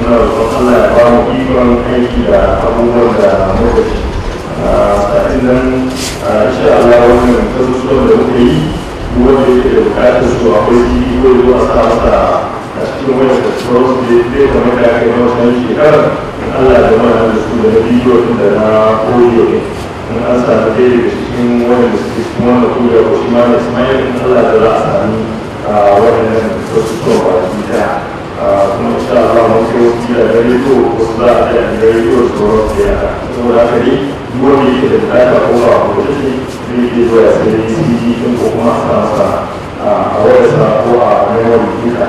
na roƙon Allah ya ba mu ikon aiki da abubuwan da muka ci kafin nan insha Allah wannan kasusuwan da muka yi wanda yake da bukatar su a jiki ko zuwa sa masa a cikin wani kasuwar su da ya kamar da aka yi na wasu shekarar Allah ya zama da su da na bidiyo da na kodiyo ne in an samu ɗaya daga cikin wanda suke cikin wanda kuma da wasu ma da ismail in Allah da za a sami waɗannan kasusuwan ba su kuma insha Allah mun sai wani da rediyo ko za a da rediyo da sauran su yara saboda haka ne wanda yake da bukata ko ba ko da shi zai iya zuwa ya sai CD din ko kuma a sa a wayarsa ko a memory duka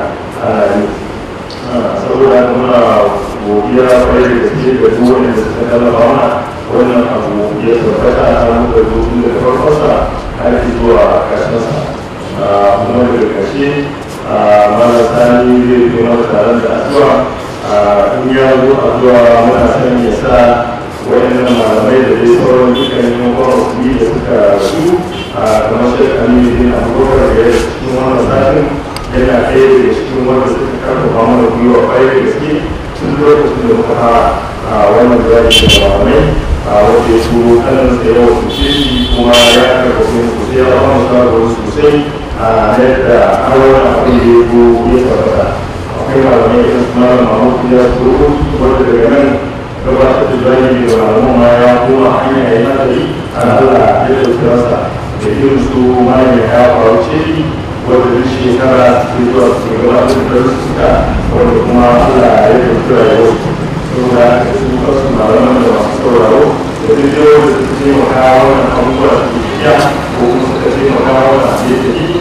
ana yi saboda haka muna godiya kwarai da gaske ga duk wanda suka tallafa mana wannan abu ya tabbata a samu da zuwa daga farkonsa har zuwa ƙarshensa kuma daga ƙarshe Ah, ah, mana sani zai zo masa tare da addu'a in ya zo addu'a muna son ya sa wayannan malamai da dai sauran dukkanin kwamfani da suka rasu a kamar shekar amini na abubakar da ya cikin wannan satin yana ɗaya daga cikin wanda suka karfafa mana gwiwa ƙwarai da gaske tun lokacin da muka a wannan zaɓi da malamai a wanda ya turo kanan da yawa kuma ya karfafa sosai ya ba mu sosai a yadda awon abin da ya zo ya tabbata akwai malamai da kuma mamutu ya tsoro wanda daga nan gabatar da bayani da malamu ma ya kuma hanya ya nazari a Allah ya tabbata da irin su ma ya faru ce wanda duk shekara su zuwa su gabatar da suka wanda kuma Allah ya tabbata ya wasu saboda su kasu malaman da masu sauraro da duk yau da su taimaka wannan abubuwa da ke ko kuma suka taimaka wannan da ya tafi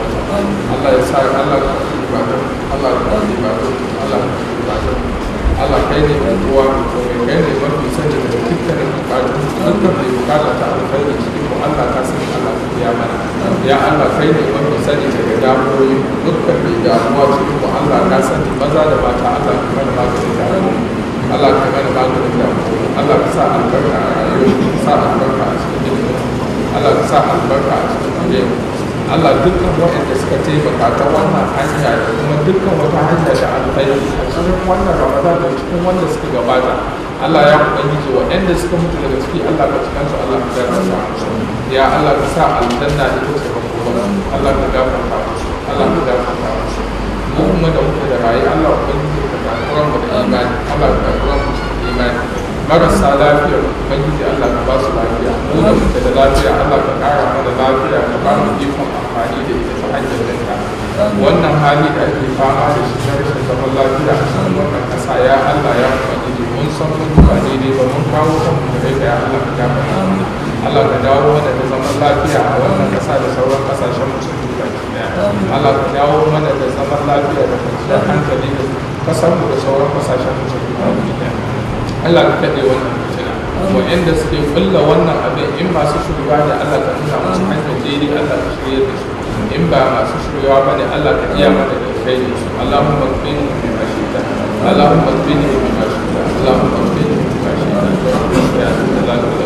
Allah ya sa Allah ka fi ba ta Allah ka fi ba ta Allah ka ba ta Allah kai ne mai kowa kai ne mafi sani da dukkanin bukatu dukkan mai bukata ta da cikin mu Allah ka san Allah ka biya mana ya Allah kai ne mafi sani daga damuwoyi dukkan mai damuwa cikin mu Allah ka sani maza da mata Allah ka mana maganin damuwa Allah ka mana da damuwa Allah ka sa albarka a rayuwa sa albarka a cikin Allah ka sa albarka a cikin rayuwa Allah dukkan waɗanda suka taimaka ta wannan hanya da kuma dukkan wata hanya da alkhairi a cikin wannan ramadan da cikin wanda suka gabata Allah ya wa waɗanda suka mutu daga ciki Allah ka cikin su Allah ka sa ya Allah ka sa aljanna da ta saka kuma Allah ka gafarta musu Allah ka gafarta musu mu kuma da muke da rayu Allah ubangiji ka karɓar mu da imani Allah ka marasa lafiya ubangiji allah ka ba su lafiya mu da muke da lafiya allah ka kara mana lafiya ka ba mu ikon amfani da ita ta hanyar danka wannan hali da ake fama da shi na rashin zaman lafiya a san wannan kasa ya allah ya ubangiji mun san mun ba daidai ba mun kawo kanmu mu da ya allah ka gafarta mu allah ka dawo mana da zaman lafiya a wannan kasa da sauran kasashen musulmi baki daya allah ka dawo mana da zaman lafiya da kwanciyar hankali da kasar mu da sauran kasashen musu baki daya Allah ka kaɗe wannan fitina wa'anda suke kulla wannan abin in masu shugaba da Allah ka nuna musu hanyar daidai Allah ka shirya da su in ba masu shugaba ba ne Allah ka iya mana da kai ne su Allahumma qini bi mashita Allahumma qini bi mashita Allahumma qini bi mashita ya Allah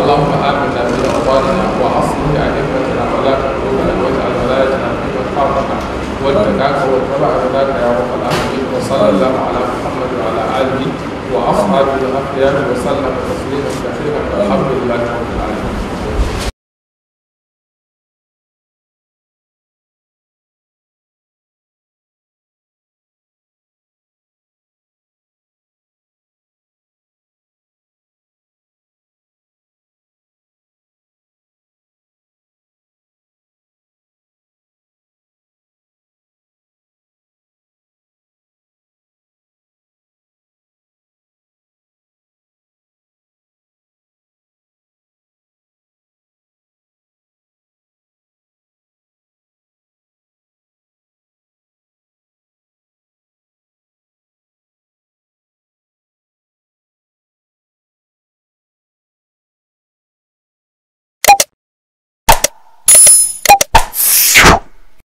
اللهم آمنا في أوطاننا وأصلح أئمتنا ولا قلوبنا واجعل ولايتنا في من خافنا واتقاك واتبع رضاك يا رب العالمين وصلى الله على محمد وعلى آله إلى الاخيار وسلم تسليما كثيرا الحمد لله رب العالمين